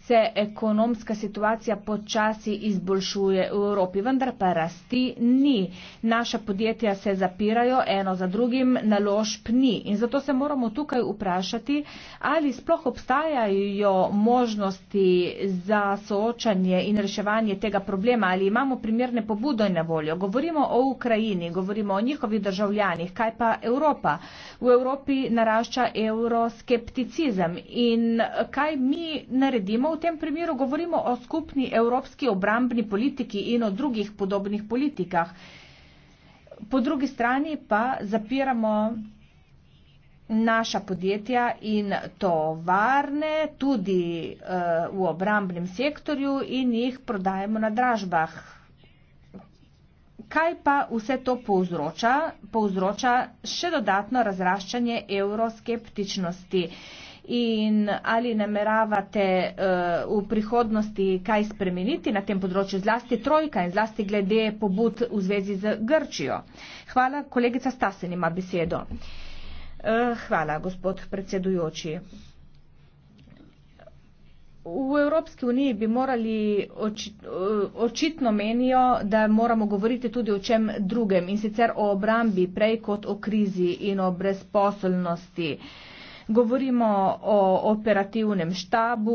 se ekonomska situacija počasi izboljšuje v Evropi, vendar pa rasti ni. Naša podjetja se zapirajo eno za drugim, naložb ni. In zato se moramo tukaj vprašati, ali sploh obstajajo možnosti za soočanje in reševanje tega problema, ali imamo primerne pobude na voljo. Govorimo o Ukrajini, govorimo o njihovih državljanih, kaj pa Evropa. V Evropi narašča euroskepticizem in kaj mi naredimo naredimo v tem primeru? Govorimo o skupni evropski obrambni politiki in o drugih podobnih politikah. Po drugi strani pa zapiramo naša podjetja in tovarne tudi uh, v obrambnem sektorju in jih prodajemo na dražbah. Kaj pa vse to povzroča? Povzroča še dodatno razraščanje evroskeptičnosti. Uh, in ali nameravate uh, v prihodnosti kaj spremeniti na tem področju zlasti trojka in zlasti glede pobud v zvezi z Grčijo. Hvala, kolegica Stasen ima besedo. Uh, hvala, gospod predsedujoči. V Evropski uniji bi morali, očitno menijo, da moramo govoriti tudi o čem drugem in sicer o obrambi prej kot o krizi in o brezposobnosti. Uh, Govorimo o operativnem štabu,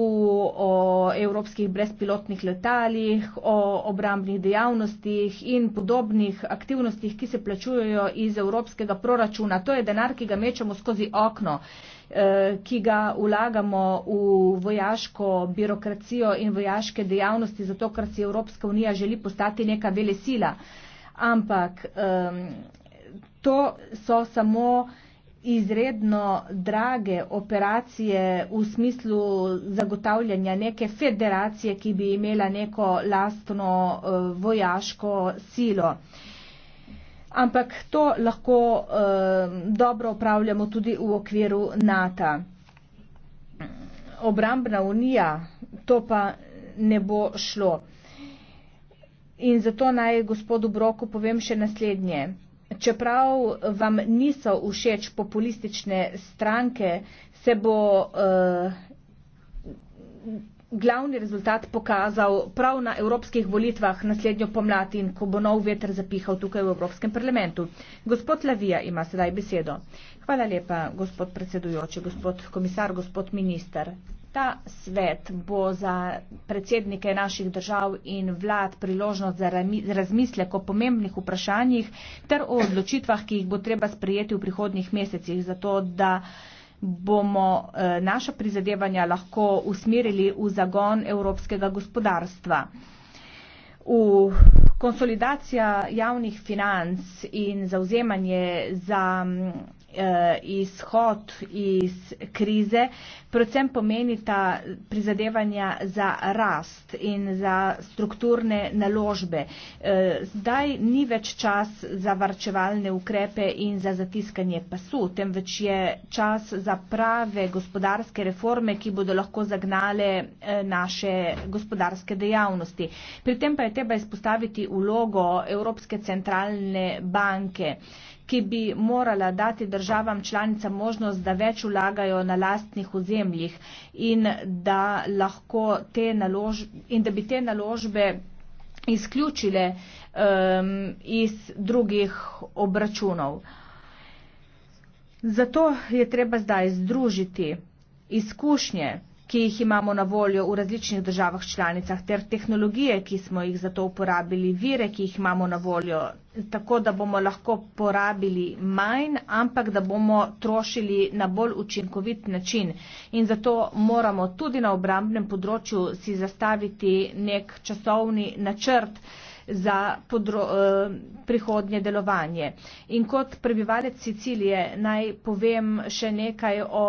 o evropskih brezpilotnih letalih, o obrambnih dejavnostih in podobnih aktivnostih, ki se plačujejo iz evropskega proračuna. To je denar, ki ga mečemo skozi okno eh, ki ga vlagamo v vojaško birokracijo in vojaške dejavnosti, zato ker si Evropska unija želi postati neka vele sila. Ampak to so samo izredno drage operacije v smislu zagotavljanja neke federacije, ki bi imela neko lastno uh, vojaško silo. Ampak to lahko uh, dobro upravljamo tudi v okviru NATO. Obrambna unija, to pa ne bo šlo. In zato naj gospodu Broku povem še naslednje. Čeprav vam niso všeč populistične stranke, se bo uh, glavni rezultat pokazal prav na evropskih volitvah naslednjo pomlad in ko bo nov veter zapihal tukaj v Evropskem parlamentu. Gospod Lavija ima sedaj besedo. Hvala lepa, gospod predsedujoči, gospod komisar, gospod minister ta svet bo za predsednike naših držav in vlad priložnost za razmislek o pomembnih vprašanjih ter o odločitvah, ki jih bo treba sprejeti v prihodnih mesecih, zato da bomo eh, naša prizadevanja lahko usmerili v zagon evropskega gospodarstva. V konsolidacija javnih financ in zauzemanje za mm, eh, izhod iz krize, predvsem pomenita prizadevanja za rast in za strukturne naložbe. Eh, zdaj ni več čas za varčevalne ukrepe in za zatiskanje pasu, temveč je čas za prave gospodarske reforme, ki bodo lahko zagnale eh, naše gospodarske dejavnosti. Pri tem pa je treba izpostaviti vlogo Evropske centralne banke. Eh, ki bi morala dati državam članicam možnost, da več ulagajo na lastnih ozemljih in da, te in da bi te naložbe izključile um, iz drugih obračunov. Zato je treba zdaj združiti izkušnje, ki jih imamo na voljo v različnih državah članicah, ter tehnologije, ki smo jih zato uporabili, vire, ki jih imamo na voljo, tako, da bomo lahko porabili manj, ampak da bomo trošili na bolj učinkovit način. In zato moramo tudi na obrambnem področju si zastaviti nek časovni načrt za podro, eh, prihodnje delovanje. In kot prebivalec Sicilije naj povem še nekaj o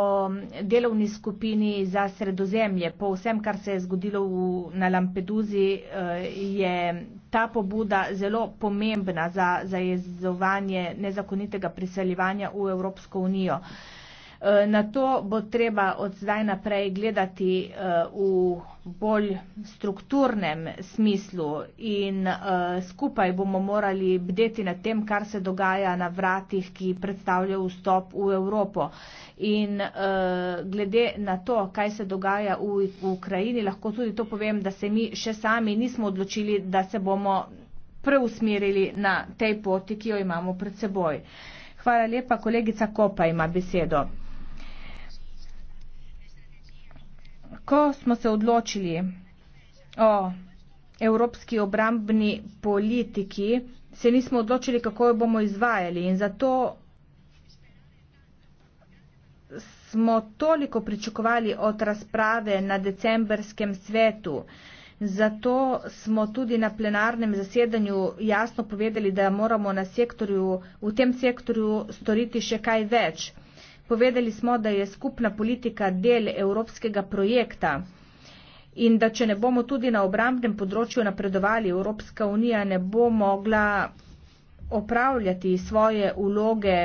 delovni skupini za sredozemlje. Po vsem, kar se je zgodilo v, na Lampeduzi, eh, je ta pobuda zelo pomembna za zajezovanje nezakonitega priseljevanja v Evropsko unijo. Eh, Eh, na to bo treba od zdaj naprej gledati eh, v bolj strukturnem smislu in eh, skupaj bomo morali bdeti nad tem, kar se dogaja na vratih, ki predstavlja vstop v Evropo. In glede na to, kaj se dogaja v Ukrajini, lahko tudi to povem, da se mi še sami nismo odločili, da se bomo preusmerili na tej poti, ki jo imamo pred seboj. Hvala lepa, kolegica Kopa ima besedo. ko smo se odločili o evropski obrambni politiki, se nismo odločili, kako jo bomo izvajali in zato smo toliko pričakovali od razprave na decembrskem svetu. Zato smo tudi na plenarnem zasedanju jasno povedali, da moramo na sektorju, v tem sektorju storiti še kaj več. Povedali smo, da je skupna politika del evropskega projekta in da če ne bomo tudi na obrambnem področju napredovali, Evropska unija ne bo mogla opravljati svoje uloge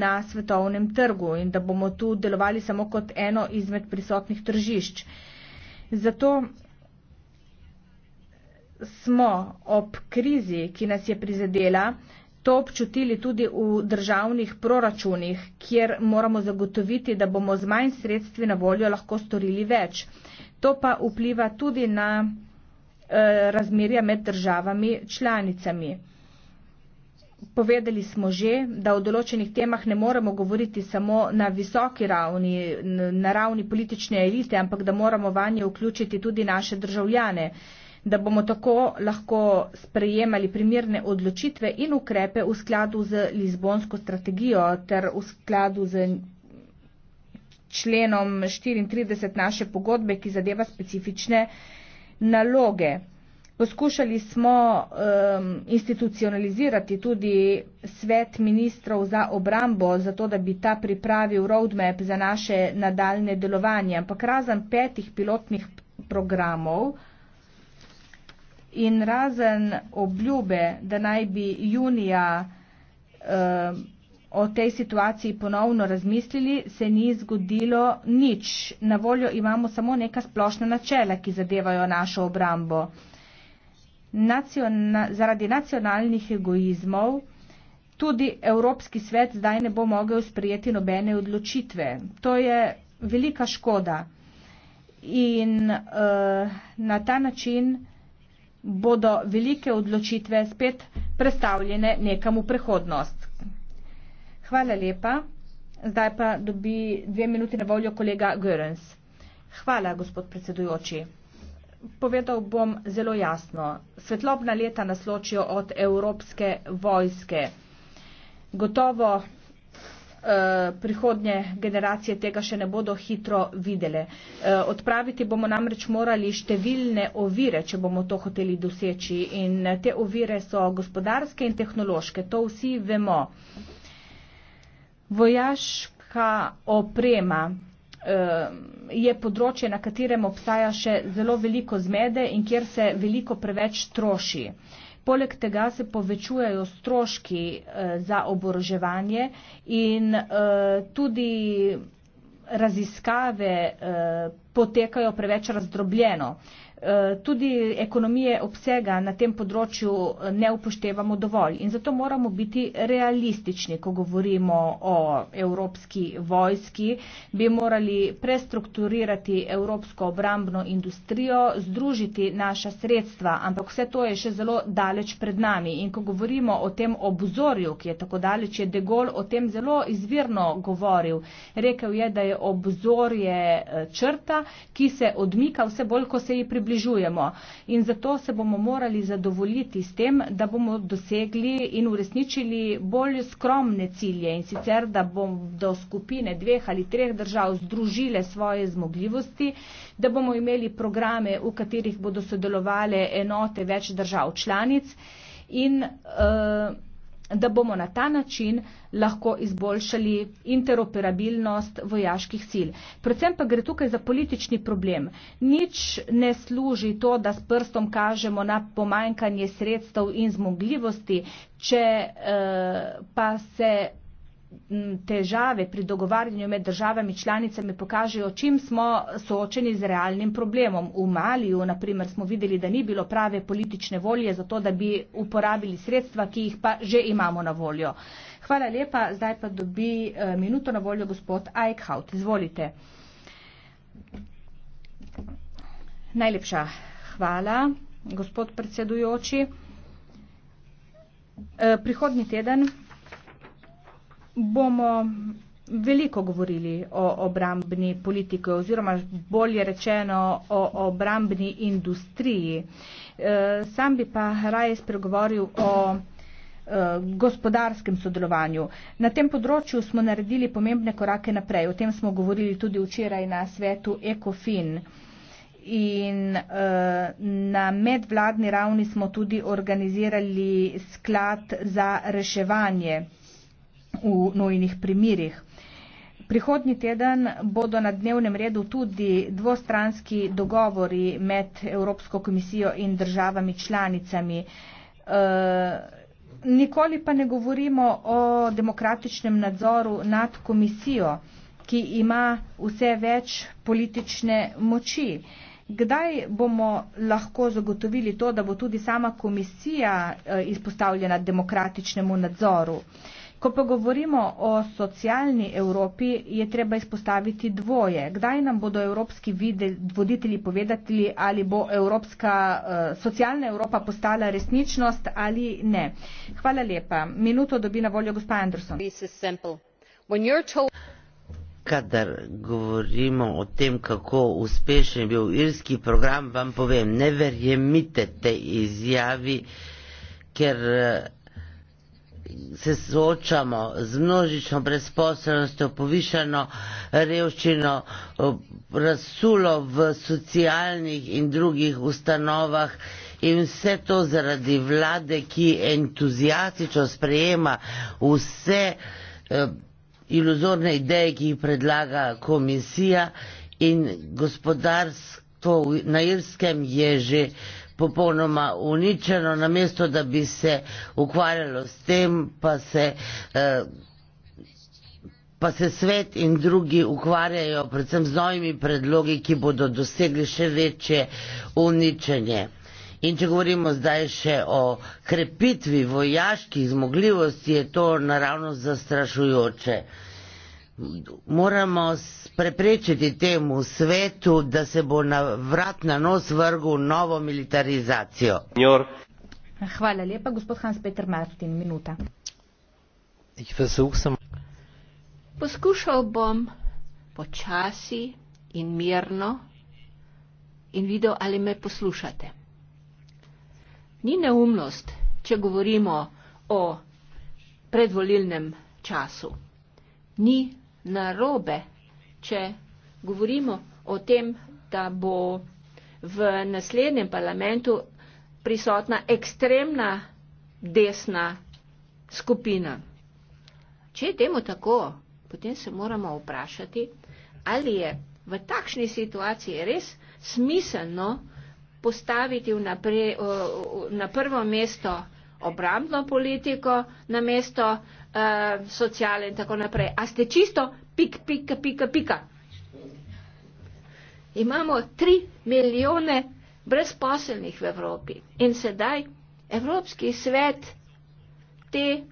na svetovnem trgu in da bomo tu delovali samo kot eno izmed prisotnih tržišč. Zato smo ob krizi, ki nas je prizadela, to občutili tudi v državnih proračunih, kjer moramo zagotoviti, da bomo z manj sredstvi na voljo lahko storili več. To pa vpliva tudi na eh, razmerja med državami članicami. Povedali smo že, da o določenih temah ne moremo govoriti samo na visoki ravni, na ravni politične elite, ampak da moramo vanje vključiti tudi naše državljane da bomo tako lahko sprejemali primerne odločitve in ukrepe v skladu z Lizbonsko strategijo ter v skladu z členom 34 naše pogodbe, ki zadeva specifične naloge. Poskušali smo um, institucionalizirati tudi svet ministrov za obrambo, zato da bi ta pripravil roadmap za naše nadaljne delovanje. Ampak razen petih pilotnih programov, in razen obljube, da naj bi junija eh, o tej situaciji ponovno razmislili, se ni zgodilo nič. Na voljo imamo samo neka splošna načela, ki zadevajo našo obrambo. Nacional, zaradi nacionalnih egoizmov tudi Evropski svet zdaj ne bo mogel sprejeti nobene odločitve. To je velika škoda. In eh, na ta način bodo velike odločitve spet predstavljene nekam v prihodnost. Hvala lepa. Zdaj pa dobi dve minuti na voljo kolega Görens. Hvala, gospod predsedujoči. Povedal bom zelo jasno. Svetlobna leta nas ločijo od evropske vojske. Gotovo Eh, prihodnje generacije tega še ne bodo hitro videle. Eh, odpraviti bomo namreč morali številne ovire, če bomo to hoteli doseči. In te ovire so gospodarske in tehnološke, to vsi vemo. Vojaška oprema eh, je področje, na katerem obstaja še zelo veliko zmede in kjer se veliko preveč troši. Poleg tega se povečujejo stroški eh, za oboroževanje in eh, tudi raziskave eh, potekajo preveč razdrobljeno. Eh, Eh, tudi ekonomije obsega na tem področju eh, ne upoštevamo dovolj in zato moramo biti realistični, ko govorimo o evropski vojski, bi morali prestrukturirati evropsko obrambno industrijo, združiti naša sredstva, ampak vse to je še zelo daleč pred nami in ko govorimo o tem obzorju, ki je tako daleč, je De Gaulle o tem zelo izvirno govoril. Rekel je, da je obzorje eh, črta, ki se odmika vse bolj, ko se ji približuje približujemo. In zato se bomo morali zadovoljiti s tem, da bomo dosegli in uresničili bolj skromne cilje in sicer, da bomo do skupine dveh ali treh držav združile svoje zmogljivosti, da bomo imeli programe, v katerih bodo sodelovali enote več držav članic in uh, da bomo na ta način lahko izboljšali interoperabilnost vojaških sil. Predvsem pa gre tukaj za politični problem. Nič ne služi to, da s prstom kažemo na pomanjkanje sredstev in zmogljivosti, če eh, pa se težave pri dogovarjanju med državami članicami pokažejo, čim smo soočeni z realnim problemom. V Maliju, naprimer, smo videli, da ni bilo prave politične volje za to, da bi uporabili sredstva, ki jih pa že imamo na voljo. Hvala lepa, zdaj pa dobi eh, minuto na voljo gospod Eichhout. Izvolite. Najlepša hvala, gospod predsedujoči. Eh, Prihodni teden bomo veliko govorili o obrambni politiki oziroma bolje rečeno o obrambni industriji. Eh, sam bi pa raje spregovoril o eh, gospodarskem sodelovanju. Na tem področju smo naredili pomembne korake naprej. O tem smo govorili tudi včeraj na svetu ECOFIN. In eh, na medvladni ravni smo tudi organizirali sklad za reševanje v nojnih primirih. Prihodnji teden bodo na dnevnem redu tudi dvostranski dogovori med Evropsko komisijo in državami članicami. E, nikoli pa ne govorimo o demokratičnem nadzoru nad komisijo, ki ima vse več politične moči. Kdaj bomo lahko zagotovili to, da bo tudi sama komisija eh, izpostavljena demokratičnemu nadzoru? E, Ko pa govorimo o socialni Evropi, je treba izpostaviti dvoje. Kdaj nam bodo evropski voditelji povedali, ali bo evropska, eh, socialna Evropa postala resničnost ali ne? Hvala lepa. Minuto dobi na voljo gospa Anderson. Kadar govorimo o tem, kako uspešen je bil irski program, vam povem, ne verjemite te izjavi, ker eh, se soočamo z množično brezposelnostjo, povišano revščino, razsulo v socialnih in drugih ustanovah in vse to zaradi vlade, ki entuzijastično sprejema vse eh, iluzorne ideje, ki jih predlaga komisija in gospodarstvo na Irskem je že eh, popolnoma uničeno, namesto da bi se ukvarjalo s tem, pa se, eh, pa se svet in drugi ukvarjajo predvsem z novimi predlogi, ki bodo dosegli še večje uničenje. In če govorimo zdaj še o krepitvi vojaških zmogljivosti, je to naravno zastrašujoče. Uh, moramo preprečiti temu svetu, da se bo na vrat na nos vrgu novo militarizacijo. Hvala lepa, gospod Hans Peter Martin. Minuta. Poskušal bom počasi in mirno in videl, ali me poslušate. Ni neumnost, če govorimo o predvolilnem času. Ni narobe, če govorimo o tem, da bo v naslednjem parlamentu prisotna ekstremna desna skupina. Če je temu tako, potem se moramo vprašati, ali je v takšni situaciji res smiselno postaviti naprej, na prvo mesto obrambno politiko, na mesto Eh, sociale in tako naprej. A ste čisto pik, pik, pik, pik. Imamo tri milijone brezposelnih v Evropi in sedaj Evropski svet te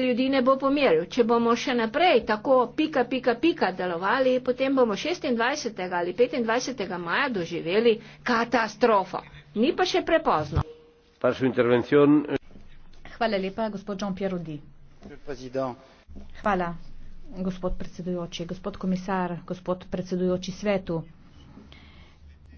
ljudi ne bo pomeril. Če bomo še naprej tako pika, pika, pika delovali, potem bomo 26. ali 25. maja doživeli katastrofo. Ni pa še prepozno. Hvala lepa, gospod Jean-Pierre Rudy. Hvala, gospod predsedujoči. Gospod komisar, gospod predsedujoči svetu.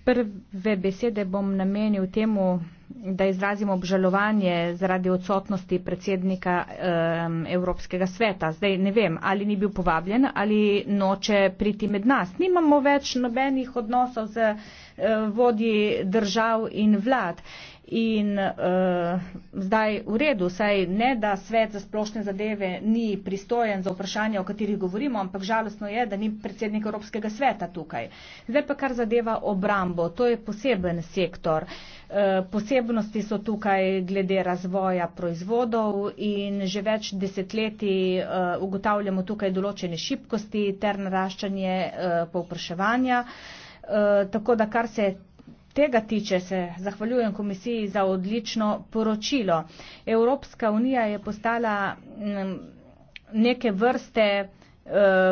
Prve besede bom namenil temu, da izrazim obžalovanje zaradi odsotnosti predsednika um, Evropskega sveta. Zdaj ne vem, ali ni bil povabljen ali noče priti med nas. Nimamo več nobenih odnosov z uh, vodji držav in vlad. Uh, In uh, zdaj v redu, saj ne, da svet za splošne zadeve ni pristojen za vprašanje, o katerih govorimo, ampak žalostno je, da ni predsednik Evropskega sveta tukaj. Zdaj pa kar zadeva obrambo, to je poseben sektor. Uh, posebnosti so tukaj glede razvoja proizvodov in že več desetletij uh, ugotavljamo tukaj določene šibkosti ter naraščanje uh, povpraševanja. Uh, tako da kar se tega tiče se zahvaljujem komisiji za odlično poročilo. Evropska unija je postala mm, neke vrste eh,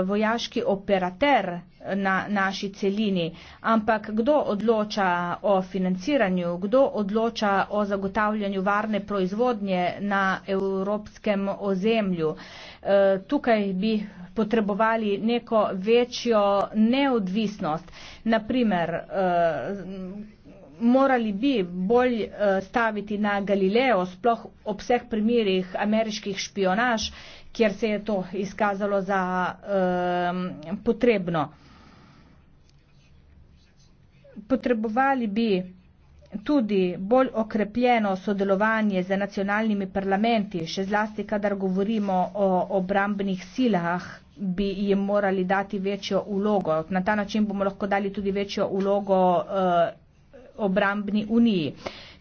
vojaški operater na naši celini. Ampak kdo odloča o financiranju, kdo odloča o zagotavljanju varne proizvodnje na evropskem ozemlju? Eh, tukaj bi potrebovali neko večjo neodvisnost. Naprimer, eh, morali bi bolj eh, staviti na Galileo, sploh ob vseh primerih ameriških špionaž, kjer se je to izkazalo za um, potrebno. Potrebovali bi tudi bolj okrepljeno sodelovanje z nacionalnimi parlamenti, še zlasti, kadar govorimo o obrambnih silah, bi jim morali dati večjo ulogo. Na ta način bomo lahko dali tudi večjo ulogo uh, eh, obrambni uniji.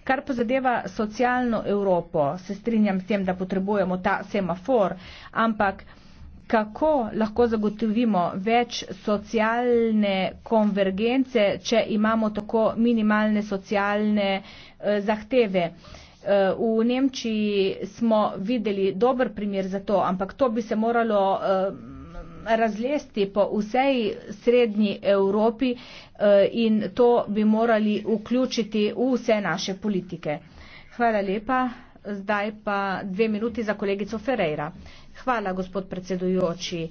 Kar pa zadeva socialno Evropo, se strinjam s tem, da potrebujemo ta semafor, ampak kako lahko zagotovimo več socialne konvergence, če imamo tako minimalne socialne eh, zahteve. Eh, v Nemčiji smo videli dober primer za to, ampak to bi se moralo. Eh, razlesti po vsej srednji Evropi eh, in to bi morali vključiti v vse naše politike. Hvala lepa. Zdaj pa dve minuti za kolegico Ferreira. Hvala, gospod predsedujoči.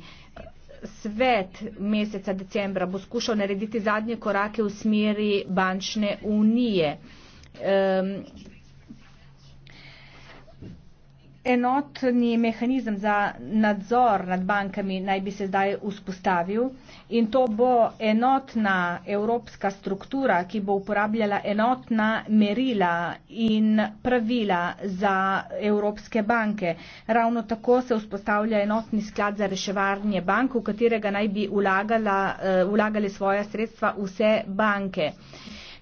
Svet meseca decembra bo skušal narediti zadnje korake v smeri bančne unije. Um, enotni mehanizem za nadzor nad bankami naj bi se zdaj vzpostavil in to bo enotna evropska struktura, ki bo uporabljala enotna merila in pravila za evropske banke. Ravno tako se vzpostavlja enotni sklad za reševanje bank, v katerega naj bi eh, vlagali svoja sredstva vse banke.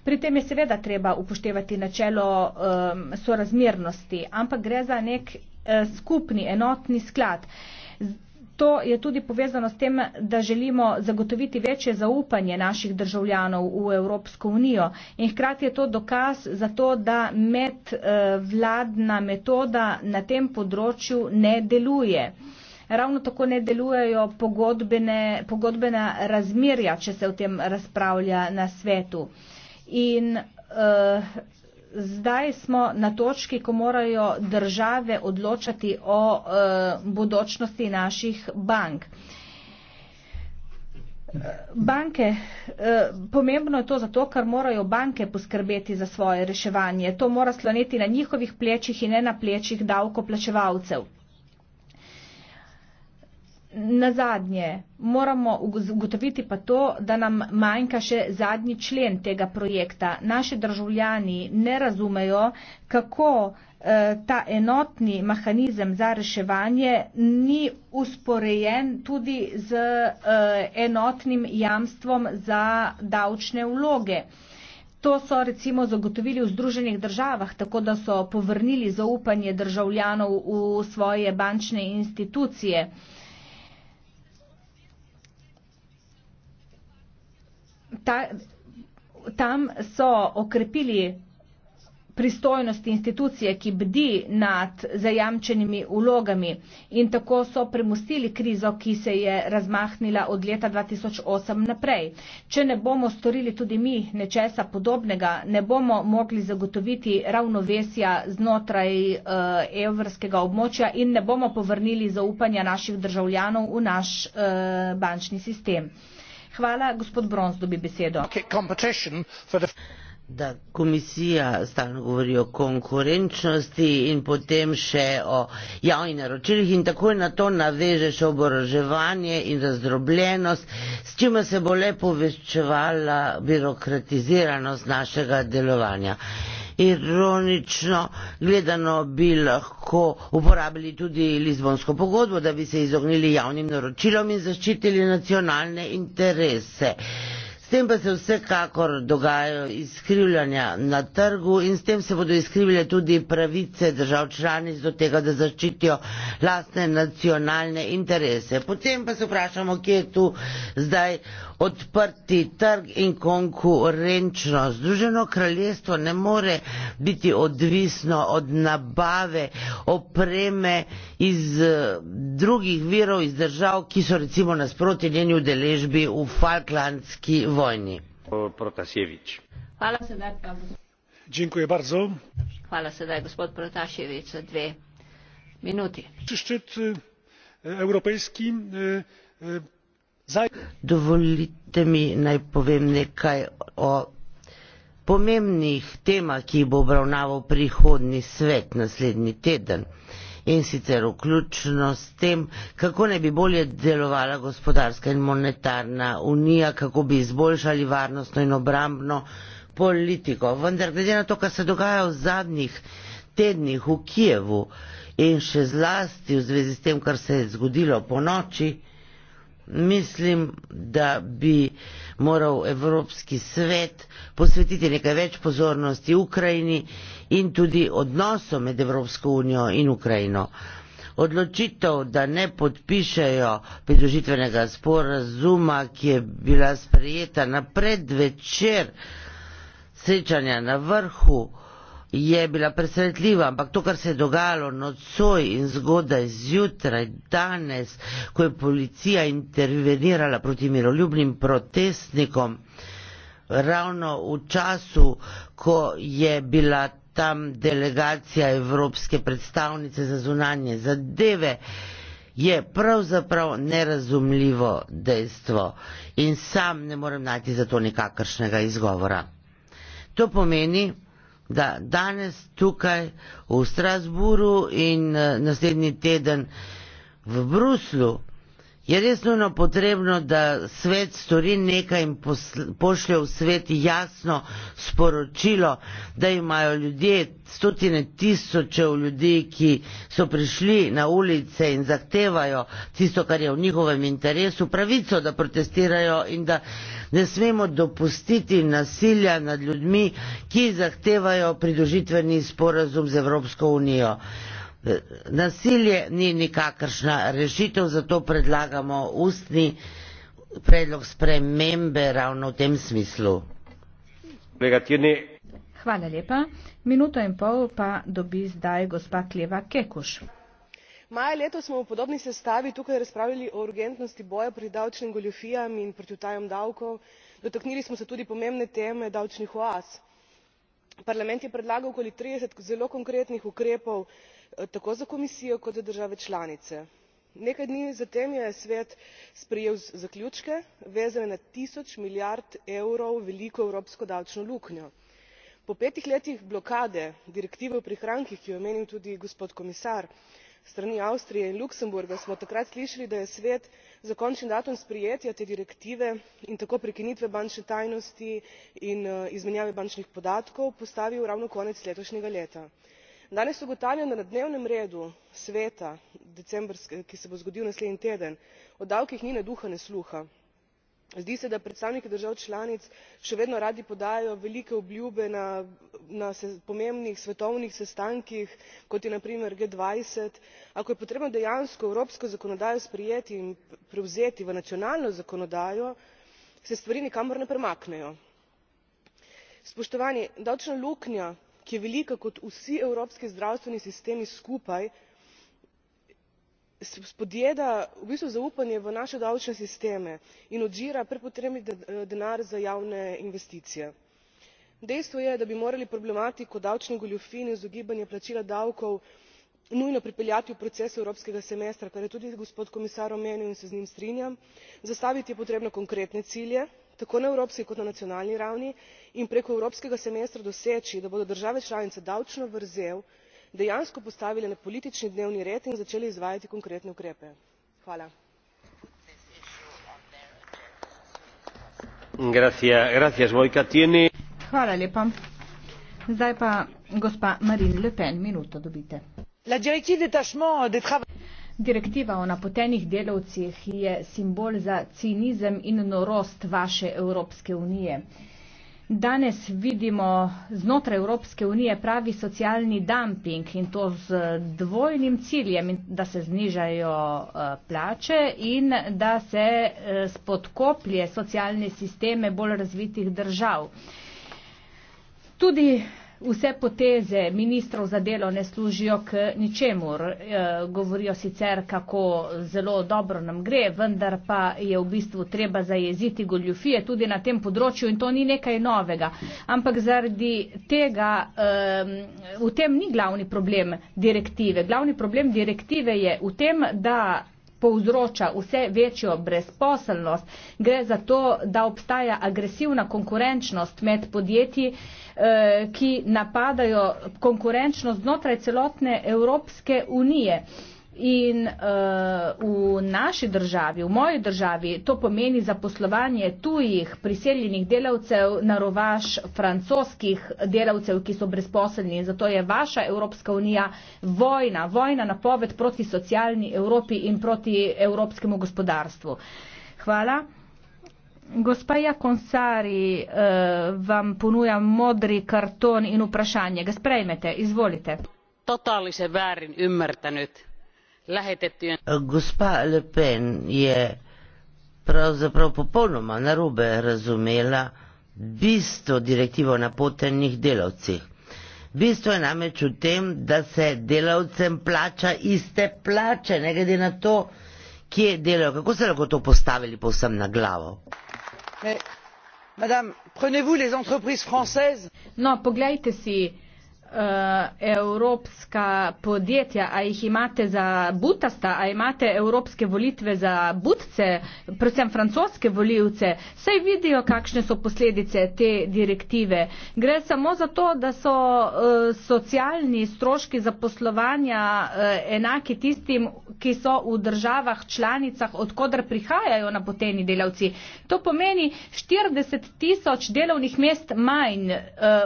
Pri tem je seveda treba upoštevati načelo um, sorazmernosti, ampak gre za nek Eh, skupni, enotni sklad. To je tudi povezano s tem, da želimo zagotoviti večje zaupanje naših državljanov v Evropsko unijo in hkrati je to dokaz za to, da medvladna eh, metoda na tem področju ne deluje. Ravno tako ne delujejo pogodbena razmerja, če se o tem razpravlja na svetu. In, uh, zdaj smo na točki, ko morajo države odločati o e, bodočnosti naših bank. Banke, e, pomembno je to zato, ker morajo banke poskrbeti za svoje reševanje. To mora slaneti na njihovih plečih in ne na plečih davkoplačevalcev na zadnje moramo ugotoviti pa to, da nam manjka še zadnji člen tega projekta. Naši državljani ne razumejo, kako eh, ta enotni mehanizem za reševanje ni usporejen tudi z eh, enotnim jamstvom za davčne vloge. To so recimo zagotovili v Združenih državah, tako da so povrnili zaupanje državljanov v svoje bančne institucije. ta, tam so okrepili pristojnosti institucije, ki bdi nad zajamčenimi ulogami in tako so premustili krizo, ki se je razmahnila od leta 2008 naprej. Če ne bomo storili tudi mi nečesa podobnega, ne bomo mogli zagotoviti ravnovesja znotraj uh, evrskega območja in ne bomo povrnili zaupanja naših državljanov v naš uh, bančni sistem da komisija stalno govori o konkurenčnosti in potem še o javnih naročilih in takoj na to naveže še oboroževanje in razdrobljenost, s čima se bo le povečevala birokratiziranost našega delovanja ironično gledano bi lahko uporabili tudi Lizbonsko pogodbo, da bi se izognili javnim naročilom in zaščitili nacionalne interese. S tem pa se vsekakor dogajajo izkrivljanja na trgu in s tem se bodo izkrivile tudi pravice držav članic do tega, da zaščitijo lastne nacionalne interese. Potem pa se vprašamo, kje je tu zdaj odprti trg in konkurenčno. Združeno kraljestvo ne more biti odvisno od nabave opreme iz eh, drugih virov, iz držav, ki so recimo nasproti njeni udeležbi v Falklandski vojni. Protasevič. Hvala sedaj, bardzo. Hvala sedaj, gospod Protasevič, za dve minuti. Šeščet, eh, evropejski eh, e, Dovolite mi naj povem nekaj o pomembnih temah, ki jih bo obravnaval prihodni svet naslednji teden in sicer vključno s tem, kako naj bi bolje delovala gospodarska in monetarna unija, kako bi izboljšali varnostno in obrambno politiko. Vendar glede na to, kar se dogaja v zadnjih tednih v Kijevu in še zlasti v zvezi s tem, kar se je zgodilo po noči, Mislim, da bi moral Evropski svet posvetiti nekaj več pozornosti Ukrajini in tudi odnosom med Evropsko unijo in Ukrajino. Odločitev, da ne podpišajo pridružitvenega sporazuma, ki je bila sprejeta na predvečer srečanja na vrhu je bila presenetljiva, ampak to, kar se je dogajalo nocoj in zgodaj zjutraj, danes, ko je policija intervenirala proti miroljubnim protestnikom, ravno v času, ko je bila tam delegacija Evropske predstavnice za zunanje zadeve, je pravzaprav nerazumljivo dejstvo in sam ne morem najti za to nikakršnega izgovora. To pomeni, da danes tukaj v Strasburu in eh, naslednji teden v Bruslu je res nujno potrebno, da svet stori nekaj in pošlje v svet jasno sporočilo, da imajo ljudje, stotine tisočev ljudi, ki so prišli na ulice in zahtevajo tisto, kar je v njihovem interesu, pravico, da protestirajo in da ne smemo dopustiti nasilja nad ljudmi, ki zahtevajo pridružitveni sporazum z Evropsko unijo. Nasilje ni nikakršna rešitev, zato predlagamo ustni predlog spremembe ravno v tem smislu. Hvala lepa. Minuto in pol pa dobi zdaj gospa Kleva Kekuš maja letos smo v podobni sestavi tukaj razpravljali o urgentnosti boja proti davčnim goljufijam in proti utajam davkov dotaknili smo se tudi pomembne teme davčnih oaz. parlament je predlagal okoli trideset zelo konkretnih ukrepov eh, tako za komisijo kot za države članice. nekaj dni zatem je svet sprejel zaključke vezane na tisoč milijard evrov veliko evropsko davčno luknjo. po petih letih blokade direktive o prihrankih ki jo je omenil tudi gospod komisar strani avstrije in luksemburga smo takrat slišali da je svet za končni datum sprejetja te direktive in tako prekinitve bančne tajnosti in eh, izmenjave bančnih podatkov postavil ravno konec letošnjega leta. danes ugotavljam da na dnevnem redu sveta decembrskega ki se bo zgodil naslednji teden o davkih ni ne duha ne sluha zdi se da predstavniki držav članic še vedno radi podajajo velike obljube na pomembnih svetovnih sestankih kot je na primer g dvajset a ko je potrebno dejansko evropsko zakonodajo sprejeti in prevzeti v nacionalno zakonodajo se stvari nikamor ne premaknejo. spoštovani davčna luknja ki je velika kot vsi evropski zdravstveni sistemi skupaj spodjeda v bistvu zaupanje v naše davčne sisteme in odžira prepotrebni eh, denar za javne investicije. dejstvo je da bi morali problematiko davčnih goljufij in izogibanja plačila davkov nujno pripeljati v proces evropskega semestra kar je tudi gospod komisar omenil in se z njim strinjam zastaviti je potrebno konkretne cilje tako na evropski kot na nacionalni ravni in preko evropskega semestra doseči da bodo države članice davčno vrzel dejansko postavile na politični dnevni red in začele izvajati konkretne ukrepe. direktiva o napotenih delavcih je simbol za cinizem in norost vaše evropske unije. Danes vidimo znotraj Evropske unije pravi socialni dumping in to z dvojnim ciljem, da se znižajo eh, plače in da se eh, spodkoplje socialne sisteme bolj razvitih držav. Tudi vse poteze ministrov za delo ne služijo k ničemur. E, govorijo sicer, kako zelo dobro nam gre, vendar pa je v bistvu treba zajeziti goljufije tudi na tem področju in to ni nekaj novega. Ampak zaradi tega e, v tem ni glavni problem direktive. Glavni problem direktive je v tem, da povzroča vse večjo brezposelnost, gre za to, da obstaja agresivna konkurenčnost med podjetji, eh, ki napadajo konkurenčnost znotraj celotne Evropske unije. In uh, v naši državi, v moji državi, to pomeni zaposlovanje tujih priseljenih delavcev na rovaš francoskih delavcev, ki so brezposelni. Zato je vaša Evropska unija vojna, vojna na poved proti socialni Evropi in proti evropskemu gospodarstvu. Hvala. Gospa Jakonsari, uh, vam ponujam modri karton in vprašanje. Ga sprejmete, izvolite. Totalise väärin ymmärtanud lähetettyjen. Eh, gospa Le Pen je pravzaprav popolnoma narobe razumela bistvo direktivo na potenih delavcih. Bistvo je namreč v tem, da se delavcem plača iste plače, ne glede na to, kje delajo. Kako ste lahko to postavili povsem na glavo? Eh, madame, prenez-vous les entreprises françaises? No, poglejte si. Eh, evropska podjetja, a jih imate za butasta, a imate evropske volitve za butce, predvsem francoske volivce, saj vidijo, kakšne so posledice te direktive. Gre samo za to, da so uh, socialni stroški zaposlovanja uh, enaki tistim, ki so v državah, članicah, odkudar prihajajo napoteni delavci. To pomeni 40 tisoč delovnih mest manj uh,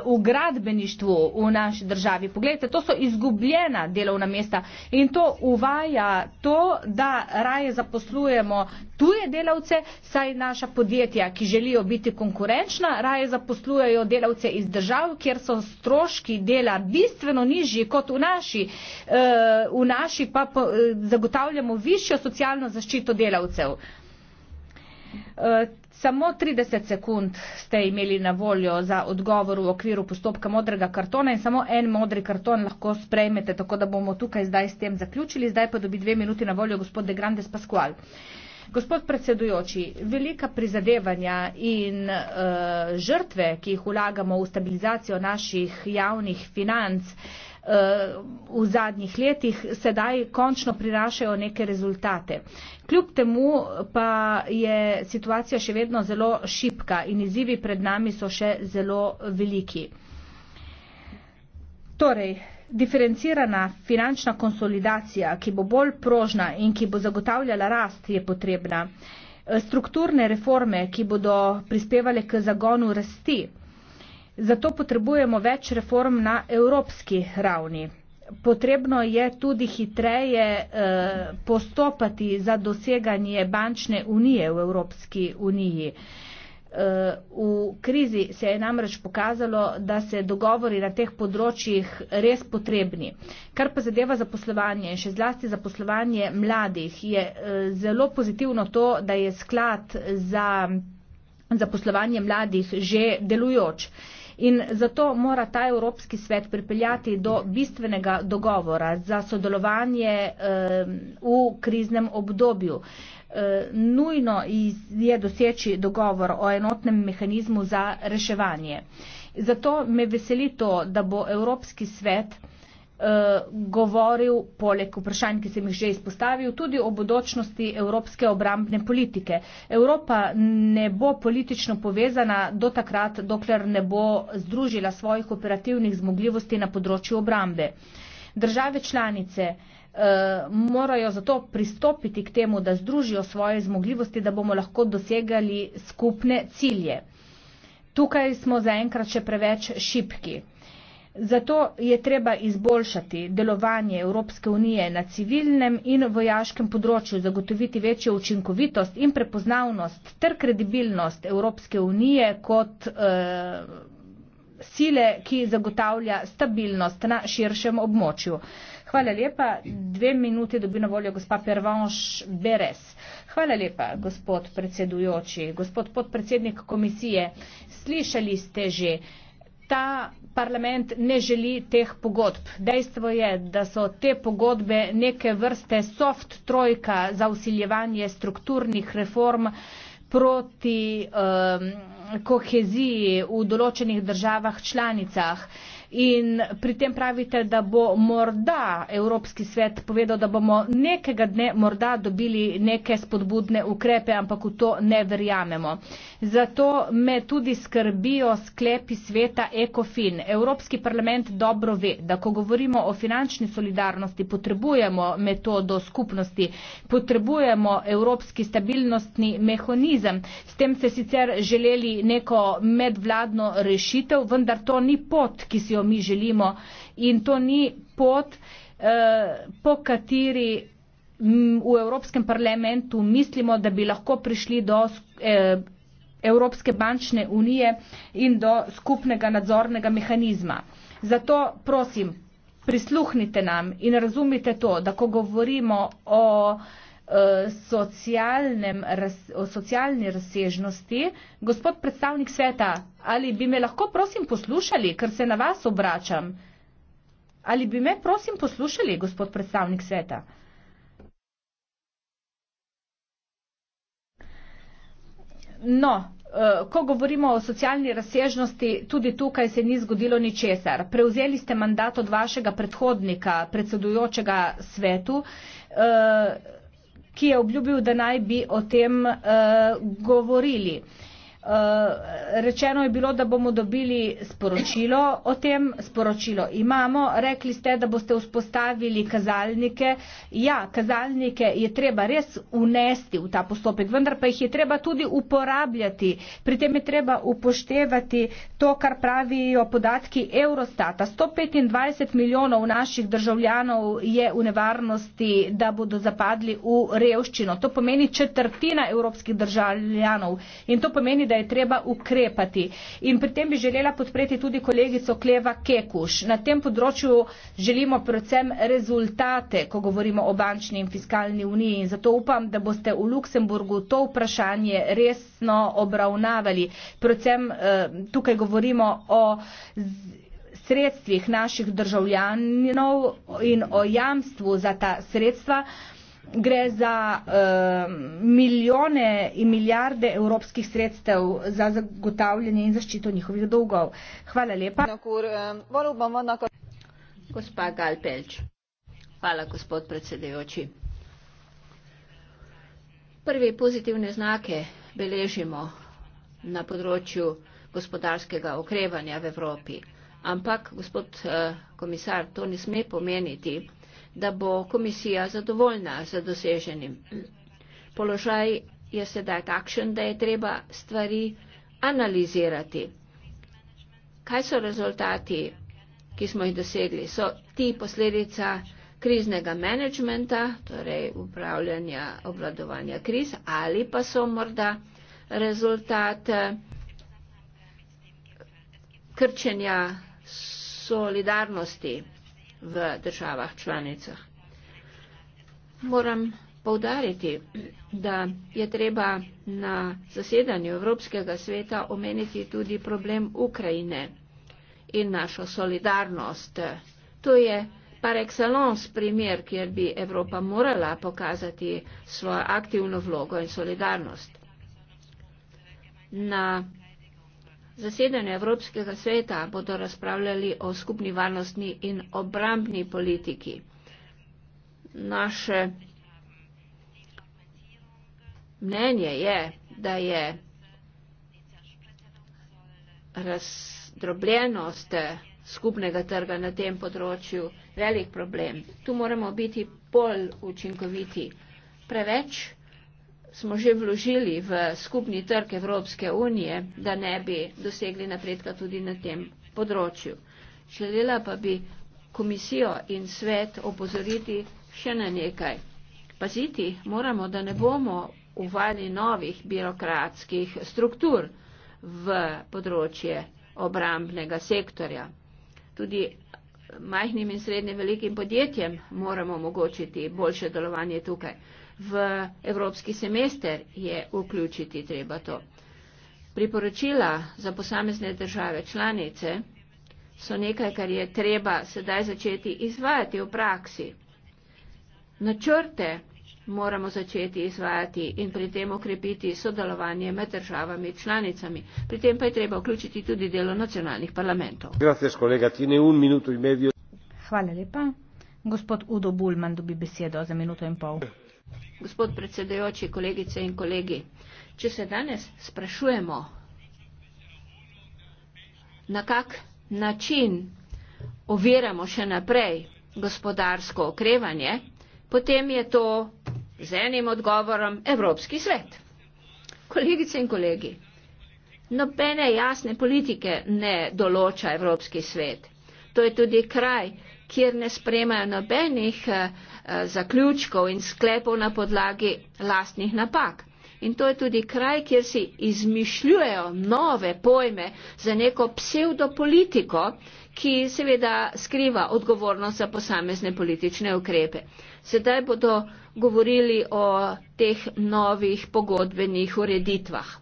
v gradbeništvu v naši naši državi. Poglejte, to so izgubljena delovna mesta in to uvaja to, da raje zaposlujemo tuje delavce, saj naša podjetja, ki želijo biti konkurenčna, raje zaposlujejo delavce iz držav, kjer so stroški dela bistveno nižji kot v naši, eh, v naši pa eh, zagotavljamo višjo socialno zaščito delavcev. Eh, Samo 30 sekund ste imeli na voljo za odgovor v okviru postopka modrega kartona in samo en modri karton lahko sprejmete, tako da bomo tukaj zdaj s tem zaključili. Zdaj pa dobi dve minuti na voljo gospod De Grandes Pasqual. Gospod predsedujoči, velika prizadevanja in uh, žrtve, ki jih ulagamo v stabilizacijo naših javnih financ, uh, v zadnjih letih, sedaj končno prirašajo neke rezultate. Kljub temu pa je situacija še vedno zelo šipka in izzivi pred nami so še zelo veliki. Torej, diferencirana finančna konsolidacija, ki bo bolj prožna in ki bo zagotavljala rast, je potrebna. Strukturne reforme, ki bodo prispevale k zagonu rasti, Zato potrebujemo več reform na evropski ravni. Potrebno je tudi hitreje eh, postopati za doseganje bančne unije v Evropski uniji. Eh, v krizi se je namreč pokazalo, da se dogovori na teh področjih res potrebni. Kar pa zadeva zaposlovanje, še zlasti zaposlovanje mladih, je eh, zelo pozitivno to, da je sklad za zaposlovanje mladih že delujoč. In zato mora ta Evropski svet pripeljati do bistvenega dogovora za sodelovanje v kriznem obdobju. Nujno je doseči dogovor o enotnem mehanizmu za reševanje. Zato me veseli to, da bo Evropski svet Eh, govoril poleg vprašanj, ki sem jih že izpostavil, tudi o bodočnosti evropske obrambne politike. Evropa ne bo politično povezana do takrat, dokler ne bo združila svojih operativnih zmogljivosti na področju obrambe. Države članice eh, morajo zato pristopiti k temu, da združijo svoje zmogljivosti, da bomo lahko dosegali skupne cilje. Tukaj smo zaenkrat še preveč šipki. Zato je treba izboljšati delovanje Evropske unije na civilnem in vojaškem področju, zagotoviti večjo učinkovitost in prepoznavnost ter kredibilnost Evropske unije kot eh, sile, ki zagotavlja stabilnost na širšem območju. Hvala lepa. Dve minuti dobi na voljo gospa Pervanš Beres. Hvala lepa, gospod predsedujoči, gospod podpredsednik komisije. Slišali ste že. Eh, ta parlament ne želi teh pogodb. Dejstvo je, da so te pogodbe neke vrste soft trojka za usiljevanje strukturnih reform proti um, koheziji v določenih državah članicah. In pri tem pravite, da bo morda Evropski svet povedal, da bomo nekega dne morda dobili neke spodbudne ukrepe, ampak v to ne verjamemo. Zato me tudi skrbijo sklepi sveta ECOFIN. Evropski parlament dobro ve, da ko govorimo o finančni solidarnosti, potrebujemo metodo skupnosti, potrebujemo evropski stabilnostni mehanizem. S tem ste sicer želeli neko medvladno rešitev, vendar to ni pot, ki si jo mi želimo in to ni pot, eh, po kateri mm, v Evropskem parlamentu mislimo, da bi lahko prišli do eh, Evropske bančne unije in do skupnega nadzornega mehanizma. Zato prosim, prisluhnite nam in razumite to, da ko govorimo o Eh, socialnem, o socialni razsežnosti. Gospod predstavnik sveta, ali bi me lahko prosim poslušali, ker se na vas obračam? Ali bi me prosim poslušali, gospod predstavnik sveta? No, eh, ko govorimo o socialni razsežnosti, tudi tukaj se ni zgodilo ničesar. Prevzeli ste mandat od vašega predhodnika, predsedujočega svetu. Uh, ki je obljubil, da naj bi o tem uh, govorili. Eh, rečeno je bilo, da bomo dobili sporočilo o tem, sporočilo imamo, rekli ste, da boste vzpostavili kazalnike. Ja, kazalnike je treba res unesti v ta postopek, vendar pa jih je treba tudi uporabljati. Pri tem je treba upoštevati to, kar pravijo podatki Eurostata. 125 milijonov naših državljanov je v nevarnosti, da bodo zapadli v revščino. To pomeni četrtina evropskih državljanov in to pomeni, da je treba ukrepati. In pri tem bi želela podpreti tudi kolegico Kleva Kekuš. Na tem področju želimo predvsem rezultate, ko govorimo o bančni in fiskalni uniji. In zato upam, da boste v Luksemburgu to vprašanje resno obravnavali. Predvsem eh, tukaj govorimo o sredstvih naših državljanov in o jamstvu za ta sredstva gre za uh, milijone in milijarde evropskih sredstev za zagotavljanje in zaščito njihovih dolgov. Hvala lepa. Gospa Galpelč. Hvala, gospod predsedujoči. Prve pozitivne znake beležimo na področju gospodarskega okrevanja v Evropi. Ampak, gospod eh, komisar, to ne sme pomeniti, da bo komisija zadovoljna z doseženim. Položaj je sedaj takšen, da je treba stvari analizirati. Kaj so rezultati, ki smo jih dosegli? So ti posledica kriznega menedžmenta, torej upravljanja, obladovanja kriz, ali pa so morda rezultat eh, krčenja solidarnosti? v državah članicah. Moram povdariti, da je treba na zasedanju Evropskega sveta omeniti tudi problem Ukrajine in našo solidarnost. To je par excellence primer, kjer bi Evropa morala pokazati svojo aktivno vlogo in solidarnost. Na Zasedanje Evropskega sveta bodo razpravljali o skupni varnostni in obrambni politiki. Naše mnenje je, da je razdrobljenost skupnega trga na tem področju velik problem. Tu moramo biti bolj učinkoviti. Preveč smo že vložili v skupni trg Evropske unije, da ne bi dosegli napredka tudi na tem področju. Želela pa bi komisijo in svet opozoriti še na nekaj. Paziti moramo, da ne bomo uvali novih birokratskih struktur v področje obrambnega sektorja. Tudi majhnim in srednje velikim podjetjem moramo omogočiti boljše delovanje tukaj v evropski semester je vključiti treba to. Priporočila za posamezne države članice so nekaj, kar je treba sedaj začeti izvajati v praksi. Načrte moramo začeti izvajati in pri tem okrepiti sodelovanje med državami članicami. Pri tem pa je treba vključiti tudi delo nacionalnih parlamentov. Gracias, kolega, Hvala lepa. Gospod Udo Bulman dobi besedo za minuto in pol. Gospod predsedujoči, kolegice in kolegi, če se danes sprašujemo, na kak način oviramo še naprej gospodarsko okrevanje, potem je to z enim odgovorom Evropski svet. Kolegice in kolegi, nobene jasne politike ne določa Evropski svet. To je tudi kraj, kjer ne sprejmajo nobenih eh, eh, zaključkov in sklepov na podlagi lastnih napak. In to je tudi kraj, kjer si izmišljujejo nove pojme za neko pseudopolitiko, ki seveda skriva odgovornost za posamezne politične ukrepe. Sedaj bodo govorili o teh novih pogodbenih ureditvah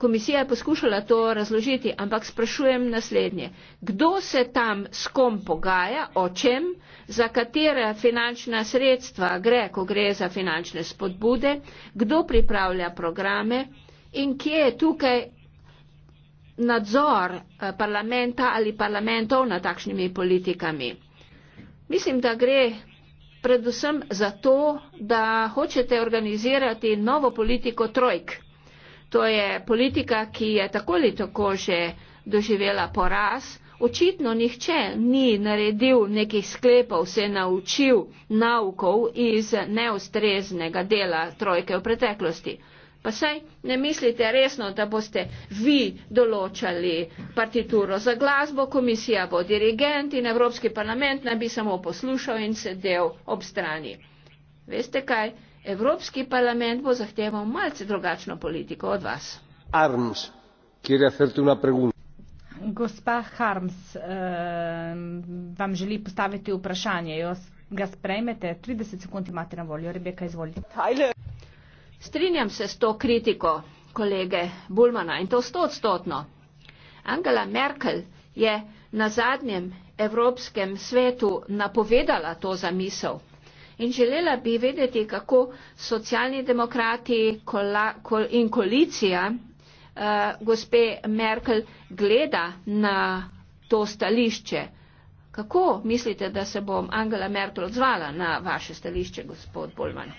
komisija je poskušala to razložiti, ampak sprašujem naslednje. Kdo se tam s kom pogaja, o čem, za katera finančna sredstva gre, ko gre za finančne spodbude, kdo pripravlja programe in kje je tukaj nadzor eh, parlamenta ali parlamentov nad takšnimi politikami. Mislim, da gre predvsem za to, da hočete organizirati novo politiko trojk To je politika, ki je tako ali tako že doživela poraz. Očitno nihče ni naredil nekih sklepov, se naučil naukov iz neustreznega dela trojke v preteklosti. Pa saj ne mislite resno, da boste vi določali partituro za glasbo, komisija bo dirigent in Evropski parlament naj bi samo poslušal in sedel ob strani. Veste kaj? Evropski parlament bo zahteval malce drugačno politiko od vas. Arms, kjer je hrti na pregun. Gospa Harms eh, vam želi postaviti vprašanje. Jaz ga sprejmete, 30 sekund imate na voljo. Rebeka, izvolite. Strinjam se s to kritiko kolege Bulmana in to stotstotno. Angela Merkel je na zadnjem Evropskem svetu napovedala to zamisel in želela bi vedeti, kako socialni demokrati in koalicija eh, gospe Merkel gleda na to stališče. Kako mislite, da se bom Angela Merkel odzvala na vaše stališče, gospod Bolman?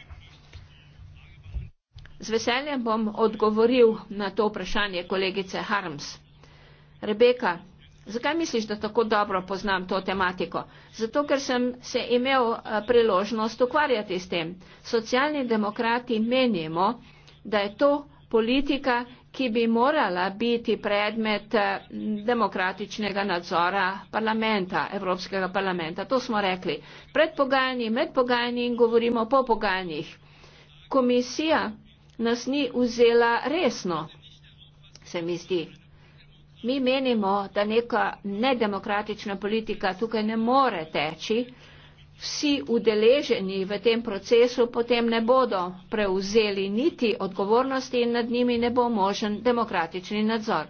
Z veseljem bom odgovoril na to vprašanje kolegice Harms. Rebeka, Zakaj misliš, da tako dobro poznam to tematiko? Zato, ker sem se imel eh, priložnost ukvarjati s tem. Socialni demokrati menimo, da je to politika, ki bi morala biti predmet eh, demokratičnega nadzora parlamenta, Evropskega parlamenta. To smo rekli pred pogajanji, med pogajanji in govorimo po pogajanjih. Komisija nas ni vzela resno, se mi zdi. Mi menimo, da neka nedemokratična politika tukaj ne more teči. Vsi udeleženi v tem procesu potem ne bodo prevzeli niti odgovornosti in nad njimi ne bo možen demokratični nadzor.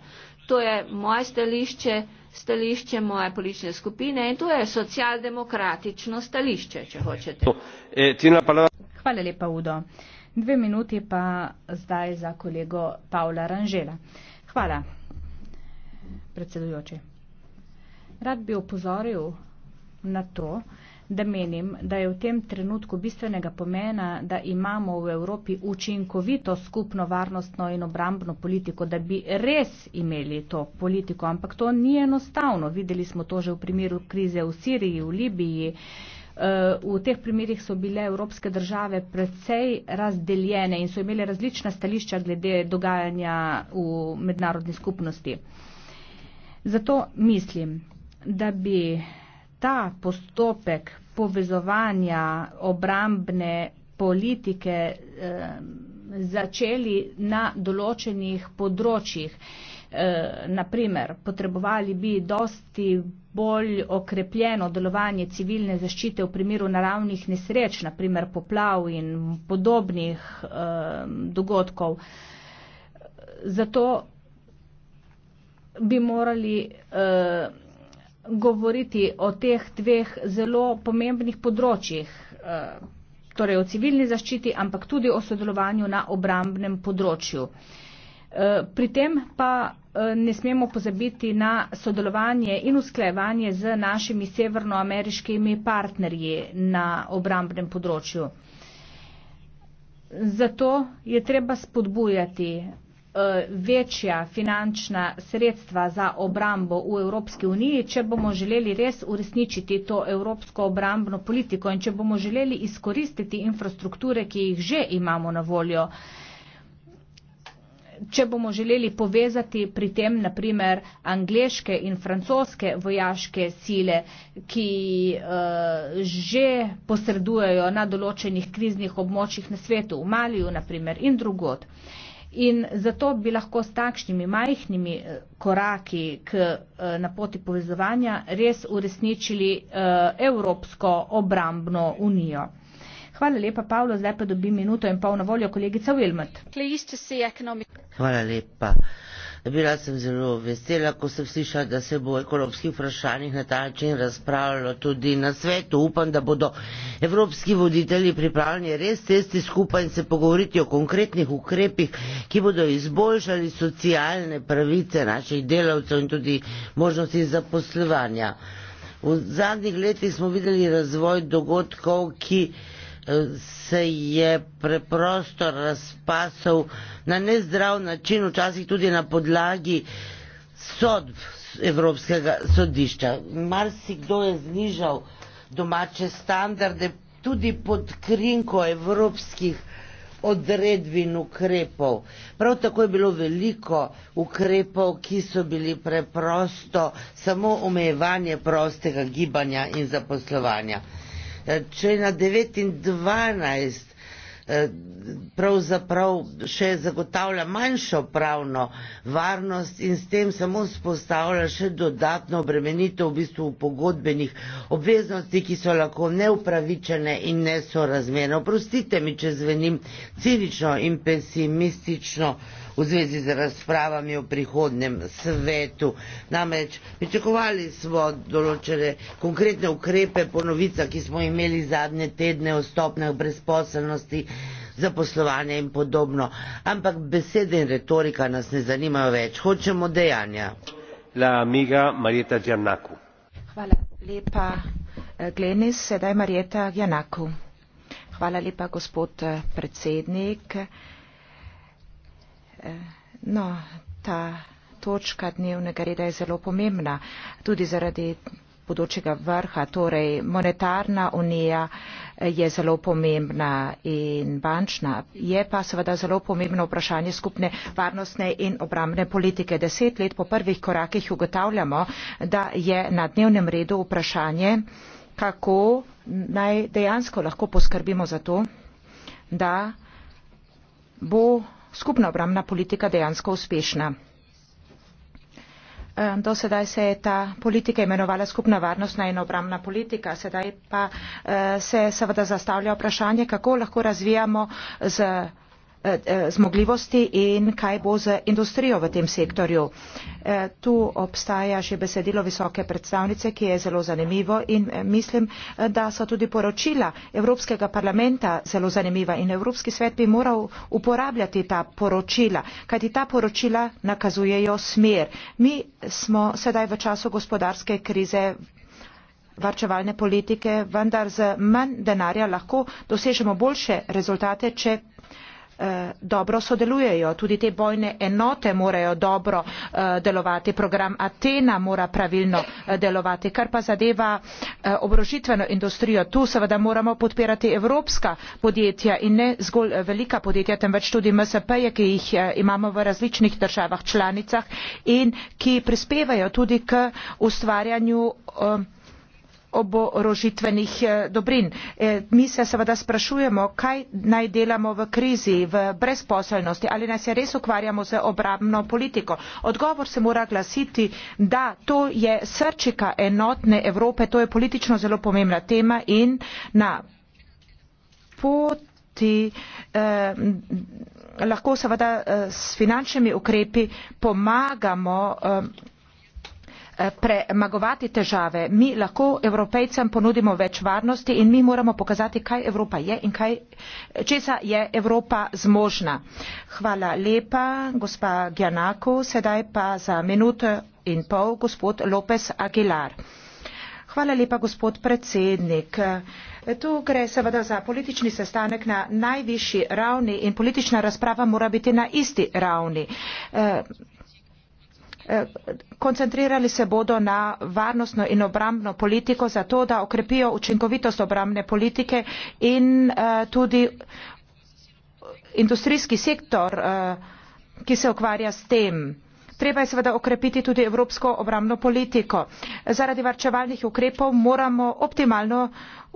To je moje stališče, stališče moje politične skupine in to je socialdemokratično stališče, če hočete. E, Hvala lepa, Udo. Dve minuti pa zdaj za kolego Pavla Ranžela. Hvala predsedujoči. Rad bi upozoril na to, da menim, da je v tem trenutku bistvenega pomena, da imamo v Evropi učinkovito skupno varnostno in obrambno politiko, da bi res imeli to politiko, ampak to ni enostavno. Videli smo to že v primeru krize v Siriji, v Libiji. Eh, v teh primerih so bile evropske države precej razdeljene in so imele različna stališča glede dogajanja v mednarodni skupnosti. Zato mislim, da bi ta postopek povezovanja obrambne politike eh, začeli na določenih področjih. Eh, naprimer, potrebovali bi dosti bolj okrepljeno delovanje civilne zaščite v primeru naravnih nesreč, naprimer poplav in podobnih eh, dogodkov. Zato bi morali uh, govoriti o teh dveh zelo pomembnih področjih, uh, torej o civilni zaščiti, ampak tudi o sodelovanju na obrambnem področju. Eh, pri tem pa ne smemo pozabiti na sodelovanje in usklajevanje z našimi severnoameriškimi partnerji na obrambnem področju. Zato je treba spodbujati Eh, večja finančna sredstva za obrambo v Evropski uniji, če bomo želeli res uresničiti to evropsko obrambno politiko in če bomo želeli izkoristiti infrastrukture, ki jih že imamo na voljo, če bomo želeli povezati pri tem naprimer angleške in francoske vojaške sile, ki uh, že posredujejo na določenih kriznih območjih na svetu, v Maliju naprimer in drugod. Uh, In zato bi lahko s takšnimi majhnimi eh, koraki k, eh, na poti povezovanja res uresničili eh, Evropsko obrambno unijo. Hvala lepa, Pavlo. Zdaj pa dobi minuto in pol na voljo kolegica Wilmot. Hvala lepa. Uh, bila sem zelo vesela, ko sem slišala, da se bo o ekonomskih vprašanjih na ta način razpravljalo tudi na svetu. Upam, da bodo evropski voditelji pripravljeni res sesti skupaj in se pogovoriti o konkretnih ukrepih, ki bodo izboljšali socialne pravice naših delavcev in tudi možnosti zaposlovanja. V zadnjih letih smo videli razvoj dogodkov, ki se je preprosto razpasal na nezdrav način, včasih tudi na podlagi sodb Evropskega sodišča. Marsikdo je znižal domače standarde tudi pod krinko evropskih odredb in ukrepov. Prav tako je bilo veliko ukrepov, ki so bili preprosto samo omejevanje prostega gibanja in zaposlovanja. Eh, člena 9 in 12 pravzaprav še zagotavlja manjšo pravno varnost in s tem samo spostavlja še dodatno obremenitev v bistvu pogodbenih obveznosti, ki so lahko neupravičene in nesorazmerne. Oprostite mi, če zvenim cinično in pesimistično, v zvezi z razpravami o prihodnem svetu. Namreč pričakovali smo določene konkretne ukrepe, ponovica, ki smo imeli zadnje tedne o stopnjah brezposelnosti, zaposlovanja in podobno. Ampak besede in retorika nas ne zanimajo več. Hočemo dejanja. La amiga Marjeta Djanaku. Hvala lepa, eh, Glenis, sedaj Marjeta Janaku. Hvala lepa, gospod eh, predsednik. No, ta točka dnevnega reda je zelo pomembna, tudi zaradi bodočega vrha. Torej, monetarna unija eh, je zelo pomembna in bančna. Je pa seveda zelo pomembno vprašanje skupne varnostne in obramne politike. Deset let po prvih korakih ugotavljamo, da je na dnevnem redu vprašanje, kako naj dejansko lahko poskrbimo za to, da bo skupna obramna politika dejansko uspešna. E, do sedaj se je ta politika imenovala skupna varnostna in obramna politika, sedaj pa e, se seveda zastavlja vprašanje, kako lahko razvijamo z Eh, eh, zmogljivosti in kaj bo z industrijo v tem sektorju. Eh, tu obstaja že besedilo visoke predstavnice, ki je zelo zanimivo in mislim, da so tudi poročila Evropskega parlamenta zelo zanimiva in Evropski svet bi moral uporabljati ta poročila, kajti ta poročila nakazujejo smer. Mi smo sedaj v času gospodarske krize varčevalne politike, vendar z manj denarja lahko dosežemo boljše rezultate, če Eh, dobro sodelujejo tudi te bojne enote morajo dobro eh, delovati program athena mora pravilno eh, delovati kar pa zadeva oborožitveno industrijo tu seveda moramo podpirati evropska podjetja in ne zgolj velika podjetja temveč tudi msp-je ki jih imamo v različnih državah članicah in ki prispevajo tudi k ustvarjanju oborožitvenih eh, dobrin. Eh, mi se seveda sprašujemo, kaj naj delamo v krizi, v brezposelnosti, ali naj se res ukvarjamo z obrambno politiko. Odgovor se mora glasiti, da to je srčika enotne Evrope, to je politično zelo pomembna tema in na poti. Eh, lahko seveda eh, s finančnimi ukrepi pomagamo eh, Eh, premagovati težave mi lahko evropejcem ponudimo več varnosti in mi moramo pokazati kaj evropa je in kaj česa je evropa zmožna hvala lepa gospa giannakou sedaj pa za minuto in pol gospod lopez aguilar hvala lepa gospod predsednik Tu gre seveda za politični sestanek na najvišji ravni in politična razprava mora biti na isti ravni. E, Eh, koncentrirali se bodo na varnostno in obrambno politiko zato, da okrepijo učinkovitost obrambne politike in uh, tudi industrijski sektor, uh, ki se ukvarja s tem treba je seveda okrepiti tudi evropsko obrambno politiko zaradi varčevalnih ukrepov moramo optimalno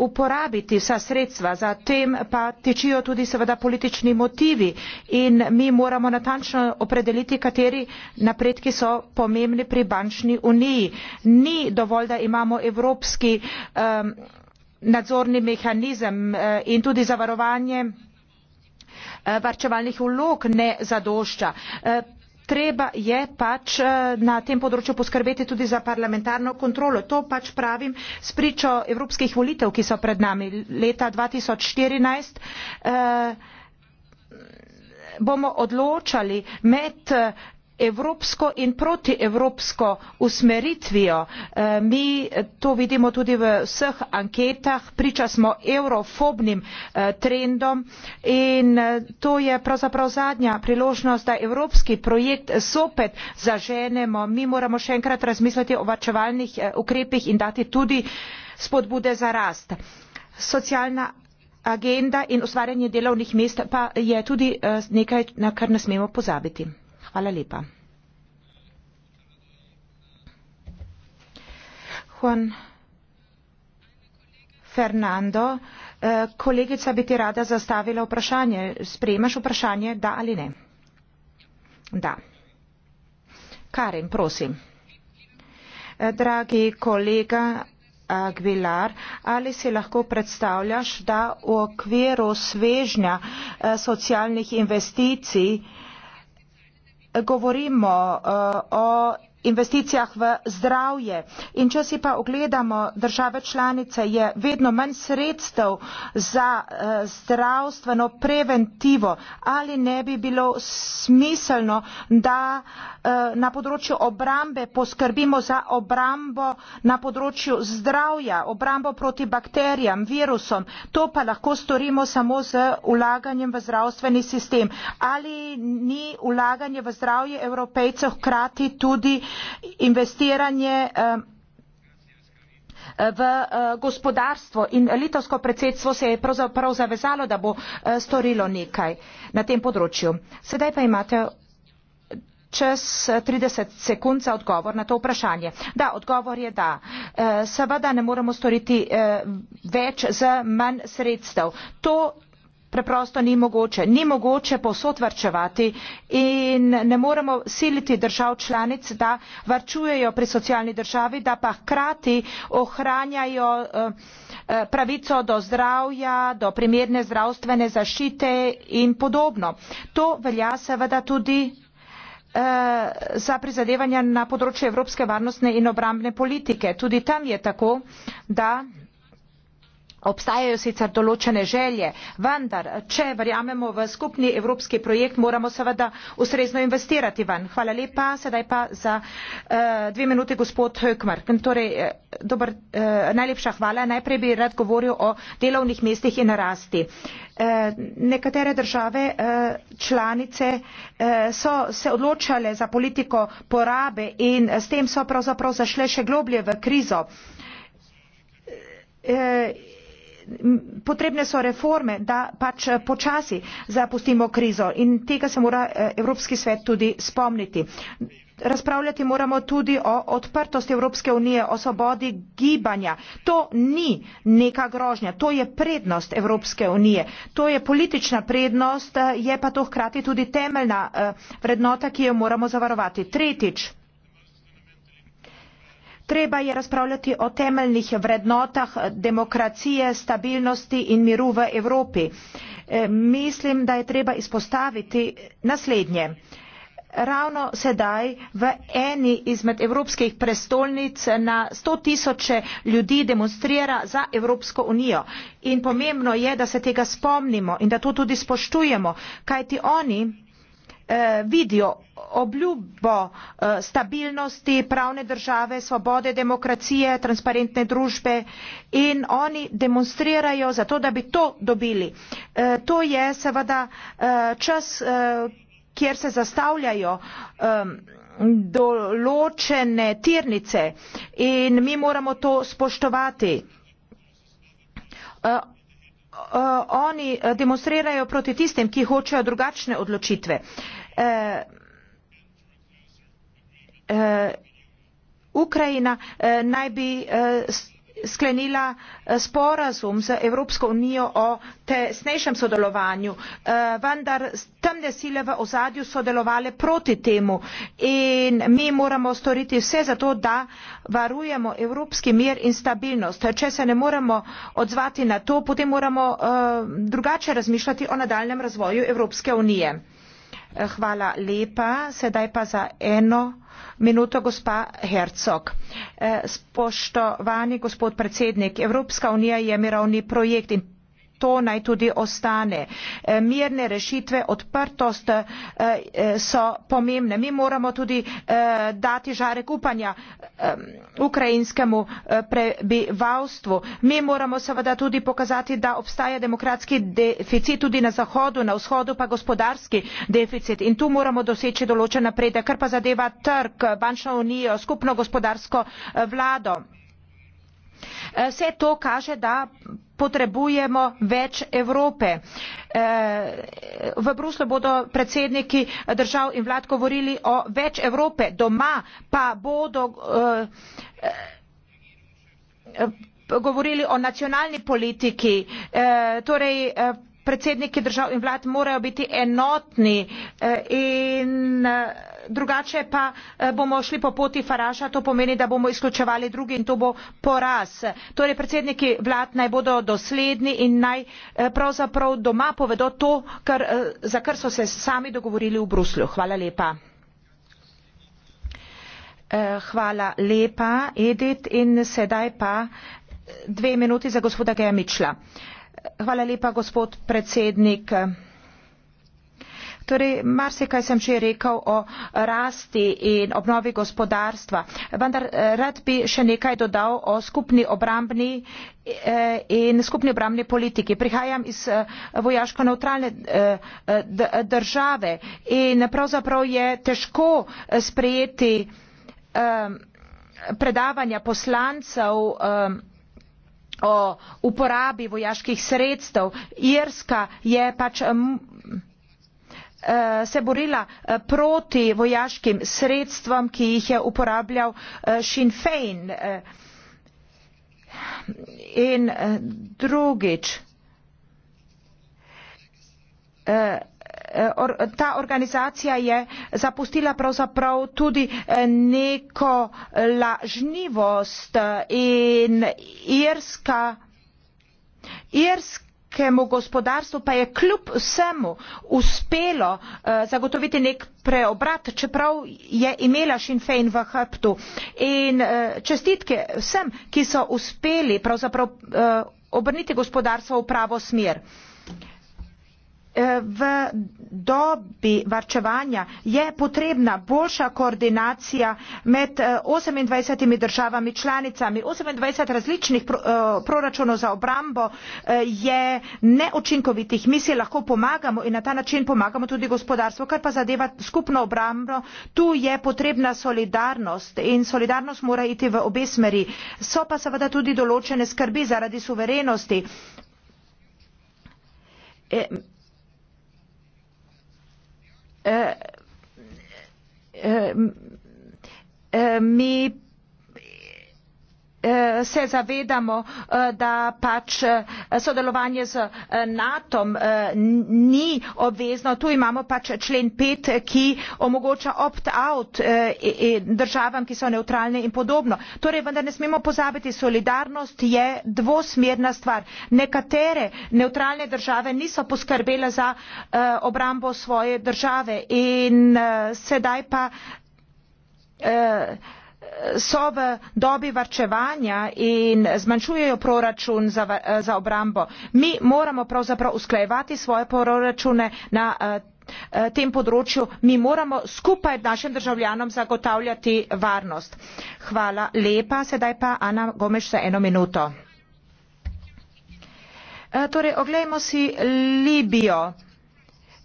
uporabiti vsa sredstva za tem pa tičijo tudi seveda politični motivi in mi moramo natančno opredeliti kateri napredki so pomembni pri bančni uniji ni dovolj da imamo evropski um, nadzorni mehanizem eh, in tudi zavarovanje eh, varčevalnih vlog ne zadošča. Eh, treba je pač eh, na tem področju poskrbeti tudi za parlamentarno kontrolo. To pač pravim s pričo evropskih volitev, ki so pred nami leta 2014. Eh, bomo odločali med eh, evropsko in protievropsko usmeritvijo. Eh, mi to vidimo tudi v vseh anketah, priča smo eurofobnim eh, trendom in eh, to je pravzaprav zadnja priložnost, da evropski projekt zopet zaženemo. Mi moramo še enkrat razmisliti o vačevalnih ukrepih in dati tudi spodbude za rast. Socialna agenda in ustvarjanje delovnih mest pa je tudi nekaj, na kar ne smemo pozabiti. Hvala lepa. Juan Fernando, eh, kolegica bi ti rada zastavila vprašanje. Sprejmaš vprašanje, da ali ne? Da. Karim, prosim. Eh, dragi kolega Aguilar, ali si lahko predstavljaš, da v okviru svežnja eh, socialnih investicij govorimo eh, o investicijah v zdravje in če si pa ogledamo države članice je vedno manj sredstev za eh, zdravstveno preventivo ali ne bi bilo smiselno da eh, na področju obrambe poskrbimo za obrambo na področju zdravja obrambo proti bakterijam virusom to pa lahko storimo samo z vlaganjem v zdravstveni sistem ali ni vlaganje v zdravje evropejcev hkrati tudi investiranje v eh, gospodarstvo in litovsko predsedstvo se je pravzaprav zavezalo, da bo eh, storilo nekaj na tem področju. Sedaj pa imate čez eh, 30 sekund za odgovor na to vprašanje. Da, odgovor je da. Seveda ne moremo storiti več z manj sredstev. To preprosto ni mogoče. Ni mogoče posod varčevati in ne moremo siliti držav članic, da varčujejo pri socialni državi, da pa hkrati ohranjajo eh, eh, pravico do zdravja, do primerne zdravstvene zaščite in podobno. To velja seveda tudi eh, za prizadevanja na področju evropske varnostne in obrambne politike. Tudi tam je tako, da obstajajo sicer določene želje vendar če verjamemo v skupni evropski projekt moramo seveda ustrezno investirati vanj. Eh, torej, eh, eh, najlepša hvala najprej bi rad govoril o delovnih mestih in rasti. nekatere države članice so se odločale za politiko porabe in s tem so pravzaprav zašle še globlje v krizo potrebne so reforme, da pač eh, počasi zapustimo krizo in tega se mora eh, Evropski svet tudi spomniti. Razpravljati moramo tudi o odprtosti Evropske unije, o svobodi gibanja. To ni neka grožnja, to je prednost Evropske unije, to je politična prednost, eh, je pa to hkrati tudi temeljna vrednota, ki jo moramo zavarovati. Tretjič treba je razpravljati o temeljnih vrednotah demokracije stabilnosti in miru v evropi e, mislim da je treba izpostaviti naslednje ravno sedaj v eni izmed evropskih prestolnic na sto tisoče ljudi demonstrira za evropsko unijo in pomembno je da se tega spomnimo in da to tudi spoštujemo kajti oni Eh, vidijo obljubo eh, stabilnosti, pravne države, svobode, demokracije, transparentne družbe in oni demonstrirajo za to, da bi to dobili. Eh, to je seveda čas, kjer se zastavljajo določene tirnice in mi moramo to spoštovati. Oni demonstrirajo proti tistim, ki hočejo drugačne odločitve. Eh, eh, Ukrajina eh, naj bi eh, sklenila eh, sporazum z Evropsko unijo o tesnejšem sodelovanju, eh, vendar temne sile v ozadju so delovale proti temu in mi moramo storiti vse za to, da varujemo evropski mir in stabilnost. Če se ne moremo odzvati na to, potem moramo eh, drugače razmišljati o nadaljem razvoju Evropske unije. Hvala lepa. Sedaj pa za eno minuto gospa Hercog. Eh, spoštovani gospod predsednik, Evropska unija je mirovni projekt in to naj tudi ostane. E, mirne rešitve, odprtost e, e, so pomembne. Mi moramo tudi dati žarek upanja ukrajinskemu prebivalstvu. Mi moramo seveda tudi pokazati, da obstaja demokratski deficit tudi na zahodu, na vzhodu pa gospodarski deficit in tu moramo doseči določen napredek, kar pa zadeva trg, bančno unijo, skupno gospodarsko vlado. Vse to kaže, da potrebujemo več Evrope. Eh, v Bruslu bodo predsedniki držav in vlad govorili o več Evrope, doma pa bodo eh, eh, govorili o nacionalni politiki. Torej, predsedniki držav in vlad morajo biti enotni in drugače pa eh, bomo šli po poti faragea to pomeni da bomo izključevali druge in to bo poraz. torej predsedniki vlad naj bodo dosledni in naj eh, pravzaprav doma povedo to kar, eh, za kar so se sami dogovorili v bruslju. hvala lepa. hvala lepa edit in sedaj pa dve minuti za gospoda gemičla. hvala lepa gospod predsednik. Torej, marsikaj sem že rekel o rasti in obnovi gospodarstva, vendar eh, rad bi še nekaj dodal o skupni obrambni eh, in skupni obrambni politiki. Prihajam iz eh, vojaško-neutralne države in pravzaprav je težko sprejeti predavanja poslancev o uporabi vojaških sredstev. Irska je pač mm, Eh, se borila eh, proti vojaškim sredstvom ki jih je uporabljal eh, sinn fein in drugič ta organizacija je zapustila pravzaprav tudi neko lažnivost in irska irsk kmečkemu gospodarstvu pa je kljub vsemu uspelo eh, zagotoviti nek preobrat čeprav je imela sinn fein v hrbtu in eh, čestitke vsem ki so uspeli pravzaprav eh, obrniti gospodarstvo v pravo smer v dobi varčevanja je potrebna boljša koordinacija med 28 eh, državami članicami. 28 različnih eh, proračunov za obrambo eh, je neučinkovitih. Mi si lahko pomagamo in na ta način pomagamo tudi gospodarstvo. Kar pa zadeva skupno obrambo, tu je potrebna solidarnost in solidarnost mora iti v obe smeri. So pa seveda tudi določene skrbi zaradi suverenosti. E, Euh, euh, euh, mais eh, Eh, se zavedamo eh, da pač eh, sodelovanje z natom ni obvezno tu imamo pač člen pet ki omogoča opt out e, e, državam ki so nevtralne in podobno torej vendar ne smemo pozabiti solidarnost je dvosmerna stvar nekatere nevtralne države niso poskrbele za obrambo svoje države in sedaj pa so v dobi varčevanja in zmanjšujejo proračun za obrambo mi moramo pravzaprav usklajevati svoje proračune na eh, eh, tem področju mi moramo skupaj našim državljanom zagotavljati varnost hvala lepa sedaj pa ana gomes za eno minuto eh, torej oglejmo si libijo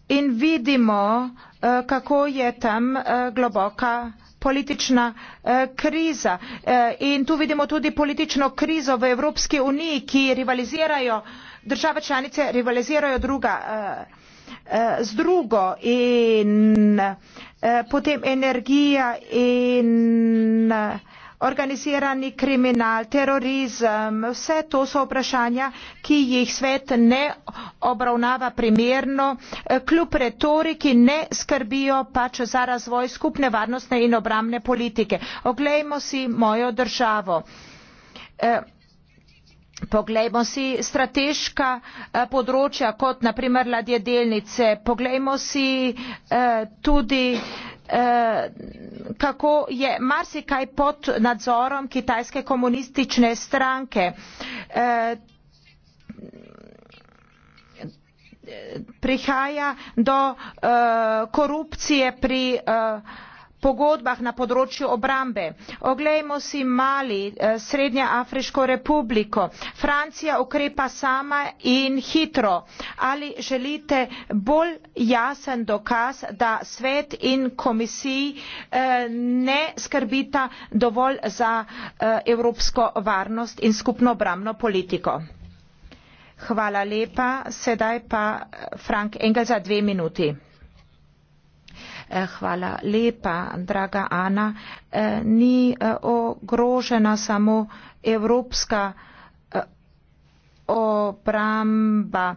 in vidimo kako je tam globoka politična eh, kriza eh, in tu vidimo tudi politično krizo v evropski uniji ki rivalizirajo države članice rivalizirajo druga eh, z drugo in potem energija in organizirani kriminal, terorizem, vse to so vprašanja, ki jih svet ne obravnava primerno, eh, kljub retoriki ne skrbijo pač za razvoj skupne varnostne in obramne politike. Oglejmo si mojo državo. Eh, poglejmo si strateška eh, področja, kot naprimer ladje delnice, poglejmo si tudi Eh, kako je marsikaj pod nadzorom kitajske komunistične stranke. Eh, prihaja do eh, korupcije pri pogodbah na področju obrambe oglejmo si mali eh, srednjeafriško republiko francija ukrepa sama in hitro ali želite bolj jasen dokaz da svet in komisiji eh, ne skrbita dovolj za eh, evropsko varnost in skupno obrambno politiko hvala lepa sedaj pa frank engel za dve minuti Eh, hvala lepa, draga Ana. Eh, ni eh, ogrožena samo evropska obramba.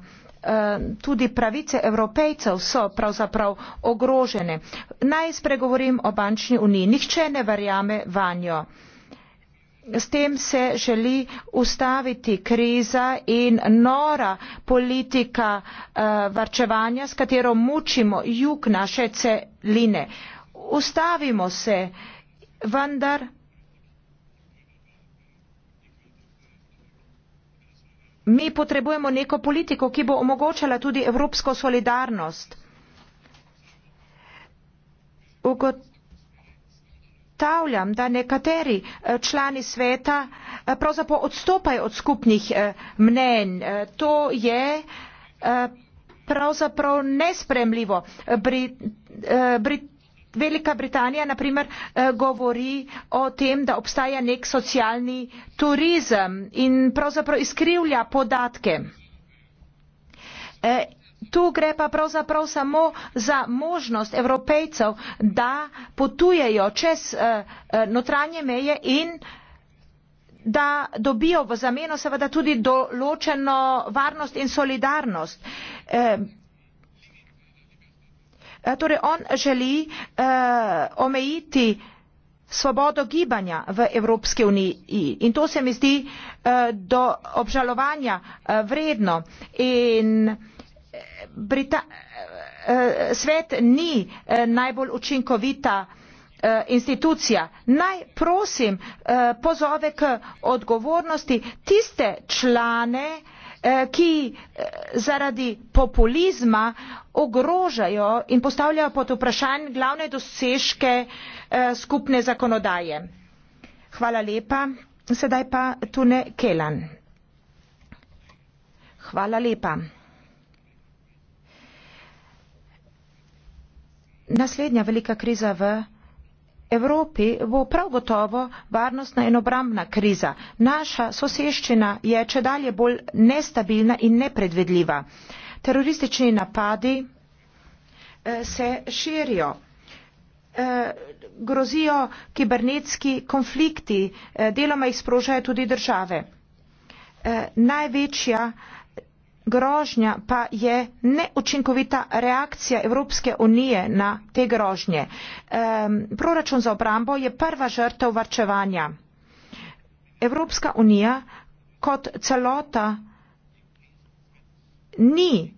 Tudi pravice evropejcev so pravzaprav ogrožene. Naj spregovorim o bančni uniji. Nihče ne verjame vanjo s tem se želi ustaviti kriza in nora politika uh, varčevanja, s katero mučimo jug naše celine. Ustavimo se, vendar. Mi potrebujemo neko politiko, ki bo omogočala tudi evropsko solidarnost. Ugot ugotavljam, da nekateri eh, člani sveta eh, pravzaprav odstopajo od skupnih eh, mnenj. To je pravzaprav nespremljivo. Bri, bri, Velika Britanija, naprimer, govori o tem, da obstaja nek socialni turizem in pravzaprav izkrivlja podatke. Tu gre pa pravzaprav samo za možnost evropejcev, da potujejo čez eh, eh, notranje meje in da dobijo v zameno seveda tudi določeno varnost in solidarnost. Eh, torej on želi omejiti svobodo gibanja v Evropski uniji in to se mi zdi do obžalovanja vredno. In Brita eh, eh, svet ni eh, najbolj učinkovita institucija. Naj prosim pozove k odgovornosti tiste člane, ki zaradi populizma ogrožajo in postavljajo pod vprašanje glavne dosežke skupne zakonodaje. Hvala lepa. Sedaj pa Tune Kelan. Hvala lepa. Naslednja velika kriza v Evropi bo prav gotovo varnostna in obrambna kriza. Naša soseščina je če dalje bolj nestabilna in nepredvedljiva. Teroristični napadi eh, se širijo. Eh, grozijo kibernetski konflikti, eh, deloma jih sprožajo tudi države. Največja grožnja pa je neučinkovita reakcija Evropske unije na te grožnje. Um, proračun za obrambo je prva žrtev varčevanja. Evropska unija kot celota ni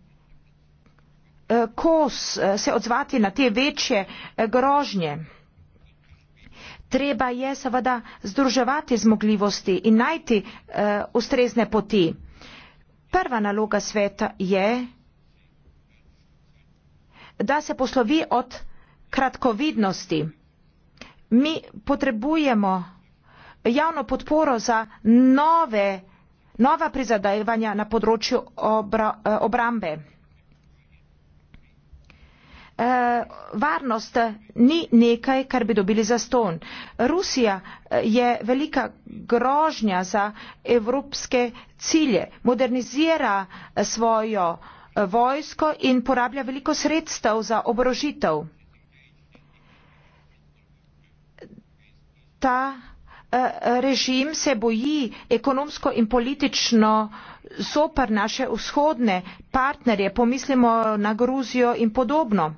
uh, kos uh, se odzvati na te večje uh, grožnje. Treba je seveda združevati zmogljivosti in najti uh, ustrezne poti prva naloga sveta je, da se poslovi od kratkovidnosti. Mi potrebujemo javno podporo za nove, nova prizadevanja na področju obra, eh, obrambe eh, varnost ni nekaj, kar bi dobili za ston. Rusija eh, je velika grožnja za evropske cilje, modernizira eh, svojo eh, vojsko in porablja veliko sredstev za obrožitev. Ta režim se boji ekonomsko in politično zopr naše vzhodne partnerje, pomislimo na Gruzijo in podobno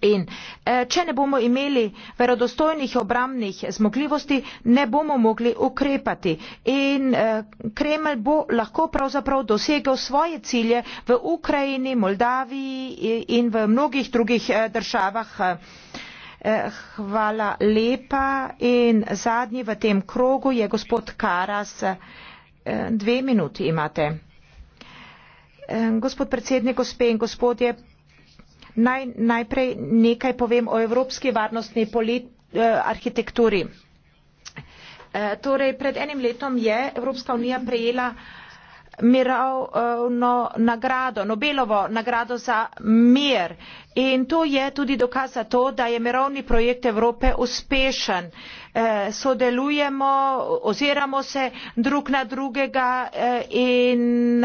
in eh, če ne bomo imeli verodostojnih obramnih zmogljivosti, ne bomo mogli ukrepati. In eh, Kremelj bo lahko pravzaprav dosegel svoje cilje v Ukrajini, Moldaviji in v mnogih drugih eh, državah. Hvala lepa. In zadnji v tem krogu je gospod Karas. Dve minuti imate. Gospod predsednik, gospe in gospodje, Naj, najprej nekaj povem o evropski varnostni polit, eh, arhitekturi. Eh, torej, pred enim letom je Evropska unija prejela mirovno nagrado, Nobelovo nagrado za mir. In to je tudi dokaz za to, da je mirovni projekt Evrope uspešen. E, sodelujemo, oziramo se drug na drugega e, in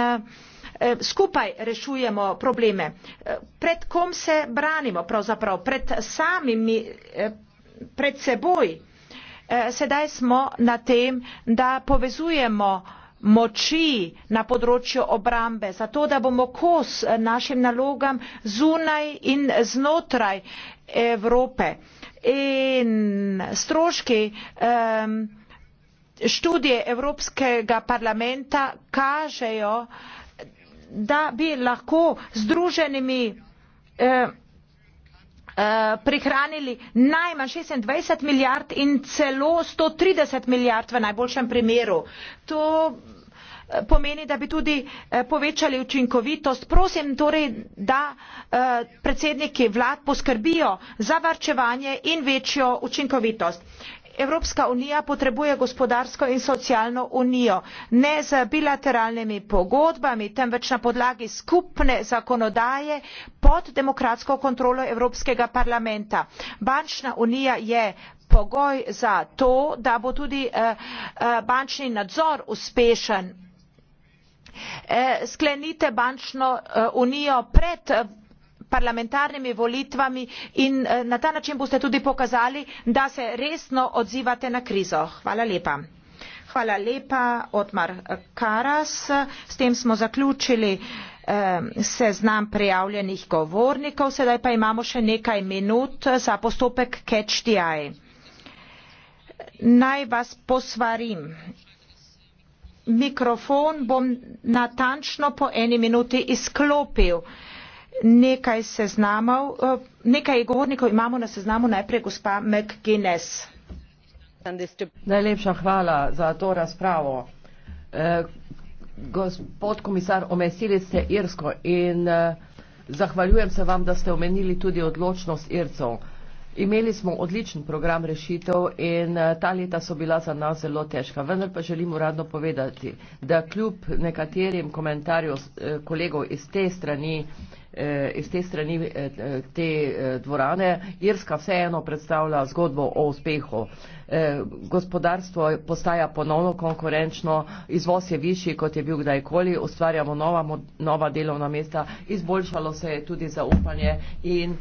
Eh, skupaj rešujemo probleme eh, pred kom se branimo pravzaprav pred samimi eh, pred seboj sedaj smo na tem da povezujemo moči na področju obrambe zato da bomo kos našim nalogam zunaj in znotraj evrope in stroški študije evropskega parlamenta kažejo da bi lahko združenimi eh, eh, prihranili najmanj 26 milijard in celo 130 milijard v najboljšem primeru. To eh, pomeni, da bi tudi povečali učinkovitost. Prosim torej, da predsedniki vlad poskrbijo za varčevanje in večjo učinkovitost evropska unija potrebuje gospodarsko in socialno unijo ne z bilateralnimi pogodbami temveč na podlagi skupne zakonodaje pod demokratsko kontrolo evropskega parlamenta. bančna unija je pogoj za to da bo tudi eh, eh, bančni nadzor uspešen. Eh, sklenite bančno unijo pred parlamentarnimi volitvami in eh, na ta način boste tudi pokazali da se resno odzivate na krizo hvala lepa hvala lepa otmar karas s tem smo zaključili eh, seznam prijavljenih govornikov sedaj pa imamo še nekaj minut za postopek catch the eye naj vas posvarim mikrofon bom natančno po eni minuti izklopil nekaj seznamov eh, nekaj govornikov imamo na seznamu najprej gospa mcguinness najlepša hvala za to razpravo eh, gospod komisar omestili ste irsko in eh, zahvaljujem se vam da ste omenili tudi odločnost ircev Imeli smo odličen program rešitev in ta leta so bila za nas zelo težka. Vendar pa želim uradno povedati, da kljub nekaterim komentarjem kolegov iz te strani eh, Eh, iz te strani eh, te eh, dvorane. Irska vseeno predstavlja zgodbo o uspehu. Gospodarstvo postaja ponovno konkurenčno, izvoz je višji, kot je bil kdajkoli, ustvarjamo nova, nova delovna mesta, izboljšalo se je tudi zaupanje in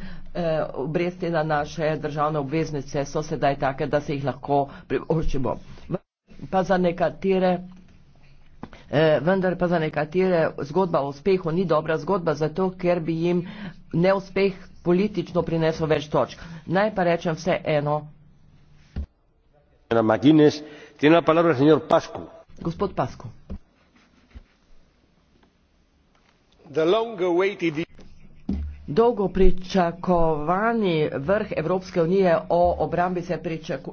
obresti na naše državne obveznice so sedaj take, da se jih lahko privoščimo. Pa za nekatere Eh, vendar pa za nekatere zgodba o uspehu ni dobra zgodba, zato ker bi jim neuspeh politično prinesel več točk. Naj pa rečem vse eno. Gospod Pasku. Dolgo pričakovani vrh Evropske unije o obrambi se,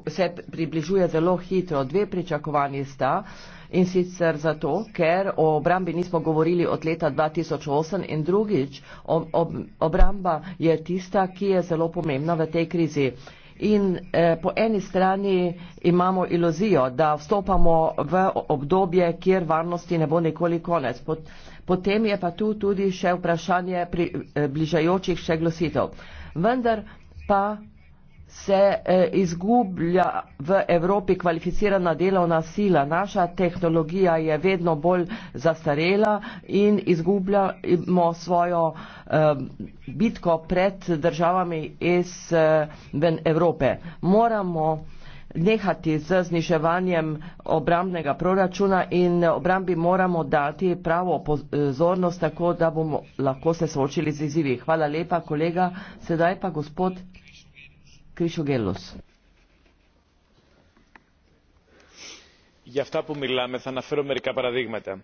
se približuje zelo hitro. Dve pričakovanji sta. Uh, In sicer zato, ker o obrambi nismo govorili od leta 2008 in drugič, obramba je tista, ki je zelo pomembna v tej krizi. In eh, po eni strani imamo iluzijo, da vstopamo v obdobje, kjer varnosti ne bo nikoli konec. Pot, potem je pa tu tudi še vprašanje pri, eh, bližajočih še glositev. Vendar pa se eh, izgublja v Evropi kvalificirana delovna sila. Naša tehnologija je vedno bolj zastarela in izgubljamo svojo eh, bitko pred državami iz eh, Evrope. Moramo nehati z zniževanjem obrambnega proračuna in obrambi moramo dati pravo pozornost, tako da bomo lahko se soočili z izzivi. Hvala lepa, kolega. Sedaj pa gospod Κρυσογέλος. Για αυτά που μιλάμε θα αναφέρω μερικά παραδείγματα.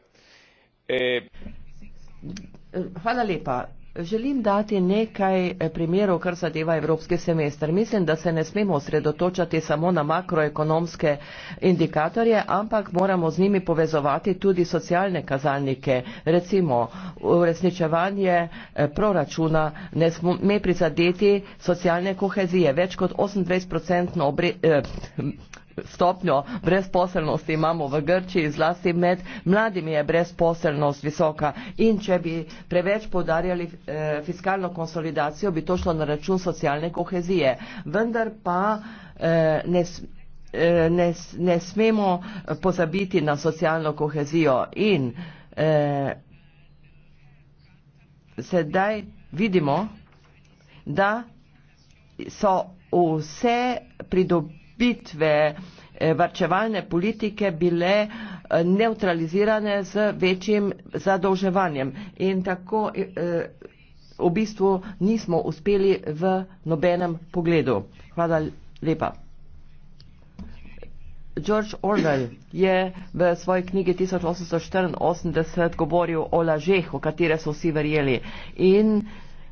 Ε... Φαλαλίπα, Želim dati nekaj eh, primerov, kar zadeva Evropski semester. Mislim, da se ne smemo osredotočati samo na makroekonomske indikatorje, ampak moramo z njimi povezovati tudi socialne kazalnike. Recimo, uresničevanje eh, proračuna ne sme prizadeti socialne kohezije. Več kot 28% obre, eh, stopnjo brezposelnosti imamo v Grči, zlasti med mladimi je brezposelnost visoka. In če bi preveč podarjali eh, fiskalno konsolidacijo, bi to šlo na račun socialne kohezije. Vendar pa eh, ne. Eh, ne, ne smemo pozabiti na socialno kohezijo in eh, sedaj vidimo, da so vse pridobili krepitve eh, varčevalne politike bile eh, neutralizirane z večjim zadolževanjem. In tako eh, v bistvu nismo uspeli v nobenem pogledu. Hvala lepa. George Orwell je v svoji knjigi 1884 govoril o lažeh, o katere so vsi verjeli. In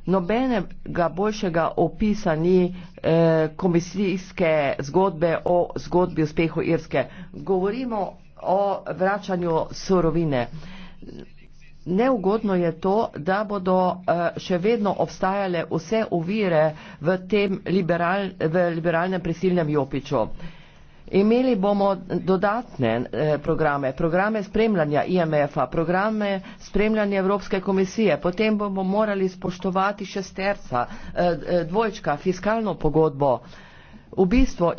nobenega boljšega opisa ni eh, komisijske zgodbe o zgodbi uspehu Irske. Govorimo o vračanju surovine. Neugodno je to, da bodo eh, še vedno obstajale vse uvire v tem liberal, v liberalnem prisilnem Jopiču. Eh, Imeli bomo dodatne eh, programe, programe spremljanja IMF-a, programe spremljanja Evropske komisije, potem bomo morali spoštovati šesterca, eh, eh, dvojčka, fiskalno pogodbo. V bistvu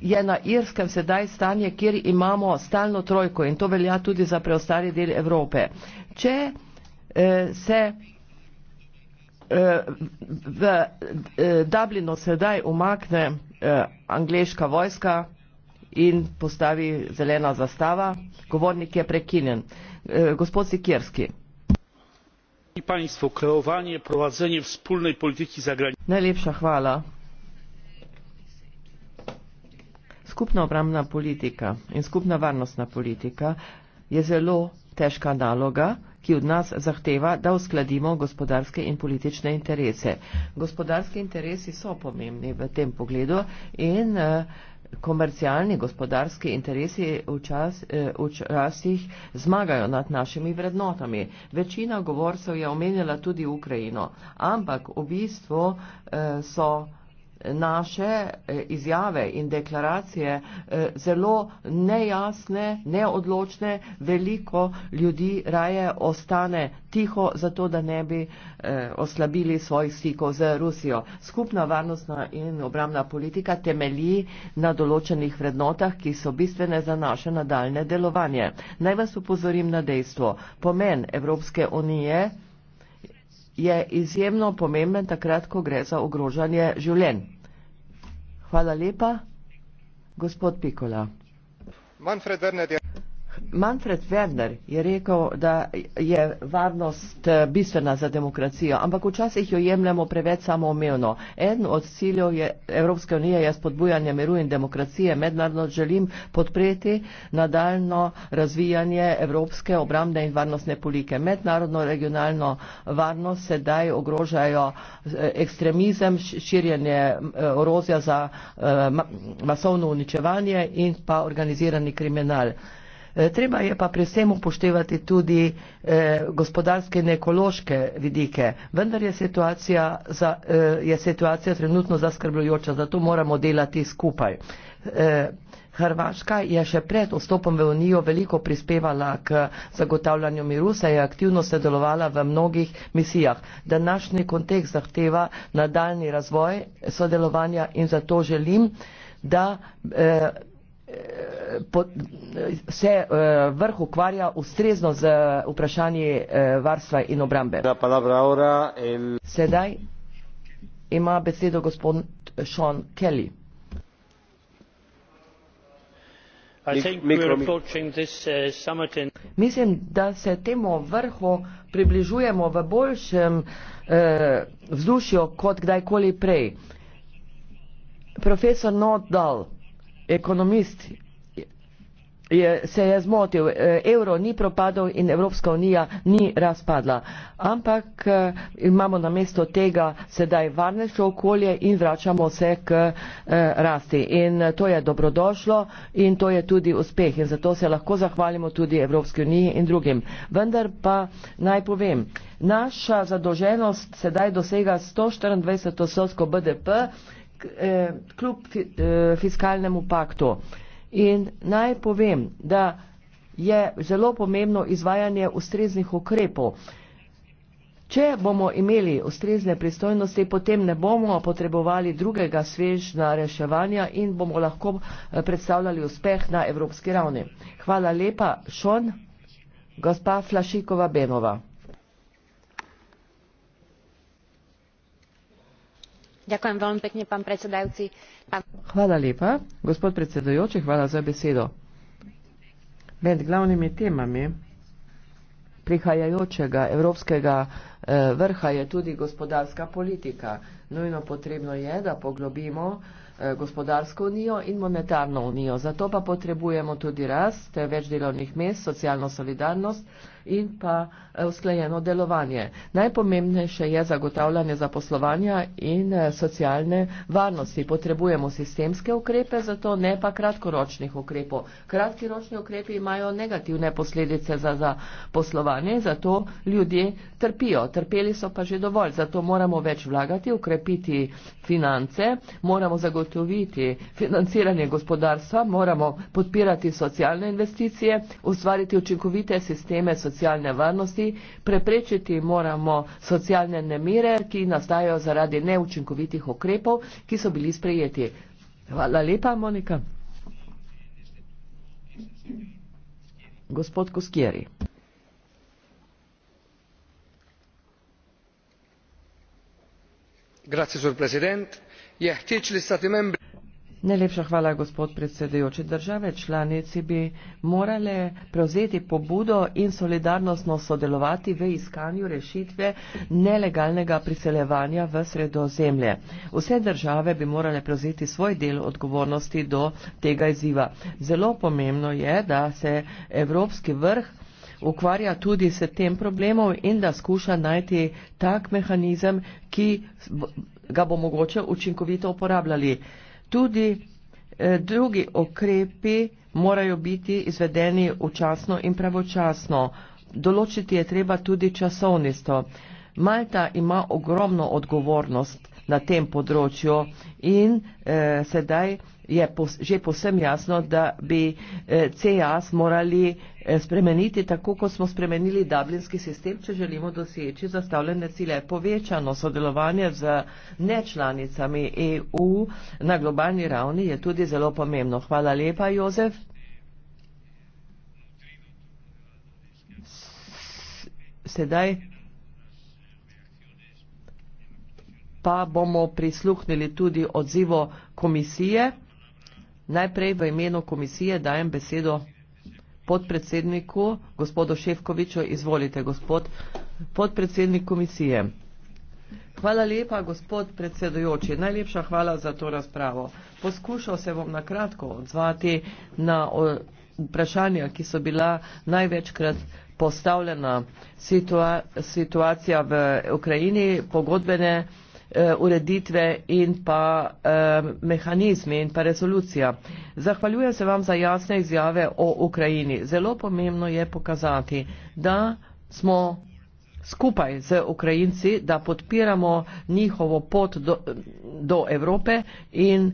je na Irskem sedaj stanje, kjer imamo stalno trojko in to velja tudi za preostali del Evrope. Če se v Dublinu sedaj umakne angliška vojska, in postavi zelena zastava. Govornik je prekinjen. E, gospod Sikirski. Najlepša hvala. Skupna obramna politika in skupna varnostna politika je zelo težka naloga, ki od nas zahteva, da uskladimo gospodarske in politične interese. Gospodarske interesi so pomembni v tem pogledu in uh, komercialni gospodarski interesi včas, eh, včasih zmagajo nad našimi vrednotami. Večina govorcev je omenjala tudi Ukrajino, ampak v bistvu eh, so naše eh, izjave in deklaracije eh, zelo nejasne, neodločne, veliko ljudi raje ostane tiho, zato da ne bi eh, oslabili svojih stikov z Rusijo. Skupna varnostna in obramna politika temelji na določenih vrednotah, ki so bistvene za naše nadaljne delovanje. Naj vas upozorim na dejstvo. Pomen Evropske unije je izjemno pomemben takrat, ko gre za ogrožanje življenj. Hvala lepa, gospod Pikola. Manfred Vrnedi. Manfred Werner je rekel, da je varnost eh, bistvena za demokracijo, ampak včasih jo jemljamo preveč samoumevno. En od ciljev je, Evropske unije je spodbujanje miru in demokracije. Mednarodno želim podpreti nadaljno razvijanje evropske obramne in varnostne politike. Mednarodno regionalno varnost sedaj ogrožajo eh, ekstremizem, širjenje orozja eh, za masovno uničevanje in pa organizirani kriminal. Eh, treba je pa pri vsem upoštevati tudi eh, gospodarske in ekološke vidike. Vendar je situacija, za, eh, je situacija trenutno zaskrbljujoča, zato moramo delati skupaj. Eh, Hrvaška je še pred vstopom v Unijo veliko prispevala k zagotavljanju miru, saj je aktivno sodelovala v mnogih misijah. Današnji kontekst zahteva nadaljni razvoj sodelovanja in zato želim, da. Eh, Eh, se eh, vrh ukvarja ustrezno z eh, vprašanji varstva in obrambe. Sedaj ima besedo gospod Sean Kelly. Uh, Mislim, da se temu vrhu približujemo v boljšem vzdušju kot kdajkoli prej. Profesor Noddal ekonomist je, se je zmotil, e, evro ni propadel in Evropska unija ni razpadla. Ampak e, imamo na mesto tega sedaj varnejše okolje in vračamo se k e, rasti. In to je dobrodošlo in to je tudi uspeh in zato se lahko zahvalimo tudi Evropski uniji in drugim. Vendar pa naj povem, naša zadolženost sedaj dosega 124 osovsko BDP eh, kljub fi, eh, fiskalnemu paktu. In naj povem, da je zelo pomembno izvajanje ustreznih ukrepov. Če bomo imeli ustrezne pristojnosti, potem ne bomo potrebovali drugega svežna reševanja in bomo lahko eh, predstavljali uspeh na evropski ravni. Hvala lepa, Šon, gospa Flašikova Benova. Ďakujem veľmi pekne, pán predsedajúci. Pán... Hvala lepa, gospod predsedajúci, hvala za besedo. Med glavnimi temami prihajajočega evropskega eh, vrha je tudi gospodarska politika. Nujno potrebno je, da poglobimo eh, gospodarsko unijo in monetarno unijo. Zato pa potrebujemo tudi rast, več delovnih mest, socialno solidarnost in pa eh, usklajeno delovanje. Najpomembnejše je zagotavljanje zaposlovanja in eh, socialne varnosti. Potrebujemo sistemske ukrepe, zato ne pa kratkoročnih ukrepov. Kratkoročni ukrepi imajo negativne posledice za zaposlovanje, zato ljudje trpijo. Trpeli so pa že dovolj, zato moramo več vlagati, ukrepiti finance, moramo zagotoviti financiranje gospodarstva, moramo podpirati socialne investicije, ustvariti učinkovite sisteme socialne socialne varnosti, preprečiti moramo socialne nemire, ki nastajajo zaradi neučinkovitih ukrepov, ki so bili sprejeti. Hvala lepa, Monika. Gospod Koskjeri. Grazie, signor Presidente. Yeah, Najlepša hvala, gospod predsedujoči. Države članici bi morale prevzeti pobudo in solidarnostno sodelovati v iskanju rešitve nelegalnega priseljevanja v sredozemlje. Vse države bi morale prevzeti svoj del odgovornosti do tega izziva. Zelo pomembno je, da se Evropski vrh ukvarja tudi s tem problemom in da skuša najti tak mehanizem, ki ga bo mogoče učinkovito uporabljali. Tudi eh, drugi okrepi morajo biti izvedeni včasno in pravočasno. Določiti je treba tudi časovnisto. Malta ima ogromno odgovornost na tem področju in eh, sedaj je pos, že posem jasno, da bi eh, CAS morali eh, Eh, spremeniti, tako kot smo spremenili dublinski sistem, če želimo doseči zastavljene cilje. Povečano sodelovanje z nečlanicami EU na globalni ravni je tudi zelo pomembno. Hvala lepa, Jozef. Sedaj pa bomo prisluhnili tudi odzivo komisije. Najprej v imenu komisije dajem besedo podpredsedniku, gospodu Ševkoviču. Izvolite, gospod podpredsednik komisije. Hvala lepa, gospod predsedujoči. Najlepša hvala za to razpravo. Poskušal se bom nakratko odzvati na vprašanja, ki so bila največkrat postavljena situa, situacija v Ukrajini, pogodbene Eh, ureditve in pa eh, mehanizmi in pa rezolucija. Zahvaljujem se vam za jasne izjave o Ukrajini. Zelo pomembno je pokazati, da smo skupaj z Ukrajinci, da podpiramo njihovo pot do, do Evrope in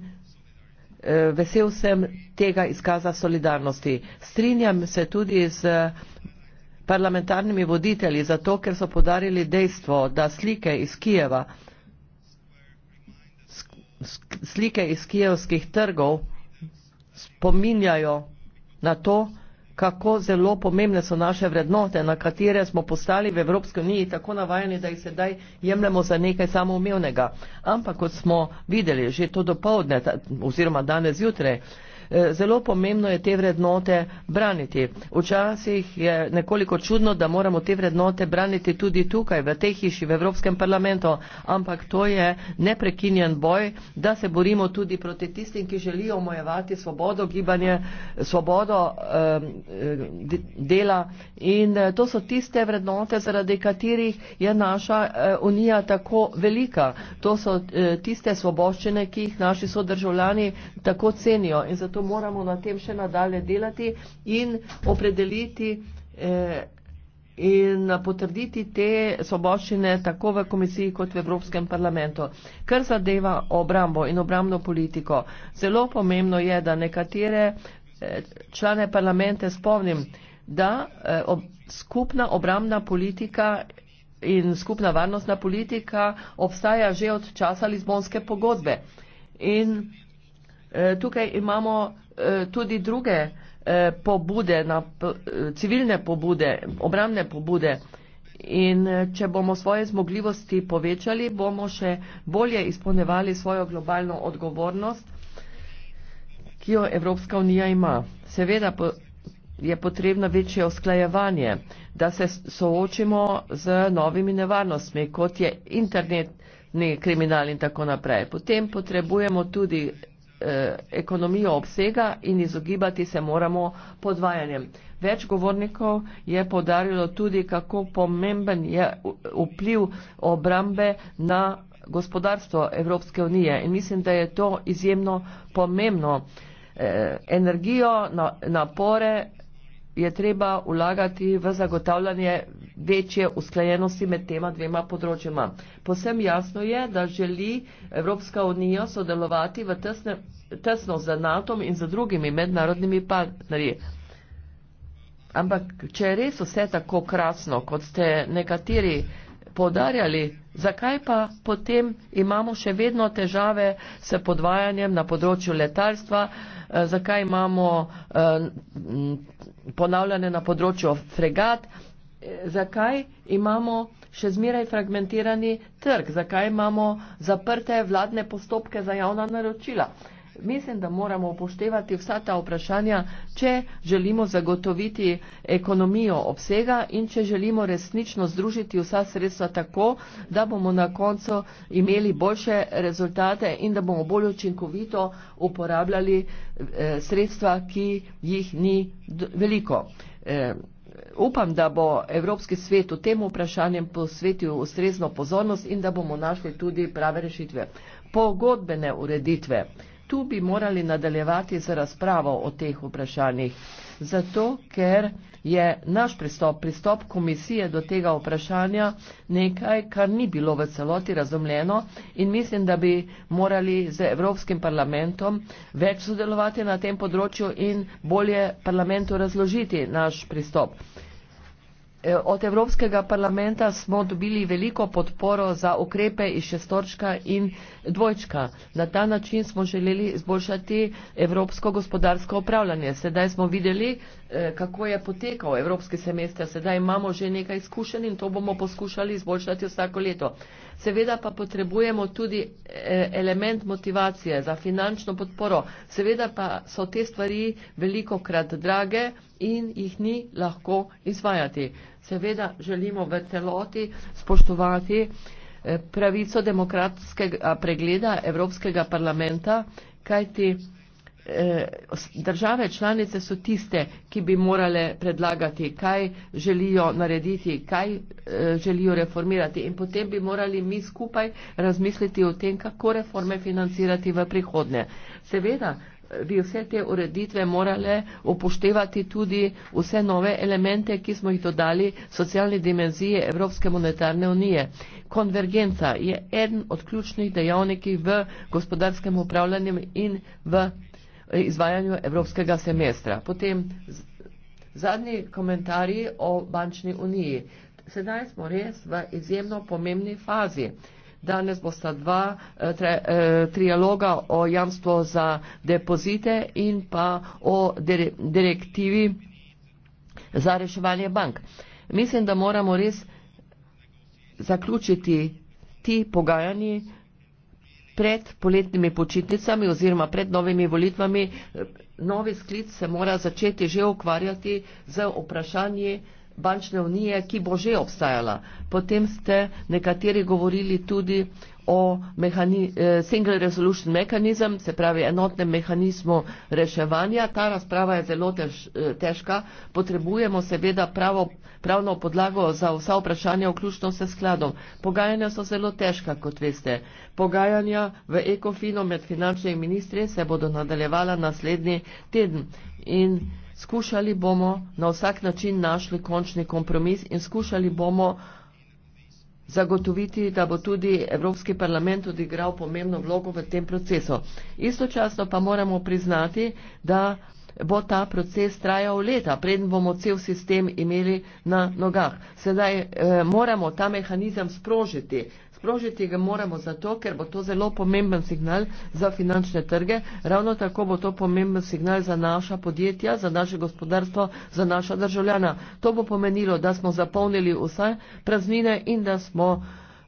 eh, vesel sem tega izkaza solidarnosti. Strinjam se tudi z parlamentarnimi voditelji, zato ker so podarili dejstvo, da slike iz Kijeva slike iz kijevskih trgov spominjajo na to, kako zelo pomembne so naše vrednote, na katere smo postali v Evropski uniji tako navajeni, da jih sedaj jemljemo za nekaj samoumevnega. Ampak, kot smo videli že to dopovdne oziroma danes zjutraj, Eh, zelo pomembno je te vrednote braniti. Včasih je nekoliko čudno, da moramo te vrednote braniti tudi tukaj, v tej hiši, v Evropskem parlamentu, ampak to je neprekinjen boj, da se borimo tudi proti tistim, ki želijo omojevati svobodo gibanja, svobodo eh, eh, dela. In to so tiste vrednote, zaradi katerih je naša unija tako velika. To so tiste svoboščine, ki jih naši sodržavljani tako cenijo. In zato zato moramo na tem še nadalje delati in opredeliti eh, in potrditi te soboščine tako v komisiji kot v Evropskem parlamentu. Kar zadeva obrambo in obrambno politiko, zelo pomembno je, da nekatere eh, člane parlamente spomnim, da eh, ob, skupna obrambna politika in skupna varnostna politika obstaja že od časa Lizbonske pogodbe. In Eh, tukaj imamo eh, tudi druge eh, pobude, civilne pobude, obramne pobude. In če bomo svoje zmogljivosti povečali, bomo še bolje izpolnevali svojo globalno odgovornost, ki jo Evropska unija ima. Seveda je potrebno večje osklajevanje, da se soočimo z novimi nevarnostmi, kot je internetni kriminal in tako naprej. Potem potrebujemo tudi Eh, ekonomijo obsega in izogibati se moramo podvajanjem. Več govornikov je podarilo tudi, kako pomemben je vpliv obrambe na gospodarstvo Evropske unije in mislim, da je to izjemno pomembno. Eh, energijo, napore je treba vlagati v zagotavljanje večje usklajenosti med tema dvema področjama. Posem jasno je, da želi Evropska unija sodelovati v tesne, tesno z NATO in z drugimi mednarodnimi partnerji. Ampak, če je res vse tako krasno, kot ste nekateri podarjali, zakaj pa potem imamo še vedno težave s podvajanjem na področju letalstva, eh, zakaj imamo eh, ponavljanje na področju fregat, zakaj imamo še zmeraj fragmentirani trg, zakaj imamo zaprte vladne postopke za javna naročila. Mislim, da moramo upoštevati vsa ta vprašanja, če želimo zagotoviti ekonomijo obsega in če želimo resnično združiti vsa sredstva tako, da bomo na koncu imeli boljše rezultate in da bomo bolj učinkovito uporabljali eh, sredstva, ki jih ni veliko. Eh, upam, da bo Evropski svet v tem vprašanju posvetil ustrezno pozornost in da bomo našli tudi prave rešitve. Pogodbene ureditve. Tu bi morali nadaljevati z razpravo o teh vprašanjih. Zato, ker je naš pristop, pristop komisije do tega vprašanja nekaj, kar ni bilo v celoti razumljeno in mislim, da bi morali z Evropskim parlamentom več sodelovati na tem področju in bolje parlamentu razložiti naš pristop. Eh, od Evropskega parlamenta smo dobili veliko podporo za ukrepe iz šestorčka in dvojčka. Na ta način smo želeli izboljšati evropsko gospodarsko upravljanje. Sedaj smo videli, Eh, kako je potekal evropski semester. Sedaj imamo že nekaj izkušenj in to bomo poskušali izboljšati vsako leto. Seveda pa potrebujemo tudi eh, element motivacije za finančno podporo. Seveda pa so te stvari veliko krat drage in jih ni lahko izvajati. Seveda želimo v celoti spoštovati eh, pravico demokratskega pregleda Evropskega parlamenta, kajti Eh, države članice so tiste, ki bi morale predlagati, kaj želijo narediti, kaj eh, želijo reformirati in potem bi morali mi skupaj razmisliti o tem, kako reforme financirati v prihodnje. Seveda eh, bi vse te ureditve morale upoštevati tudi vse nove elemente, ki smo jih dodali socialne dimenzije Evropske monetarne unije. Konvergenca je eden od ključnih dejavnikov v gospodarskem upravljanju in v izvajanju evropskega semestra. Potem zadnji komentarji o bančni uniji. Sedaj smo res v izjemno pomembni fazi. Danes bosta dva eh, tre, eh, trialoga o jamstvo za depozite in pa o direktivi za reševanje bank. Mislim, da moramo res zaključiti ti pogajanji pred poletnimi počitnicami oziroma pred novimi volitvami novi sklic se mora začeti že ukvarjati z vprašanji bančne unije, ki bo že obstajala. Potem ste nekateri govorili tudi o eh, single resolution mechanism, se pravi enotnem mehanizmu reševanja. Ta razprava je zelo tež, eh, težka. Potrebujemo seveda pravo pravno podlago za vsa vprašanja, vključno se skladom. Pogajanja so zelo težka, kot veste. Pogajanja v ekofino med finančnimi ministri se bodo nadaljevala naslednji teden in skušali bomo na vsak način našli končni kompromis in skušali bomo zagotoviti, da bo tudi Evropski parlament odigral pomembno vlogo v tem procesu. Istočasno pa moramo priznati, da bo ta proces trajal leta, preden bomo cel sistem imeli na nogah. Sedaj e, moramo ta mehanizem sprožiti. Sprožiti ga moramo zato, ker bo to zelo pomemben signal za finančne trge, ravno tako bo to pomemben signal za naša podjetja, za naše gospodarstvo, za naša državljana. To bo pomenilo, da smo zapolnili vse praznine in da smo.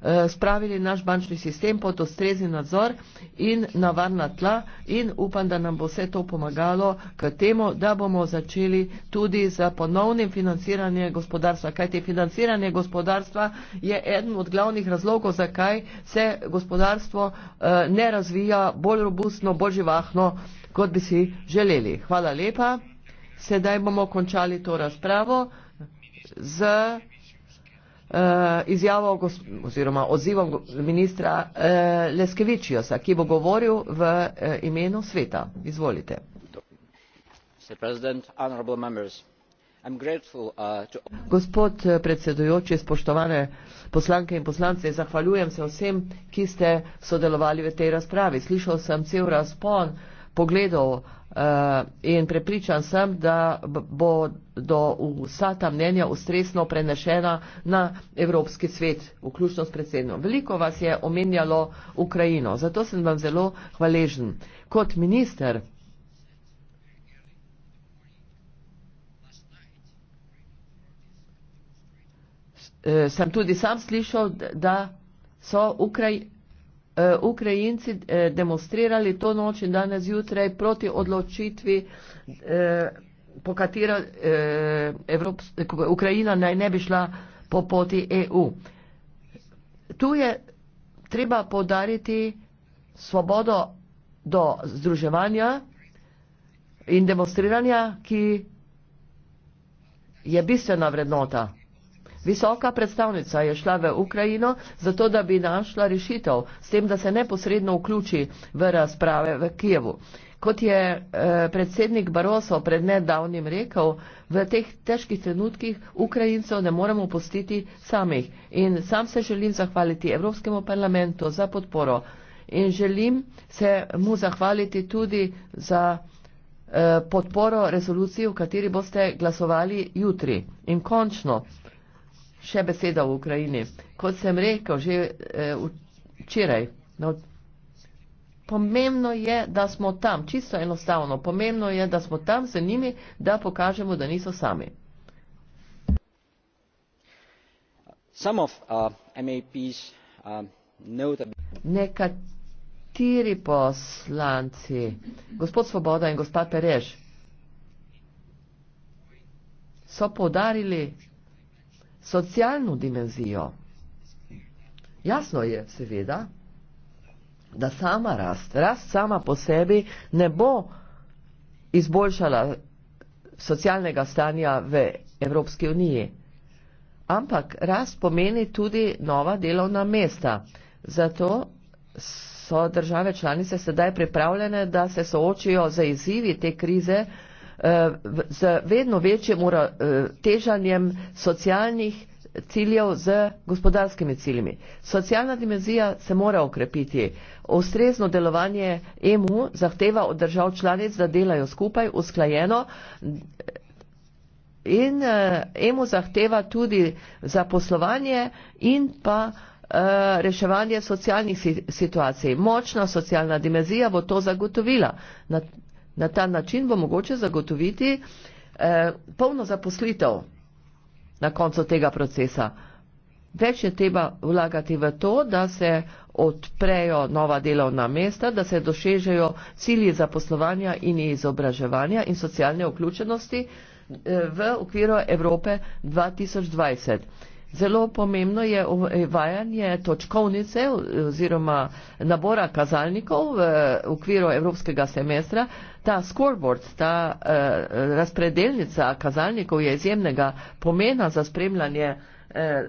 Eh, spravili naš bančni sistem pod ustrezni nadzor in na varna tla in upam, da nam bo vse to pomagalo k temu, da bomo začeli tudi za ponovnim financiranje gospodarstva. Kajti financiranje gospodarstva je eden od glavnih razlogov, zakaj se gospodarstvo eh, ne razvija bolj robustno, bolj živahno, kot bi si želeli. Hvala lepa. Sedaj bomo končali to razpravo z Eh, izjavo oziroma odzivom ministra eh, Leskevičiosa, ki bo govoril v eh, imenu sveta. Izvolite. Uh, Gospod predsedujoči, spoštovane poslanke in poslance, zahvaljujem se vsem, ki ste sodelovali v tej razpravi. Slišal sem cel razpon uh, pogledov eh, in prepričan sem, da bodo vsa ta mnenja ustresno prenešena na Evropski svet, vključno s predsednjo. Veliko vas je omenjalo Ukrajino, zato sem vam zelo hvaležen. Kot minister, eh, sem tudi sam slišal, da so Ukrajina, Eh, Ukrajinci eh, demonstrirali to noč in danes jutraj proti odločitvi, eh, po katero Ukrajina naj ne bi šla po poti EU. Tu je treba podariti svobodo do združevanja in demonstriranja, ki je bistvena vrednota. Visoka predstavnica je šla v Ukrajino zato, da bi našla rešitev s tem, da se neposredno vključi v razprave v Kijevu. Kot je eh, predsednik Baroso pred nedavnim rekel, v teh težkih trenutkih Ukrajincev ne moremo pustiti samih. In sam se želim zahvaliti Evropskemu parlamentu za podporo in želim se mu zahvaliti tudi za eh, podporo resoluciji, v kateri boste glasovali jutri. In končno še beseda v Ukrajini. Kot sem rekel že eh, včeraj, no, pomembno je, da smo tam, čisto enostavno, pomembno je, da smo tam z njimi, da pokažemo, da niso sami. Of, uh, MAPs, uh, um, Nekateri poslanci, gospod Svoboda in gospod Perež, so povdarili socialno dimenzijo. Jasno je, seveda, da sama rast, rast sama po sebi ne bo izboljšala socialnega stanja v Evropski uniji. Ampak rast pomeni tudi nova delovna mesta. Zato so države članice sedaj pripravljene, da se soočijo za izzivi te krize, Eh, z vedno večjim eh, težanjem socialnih ciljev z gospodarskimi ciljimi. Socialna dimenzija se mora ukrepiti. Ostrezno delovanje EMU zahteva od držav članic, da delajo skupaj, usklajeno. In EMU eh, e zahteva tudi zaposlovanje in pa reševanje socialnih situacij. Močna socialna dimenzija bo to zagotovila. Na ta način bo mogoče zagotoviti eh, polno zaposlitev na koncu tega procesa. Več je treba vlagati v to, da se odprejo nova delovna mesta, da se dosežejo cilji zaposlovanja in izobraževanja in socialne vključenosti eh, v okviru Evrope 2020. Zelo pomembno je uvajanje točkovnice oziroma nabora kazalnikov v okviru evropskega semestra. Ta scoreboard, ta eh, razpredelnica kazalnikov je izjemnega pomena za spremljanje eh,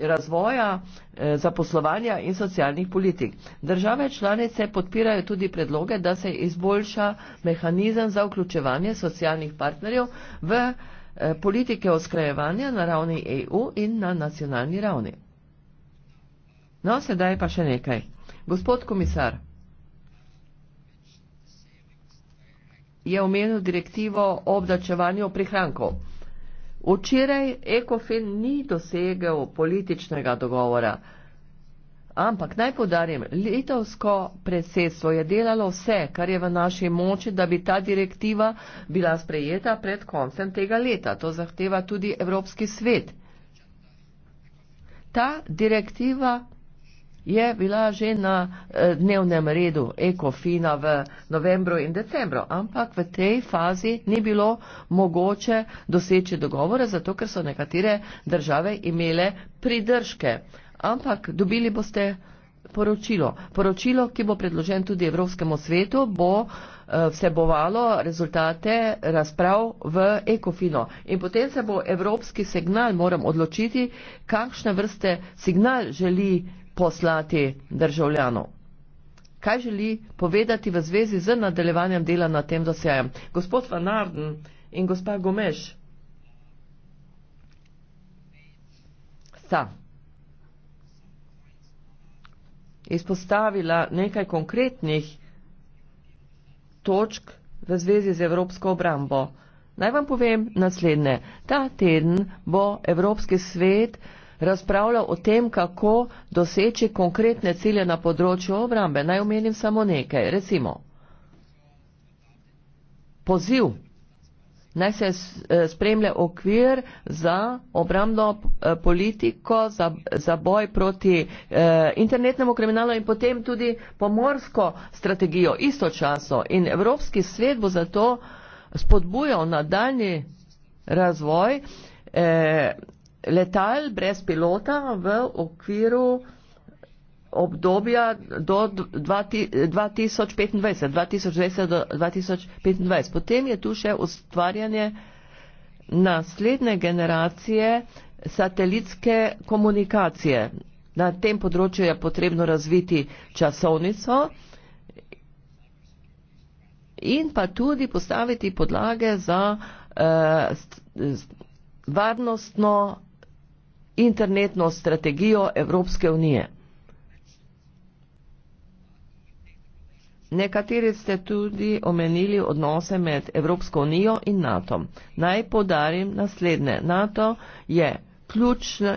razvoja, eh, zaposlovanja in socialnih politik. Države članice podpirajo tudi predloge, da se izboljša mehanizem za vključevanje socialnih partnerjev v Eh, politike oskrajevanja na ravni EU in na nacionalni ravni. No, sedaj pa še nekaj. Gospod komisar, je omenil direktivo o obdačevanju prihrankov. Včeraj ECOFIN ni dosegel političnega dogovora ampak naj podarim, litovsko predsedstvo je delalo vse, kar je v naši moči, da bi ta direktiva bila sprejeta pred koncem tega leta. To zahteva tudi Evropski svet. Ta direktiva je bila že na eh, dnevnem redu ECOFINA v novembru in decembru, ampak v tej fazi ni bilo mogoče doseči dogovore, zato ker so nekatere države imele pridržke ampak dobili boste poročilo. Poročilo, ki bo predložen tudi Evropskemu svetu, bo eh, vsebovalo rezultate razprav v ekofino. In potem se bo evropski signal, moram odločiti, kakšne vrste signal želi poslati državljanov. Kaj želi povedati v zvezi z nadaljevanjem dela na tem dosejem? Gospod Van Arden in gospa Gomeš. Sta. izpostavila nekaj konkretnih točk v zvezi z Evropsko obrambo. Naj vam povem naslednje. Ta teden bo Evropski svet razpravljal o tem, kako doseči konkretne cilje na področju obrambe. Naj omenim samo nekaj. Recimo, poziv naj se eh, spremlja okvir za obrambno eh, politiko, za, za boj proti eh, internetnemu kriminalu in potem tudi pomorsko strategijo istočasno. In Evropski svet bo zato spodbujal nadaljni razvoj eh, letal brez pilota v okviru obdobja do 2025, 2020 do 2025. Potem je tu še ustvarjanje naslednje generacije satelitske komunikacije. Na tem področju je potrebno razviti časovnico in pa tudi postaviti podlage za eh, varnostno internetno strategijo Evropske unije. Nekateri ste tudi omenili odnose med Evropsko unijo in NATO. Naj podarim naslednje. NATO je ključna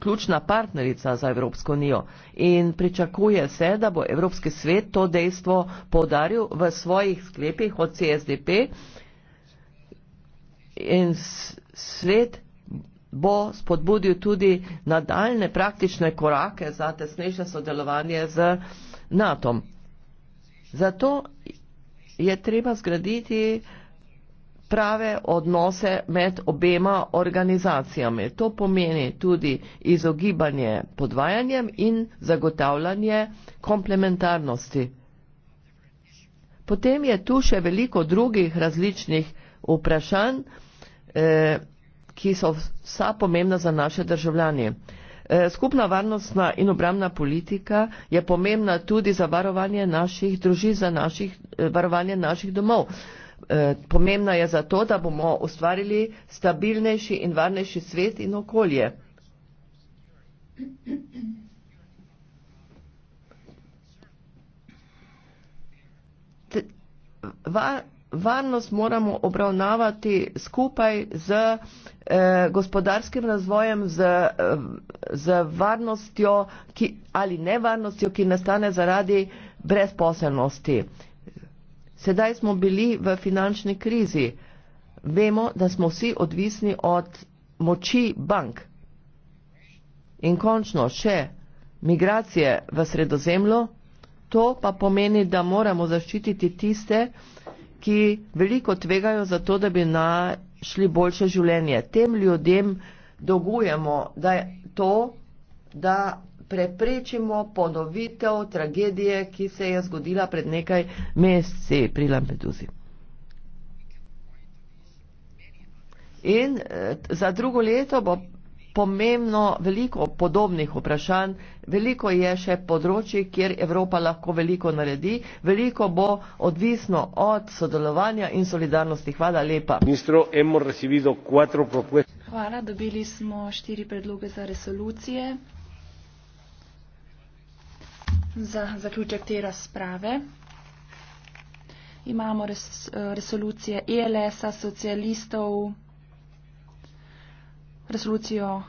ključna partnerica za Evropsko unijo in pričakuje se, da bo Evropski svet to dejstvo podaril v svojih sklepih od CSDP in svet bo spodbudil tudi nadaljne praktične korake za tesnejše sodelovanje z NATO. Zato je treba zgraditi prave odnose med obema organizacijami. To pomeni tudi izogibanje podvajanjem in zagotavljanje komplementarnosti. Potem je tu še veliko drugih različnih vprašanj, eh, ki so vsa pomembna za naše državljanje. Eh, skupna varnostna in obramna politika je pomembna tudi za varovanje naših družin, za naših, eh, varovanje naših domov. Eh, pomembna je zato, da bomo ustvarili stabilnejši in varnejši svet in okolje. Va, varnost moramo obravnavati skupaj z eh, gospodarskim razvojem, z, eh, z varnostjo ki, ali nevarnostjo, ki nastane zaradi brezposelnosti. Sedaj smo bili v finančni krizi. Vemo, da smo vsi odvisni od moči bank. In končno še migracije v sredozemlju, to pa pomeni, da moramo zaščititi tiste, ki veliko tvegajo za to, da bi našli boljše življenje. Tem ljudem dogujemo, da je to, da preprečimo ponovitev tragedije, ki se je zgodila pred nekaj meseci pri Lampeduzi. In eh, za drugo leto bo pomembno, veliko podobnih vprašanj, veliko je še področji, kjer Evropa lahko veliko naredi, veliko bo odvisno od sodelovanja in solidarnosti. Hvala lepa. Hvala, dobili smo štiri predloge za resolucije. Za zaključek te razprave imamo res, resolucije ELS-a, socialistov, resolucijo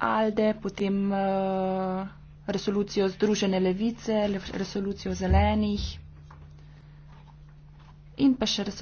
Alde, potem eh, resolucijo Združene levice, resolucijo zelenih in pa še resolucijo.